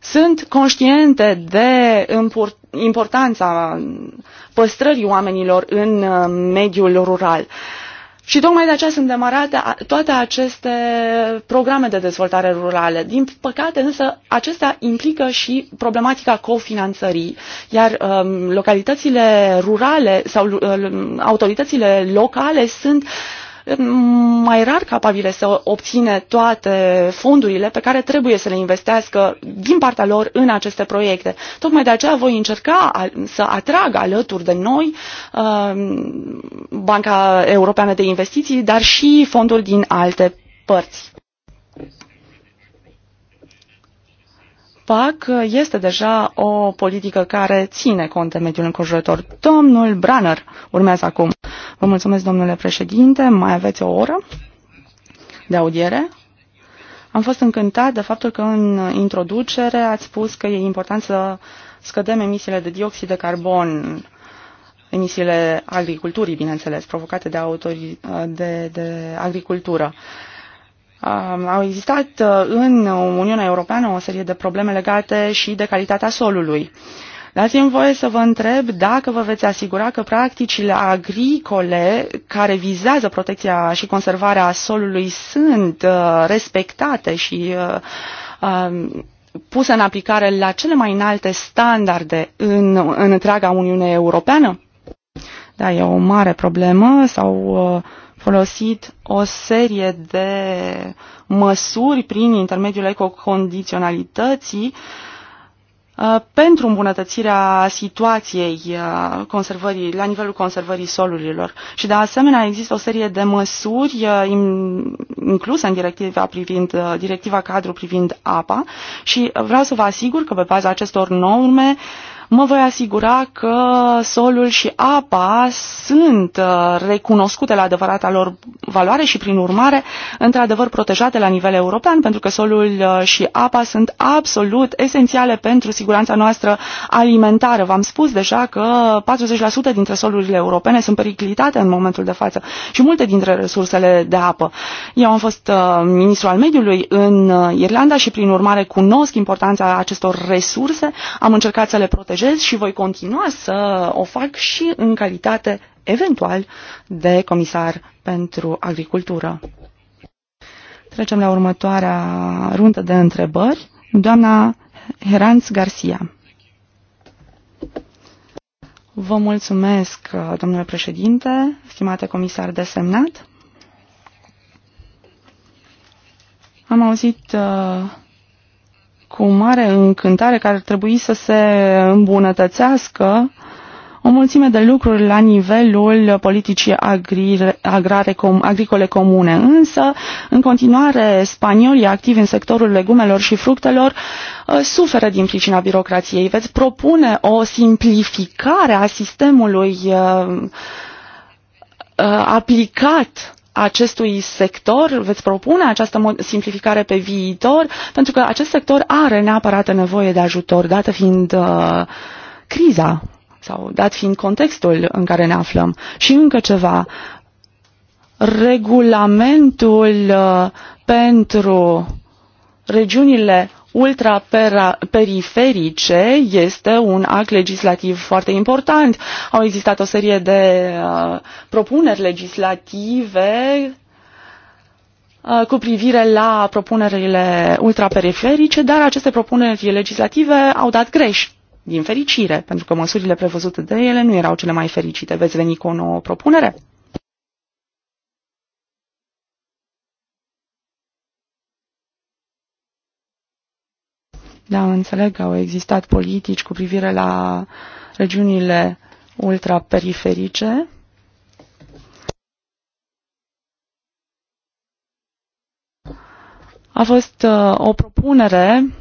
sunt conștiente de importanța păstrării oamenilor în uh, mediul rural. Și tocmai de aceea sunt demarate toate aceste programe de dezvoltare rurală. Din păcate, însă, acestea implică și problematica cofinanțării, iar um, localitățile rurale sau um, autoritățile locale sunt uh, mai rar capabile să obține toate fondurile pe care trebuie să le investească din partea lor în aceste proiecte. Tocmai de aceea voi încerca să atrag alături de noi uh, Banca Europeană de Investiții, dar și fonduri din alte părți. PAC este deja o politică care ține cont de mediul înconjurător. Domnul Branner urmează acum. Vă mulțumesc, domnule președinte. Mai aveți o oră de audiere? Am fost încântat de faptul că în introducere ați spus că e important să scădem emisiile de dioxid de carbon, emisiile agriculturii, bineînțeles, provocate de, autori, de, de agricultură. Uh, au existat uh, în Uniunea Europeană o serie de probleme legate și de calitatea solului. Dați-mi voie să vă întreb dacă vă veți asigura că practicile agricole care vizează protecția și conservarea solului sunt uh, respectate și uh, um, puse în aplicare la cele mai înalte standarde în, în întreaga Uniune Europeană? Da, e o mare problemă. sau uh, folosit o serie de măsuri prin intermediul ecocondiționalității uh, pentru îmbunătățirea situației uh, conservării, la nivelul conservării solurilor. Și de asemenea există o serie de măsuri uh, incluse în directiva, privind, directiva cadru privind apa și vreau să vă asigur că pe baza acestor norme uh, mă voi asigura că solul și apa sunt uh, recunoscute la adevărata lor valoare și, prin urmare, într-adevăr protejate la nivel european, pentru că solul uh, și apa sunt absolut esențiale pentru siguranța noastră alimentară. V-am spus deja că 40% dintre solurile europene sunt periclitate în momentul de față și multe dintre resursele de apă. Eu am fost uh, ministru al mediului în Irlanda și, prin urmare, cunosc importanța acestor resurse. Am încercat să le protejăm angajez și voi continua să o fac și în calitate eventual de comisar pentru agricultură. Trecem la următoarea rundă de întrebări. Doamna Heranz Garcia. Vă mulțumesc, domnule președinte, stimate comisar desemnat. Am auzit uh, cu mare încântare care ar trebui să se îmbunătățească o mulțime de lucruri la nivelul politicii agri, agrare, com, agricole comune. Însă, în continuare, spaniolii activi în sectorul legumelor și fructelor uh, suferă din pricina birocrației. Veți propune o simplificare a sistemului uh, uh, aplicat acestui sector? Veți propune această simplificare pe viitor? Pentru că acest sector are neapărat nevoie de ajutor, dată fiind uh, criza sau dat fiind contextul în care ne aflăm. Și încă ceva, regulamentul uh, pentru regiunile ultraperiferice este un act legislativ foarte important. Au existat o serie de uh, propuneri legislative uh, cu privire la propunerile ultraperiferice, dar aceste propuneri legislative au dat greș, din fericire, pentru că măsurile prevăzute de ele nu erau cele mai fericite. Veți veni cu o nouă propunere? Da, înțeleg că au existat politici cu privire la regiunile ultraperiferice. A fost uh, o propunere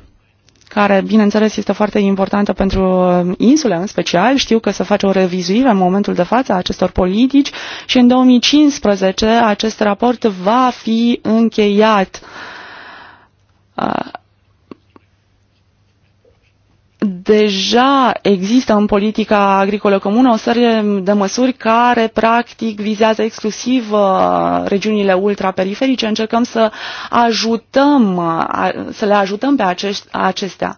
care, bineînțeles, este foarte importantă pentru uh, insule în special. Știu că se face o revizuire în momentul de față a acestor politici și în 2015 acest raport va fi încheiat. Uh, Deja există în politica agricolă comună o serie de măsuri care practic vizează exclusiv uh, regiunile ultraperiferice. Încercăm să ajutăm, uh, să le ajutăm pe acestea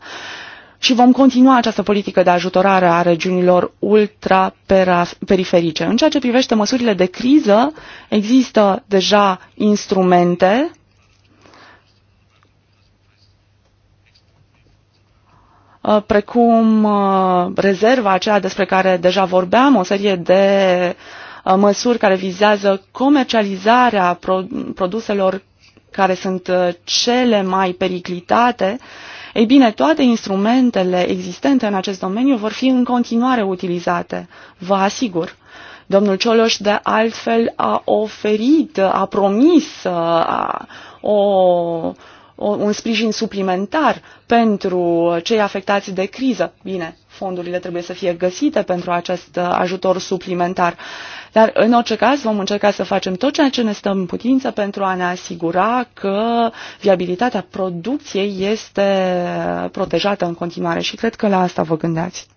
și vom continua această politică de ajutorare a regiunilor ultraperiferice. În ceea ce privește măsurile de criză, există deja instrumente Uh, precum uh, rezerva aceea despre care deja vorbeam, o serie de uh, măsuri care vizează comercializarea produselor care sunt cele mai periclitate, ei bine, toate instrumentele existente în acest domeniu vor fi în continuare utilizate, vă asigur. Domnul Cioloș, de altfel, a oferit, a promis a, o un sprijin suplimentar pentru cei afectați de criză. Bine, fondurile trebuie să fie găsite pentru acest uh, ajutor suplimentar. Dar, în orice caz, vom încerca să facem tot ceea ce ne stă în putință pentru a ne asigura că viabilitatea producției este protejată în continuare și cred că la asta vă gândeați.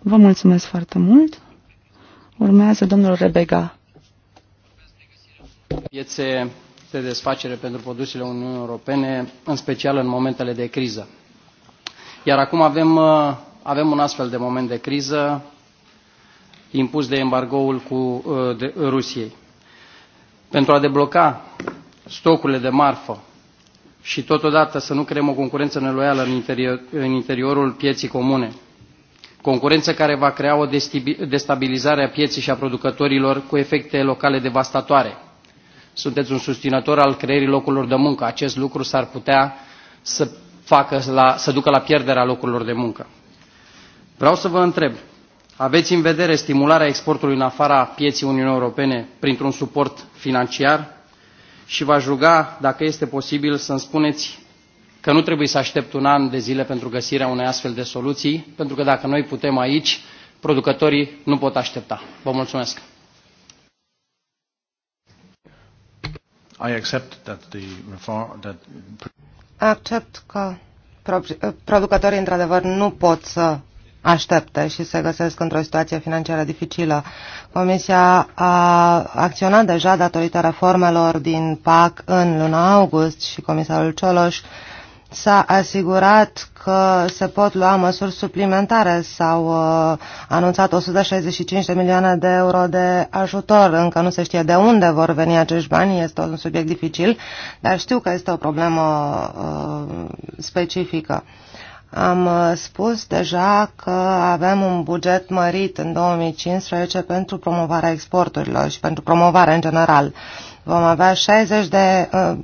Vă mulțumesc foarte mult. Urmează domnul Rebega piețe de desfacere pentru produsele Uniunii Europene, în special în momentele de criză. Iar acum avem, uh, avem un astfel de moment de criză impus de embargoul cu uh, de, Rusiei. Pentru a debloca stocurile de marfă și totodată să nu creăm o concurență neloială în, interior, în interiorul pieții comune, concurență care va crea o destabilizare a pieței și a producătorilor cu efecte locale devastatoare sunteți un susținător al creierii locurilor de muncă. Acest lucru s-ar putea să, facă la, să ducă la pierderea locurilor de muncă. Vreau să vă întreb, aveți în vedere stimularea exportului în afara pieții Uniunii Europene printr-un suport financiar? Și v-aș ruga, dacă este posibil, să-mi spuneți că nu trebuie să aștept un an de zile pentru găsirea unei astfel de soluții, pentru că dacă noi putem aici, producătorii nu pot aștepta. Vă mulțumesc! I accept that the reform, that... Accept că producătorii într-adevăr nu pot să aștepte și se găsesc într-o situație financiară dificilă. Comisia a acționat deja datorită reformelor din PAC în luna august și comisarul Cioloș s-a asigurat că se pot lua măsuri suplimentare. S-au uh, anunțat 165 de milioane de euro de ajutor. Încă nu se știe de unde vor veni acești bani. Este un subiect dificil, dar știu că este o problemă uh, specifică. Am uh, spus deja că avem un buget mărit în 2015 pentru promovarea exporturilor și pentru promovarea în general. Vom avea 60 de, uh,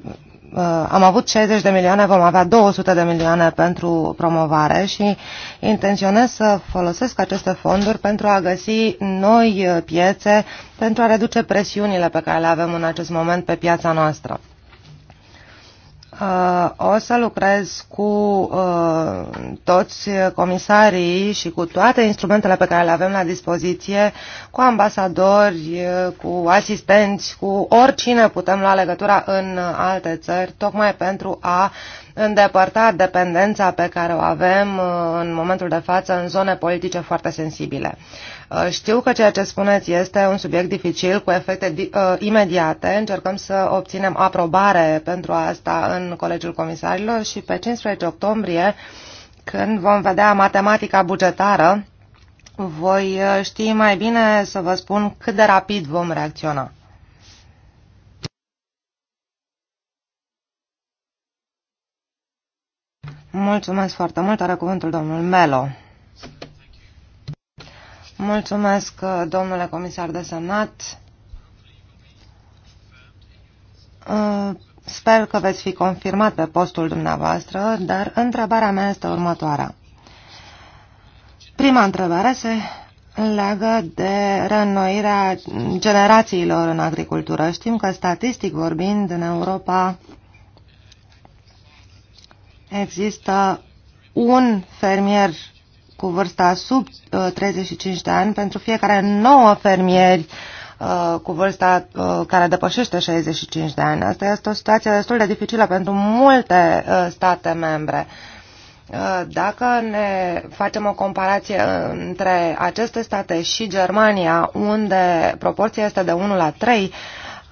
Uh, am avut 60 de milioane, vom avea 200 de milioane pentru promovare și intenționez să folosesc aceste fonduri pentru a găsi noi piețe, pentru a reduce presiunile pe care le avem în acest moment pe piața noastră. Uh, o să lucrez cu uh, toți comisarii și cu toate instrumentele pe care le avem la dispoziție, cu ambasadori, uh, cu asistenți, cu oricine putem lua legătura în alte țări, tocmai pentru a îndepărta dependența pe care o avem în momentul de față în zone politice foarte sensibile. Uh, știu că ceea ce spuneți este un subiect dificil cu efecte uh, imediate. Încercăm să obținem aprobare pentru asta în Colegiul Comisarilor și pe 15 octombrie, când vom vedea matematica bugetară, voi uh, ști mai bine să vă spun cât de rapid vom reacționa. Mulțumesc foarte mult. Are cuvântul domnul Melo. Mulțumesc, uh, domnule comisar de semnat. Uh, sper că veți fi confirmat pe postul dumneavoastră, dar întrebarea mea este următoarea. Prima întrebare se leagă de reînnoirea generațiilor în agricultură. Știm că, statistic vorbind, în Europa există un fermier cu vârsta sub 35 uh, de ani pentru fiecare 9 fermieri uh, cu vârsta uh, care depășește 65 de ani. Asta este o situație destul de dificilă pentru multe state membre. Dacă ne facem o comparație între aceste state și Germania, unde proporția este de 1 la 3,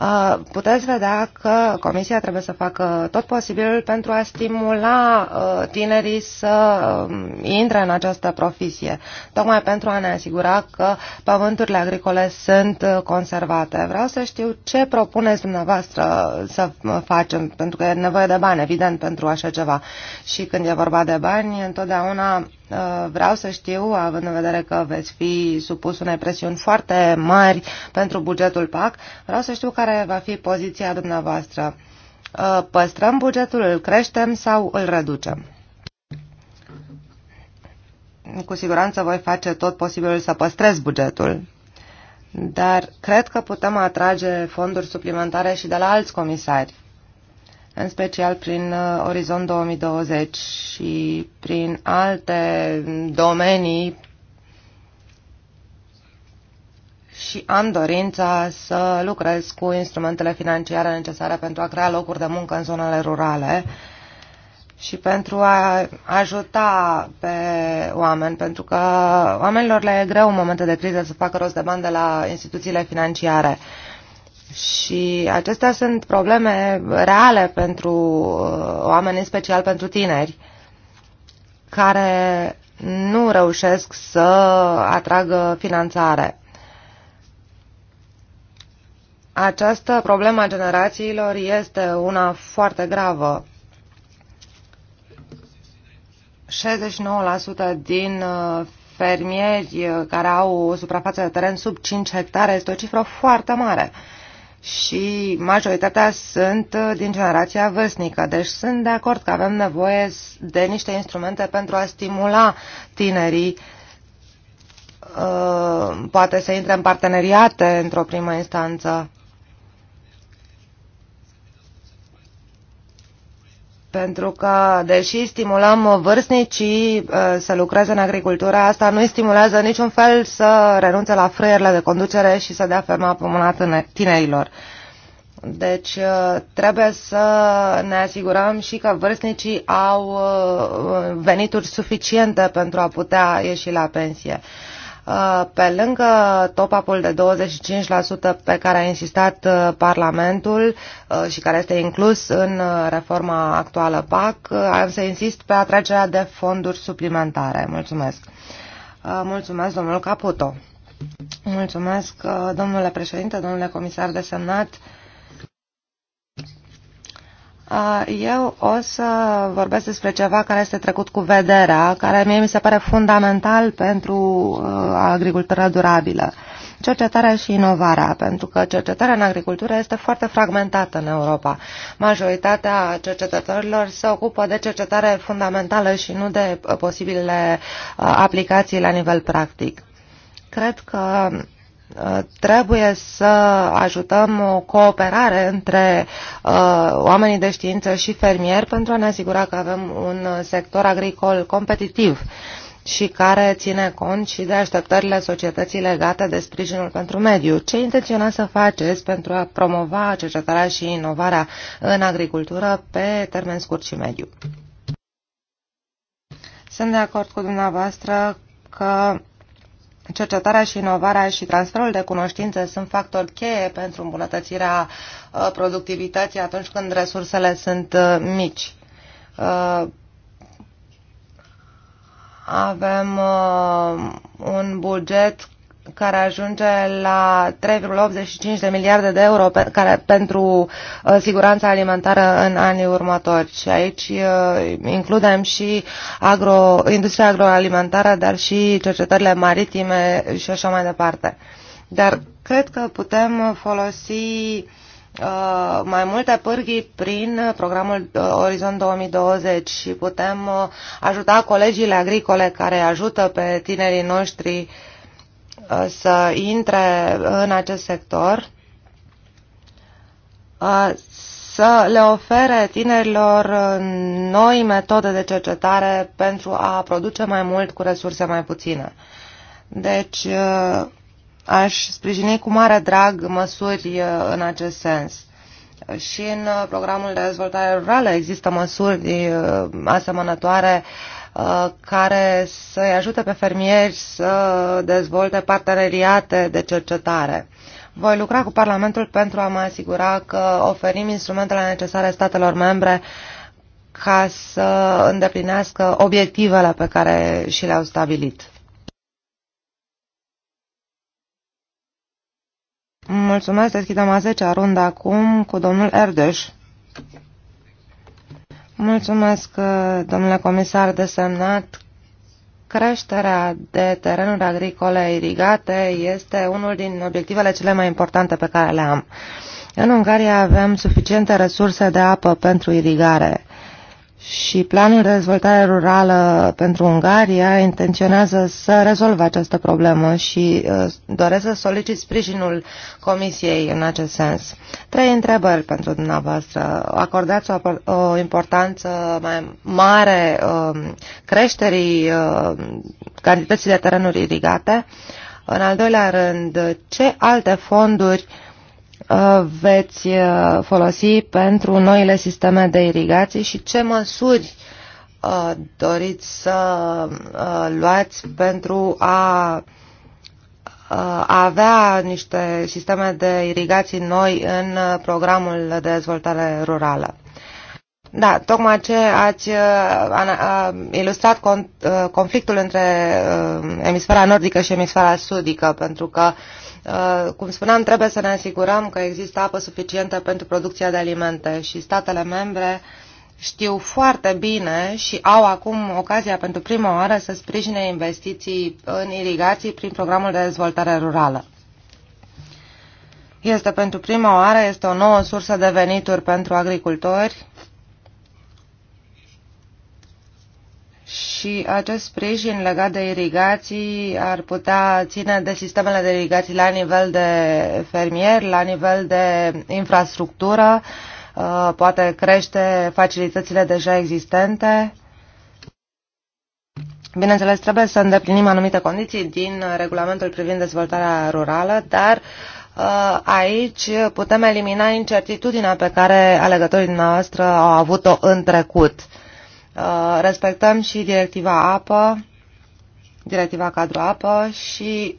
Uh, puteți vedea că Comisia trebuie să facă tot posibilul pentru a stimula uh, tinerii să um, intre în această profesie, tocmai pentru a ne asigura că pământurile agricole sunt uh, conservate. Vreau să știu ce propuneți dumneavoastră să facem, pentru că e nevoie de bani, evident, pentru așa ceva. Și când e vorba de bani, întotdeauna Uh, vreau să știu, având în vedere că veți fi supus unei presiuni foarte mari pentru bugetul PAC, vreau să știu care va fi poziția dumneavoastră. Uh, păstrăm bugetul, îl creștem sau îl reducem? Cu siguranță voi face tot posibilul să păstrez bugetul, dar cred că putem atrage fonduri suplimentare și de la alți comisari în special prin uh, Orizont 2020 și prin alte domenii și am dorința să lucrez cu instrumentele financiare necesare pentru a crea locuri de muncă în zonele rurale și pentru a ajuta pe oameni, pentru că oamenilor le e greu în momente de criză să facă rost de bani de la instituțiile financiare. Uh, și acestea sunt probleme reale pentru uh, oameni, în special pentru tineri, care nu reușesc să atragă finanțare. Această problemă a generațiilor este una foarte gravă. 69% din uh, fermieri care au o suprafață de teren sub 5 hectare este o cifră foarte mare și majoritatea sunt uh, din generația vârstnică. Deci sunt de acord că avem nevoie de niște instrumente pentru a stimula tinerii uh, poate să intre în parteneriate într-o primă instanță Pentru că, deși stimulăm vârstnicii uh, să lucreze în agricultură, asta nu îi stimulează niciun fel să renunțe la frâierile de conducere și să dea ferma pe mâna tinerilor. Deci uh, trebuie să ne asigurăm și că vârstnicii au uh, venituri suficiente pentru a putea ieși la pensie. Uh, pe lângă top-up-ul de 25% pe care a insistat uh, Parlamentul uh, și care este inclus în reforma actuală PAC, am să insist pe atragerea de fonduri suplimentare. Mulțumesc. Mulțumesc, domnul Caputo. Mulțumesc, domnule președinte, domnule comisar desemnat. semnat. Uh, eu o să vorbesc despre ceva care este trecut cu vederea, care mie mi se pare fundamental pentru uh, agricultura durabilă. Cercetarea și inovarea, pentru că cercetarea în agricultură este foarte fragmentată în Europa. Majoritatea cercetătorilor se ocupă de cercetare fundamentală și nu de uh, posibile aplicații la nivel practic. Cred că Uh, trebuie să ajutăm o cooperare între uh, oamenii de știință și fermieri pentru a ne asigura că avem un sector agricol competitiv și care ține cont și de așteptările societății legate de sprijinul pentru mediu. Ce intenționați să faceți pentru a promova cercetarea și inovarea în agricultură pe termen scurt și mediu? Sunt de acord cu dumneavoastră că cercetarea și inovarea și transferul de cunoștințe sunt factori cheie pentru îmbunătățirea uh, productivității atunci când resursele sunt uh, mici. Uh, avem un buget care ajunge la 3,85 de miliarde de euro pe, care, pentru uh, siguranța alimentară în anii următori. Și aici uh, includem și agro, industria agroalimentară, dar și cercetările maritime și așa mai departe. Dar cred că putem folosi uh, mai multe pârghii prin programul uh, Orizont 2020 și putem uh, ajuta colegiile agricole care ajută pe tinerii noștri uh, să intre în acest sector, să le ofere tinerilor noi metode de cercetare pentru a produce mai mult cu resurse mai puține. Deci, aș sprijini cu mare drag măsuri în acest sens. Și în programul de dezvoltare rurală există măsuri asemănătoare uh, Uh, care să-i ajute pe fermieri să dezvolte parteneriate de cercetare. Voi lucra cu Parlamentul pentru a mă asigura că oferim instrumentele necesare statelor membre ca să îndeplinească obiectivele pe care și le-au stabilit. Mulțumesc, deschidem a 10-a rundă acum cu domnul Erdeș. Mulțumesc, uh, domnule comisar desemnat. Creșterea de terenuri agricole irigate este unul din obiectivele cele mai importante pe care le am. În Ungaria avem suficiente resurse de apă pentru irigare și planul de dezvoltare rurală pentru Ungaria intenționează să rezolve această problemă și uh, doresc să solicit sprijinul Comisiei în acest sens. Trei întrebări pentru dumneavoastră. Acordați o, o importanță mai mare um, creșterii um, cantității de terenuri irigate? În al doilea rând, ce alte fonduri uh, Uh, veți uh, folosi pentru noile sisteme de irigații și ce măsuri uh, doriți să luați pentru a avea niște sisteme de irigații noi în programul de dezvoltare rurală. Da, tocmai ce ați uh, uh, ilustrat con, uh, conflictul între uh, emisfera nordică și emisfera sudică, pentru că, uh, cum spuneam, trebuie să ne asigurăm că există apă suficientă pentru producția de alimente și statele membre știu foarte bine și au acum ocazia pentru prima oară să sprijine investiții în irigații prin programul de dezvoltare rurală. Este pentru prima oară, este o nouă sursă de venituri pentru agricultori și acest sprijin legat de irigații ar putea ține de sistemele de irigații la nivel de fermier, la nivel de infrastructură, uh, poate crește facilitățile deja existente. Bineînțeles, trebuie să îndeplinim anumite condiții din regulamentul privind dezvoltarea rurală, dar uh, aici putem elimina incertitudinea pe care alegătorii noastre au avut-o în trecut Uh, respectăm și directiva apă, directiva cadru apă și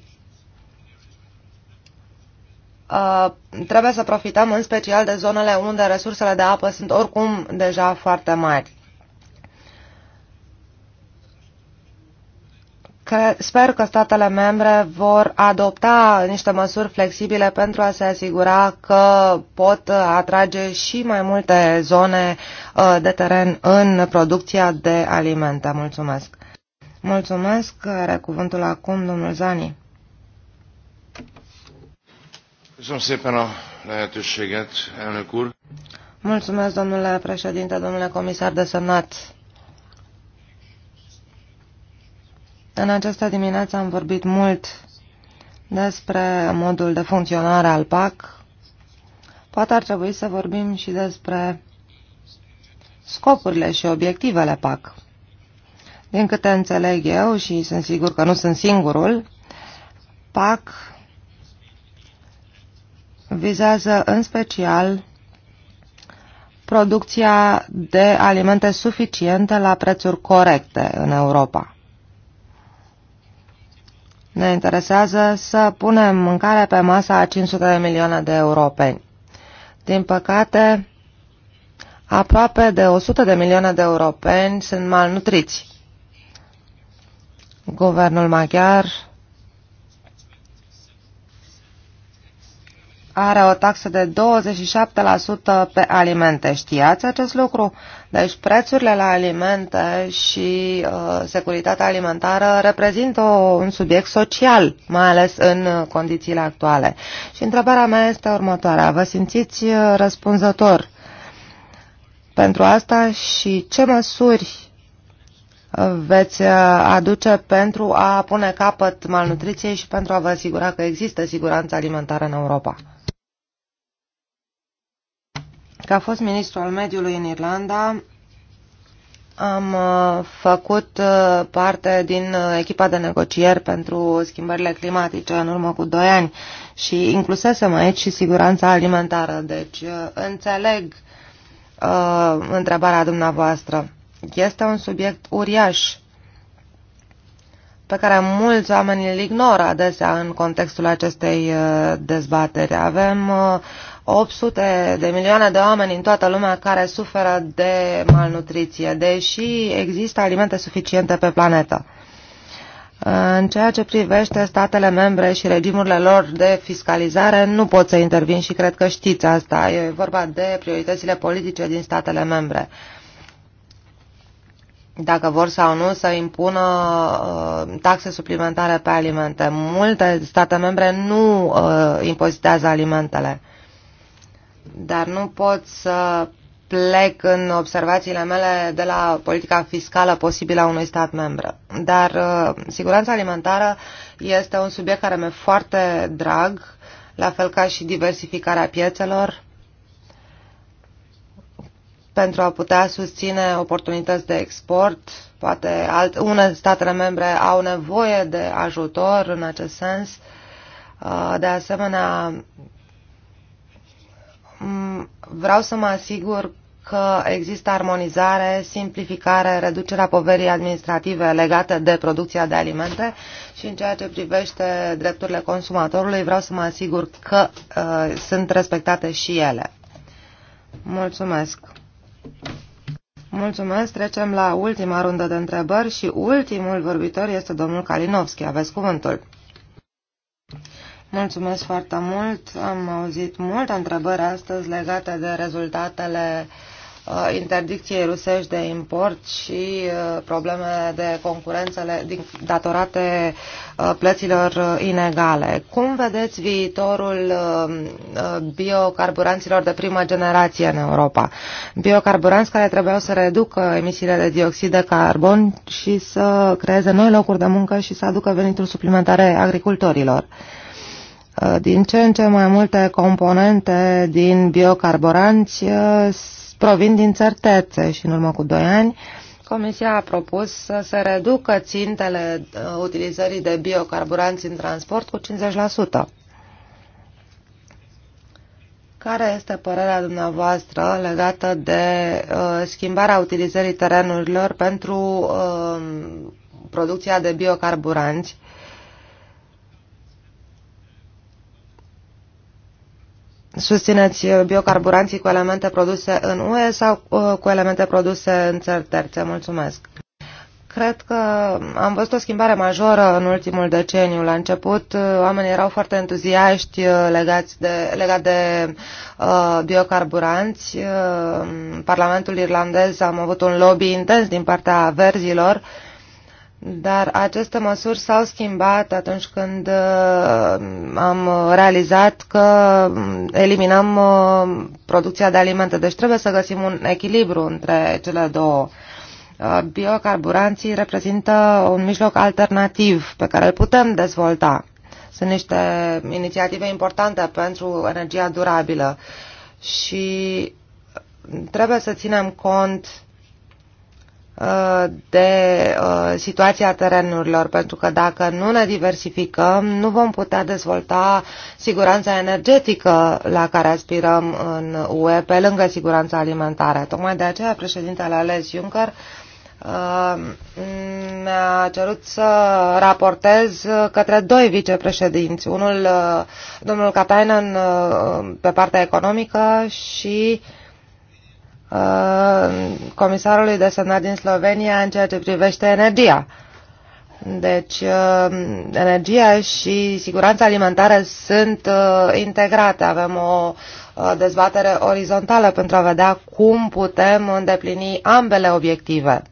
uh, trebuie să profităm în special de zonele unde resursele de apă sunt oricum deja foarte mari. sper că statele membre vor adopta niște măsuri flexibile pentru a se asigura că pot atrage și mai multe zone uh, de teren în producția de alimente. Mulțumesc! Mulțumesc! Are cuvântul acum domnul Zani. Mulțumesc, domnule președinte, domnule comisar de semnat. În această dimineață am vorbit mult despre modul de funcționare al PAC. Poate ar trebui să vorbim și despre scopurile și obiectivele PAC. Din câte înțeleg eu și sunt sigur că nu sunt singurul, PAC vizează în special producția de alimente suficiente la prețuri corecte în Europa. Ne interesează să punem mâncare pe masa a 500 de milioane de europeni. Din păcate, aproape de 100 de milioane de europeni sunt malnutriți. Guvernul maghiar are o taxă de 27% pe alimente. Știați acest lucru? Deci prețurile la alimente și uh, securitatea alimentară reprezintă o, un subiect social, mai ales în condițiile actuale. Și întrebarea mea este următoarea. Vă simțiți uh, răspunzător pentru asta și ce măsuri uh, veți uh, aduce pentru a pune capăt malnutriției și pentru a vă asigura că există siguranță alimentară în Europa? Ca fost ministru al mediului în Irlanda, am uh, făcut uh, parte din uh, echipa de negocieri pentru schimbările climatice în urmă cu 2 ani și inclusesem aici și siguranța alimentară. Deci înțeleg uh, întrebarea dumneavoastră. Este un subiect uriaș pe care mulți oameni îl ignoră adesea în contextul acestei dezbateri. Avem 800 de milioane de oameni în toată lumea care suferă de malnutriție, deși există alimente suficiente pe planetă. În ceea ce privește statele membre și regimurile lor de fiscalizare, nu pot să intervin și cred că știți asta. E vorba de prioritățile politice din statele membre. Dacă vor sau nu să impună uh, taxe suplimentare pe alimente. Multe state membre nu uh, impozitează alimentele dar nu pot să plec în observațiile mele de la politica fiscală posibilă a unui stat membru. Dar uh, siguranța alimentară este un subiect care mi-e foarte drag, la fel ca și diversificarea piețelor pentru a putea susține oportunități de export. Poate alt, unele statele membre au nevoie de ajutor în acest sens. Uh, de asemenea, Mm, vreau să mă asigur că există armonizare, simplificare, reducerea poverii administrative legate de producția de alimente și în ceea ce privește drepturile consumatorului vreau să mă asigur că uh, sunt respectate și ele. Mulțumesc! Mulțumesc! Trecem la ultima rundă de întrebări și ultimul vorbitor este domnul Kalinowski. Aveți cuvântul. Mulțumesc foarte mult. Am auzit multe întrebări astăzi legate de rezultatele uh, interdicției rusești de import și uh, probleme de concurență datorate uh, plăților uh, inegale. Cum vedeți viitorul uh, uh biocarburanților de prima generație în Europa? Biocarburanți care trebuiau să reducă emisiile de dioxid de carbon și să creeze noi locuri de muncă și să aducă venituri suplimentare agricultorilor. Uh, din ce în ce mai multe componente din biocarburanți uh, provin din certețe și în urmă cu 2 ani Comisia a propus să se reducă țintele uh, utilizării de biocarburanți în transport cu 50%. Care este părerea dumneavoastră legată de uh, schimbarea utilizării terenurilor pentru uh, producția de biocarburanți susțineți uh, biocarburanții cu elemente produse în UE sau uh, cu elemente produse în țări terțe? Mulțumesc! Cred că am văzut o schimbare majoră în ultimul deceniu. La început, uh, oamenii erau foarte entuziaști legați de, legat de uh, biocarburanți. Uh, Parlamentul irlandez am avut un lobby intens din partea verzilor uh, dar aceste măsuri s-au schimbat atunci când uh, am realizat că eliminăm uh, producția de alimente. Deci trebuie să găsim un echilibru între cele două. Uh, biocarburanții reprezintă un mijloc alternativ pe care îl putem dezvolta. Sunt niște inițiative importante pentru energia durabilă și trebuie să ținem cont Uh, de uh, situația terenurilor, pentru că dacă nu ne diversificăm, nu vom putea dezvolta siguranța energetică la care aspirăm în UE, pe lângă siguranța alimentară. Tocmai de aceea președintele ales Juncker mi-a uh, cerut să raportez către doi vicepreședinți, unul domnul Katainen pe partea economică și uh, Uh, comisarului desemnat din Slovenia în ceea ce privește energia. Deci, uh, energia și siguranța alimentară sunt uh, integrate. Avem o dezbatere orizontală pentru a vedea cum putem îndeplini ambele obiective.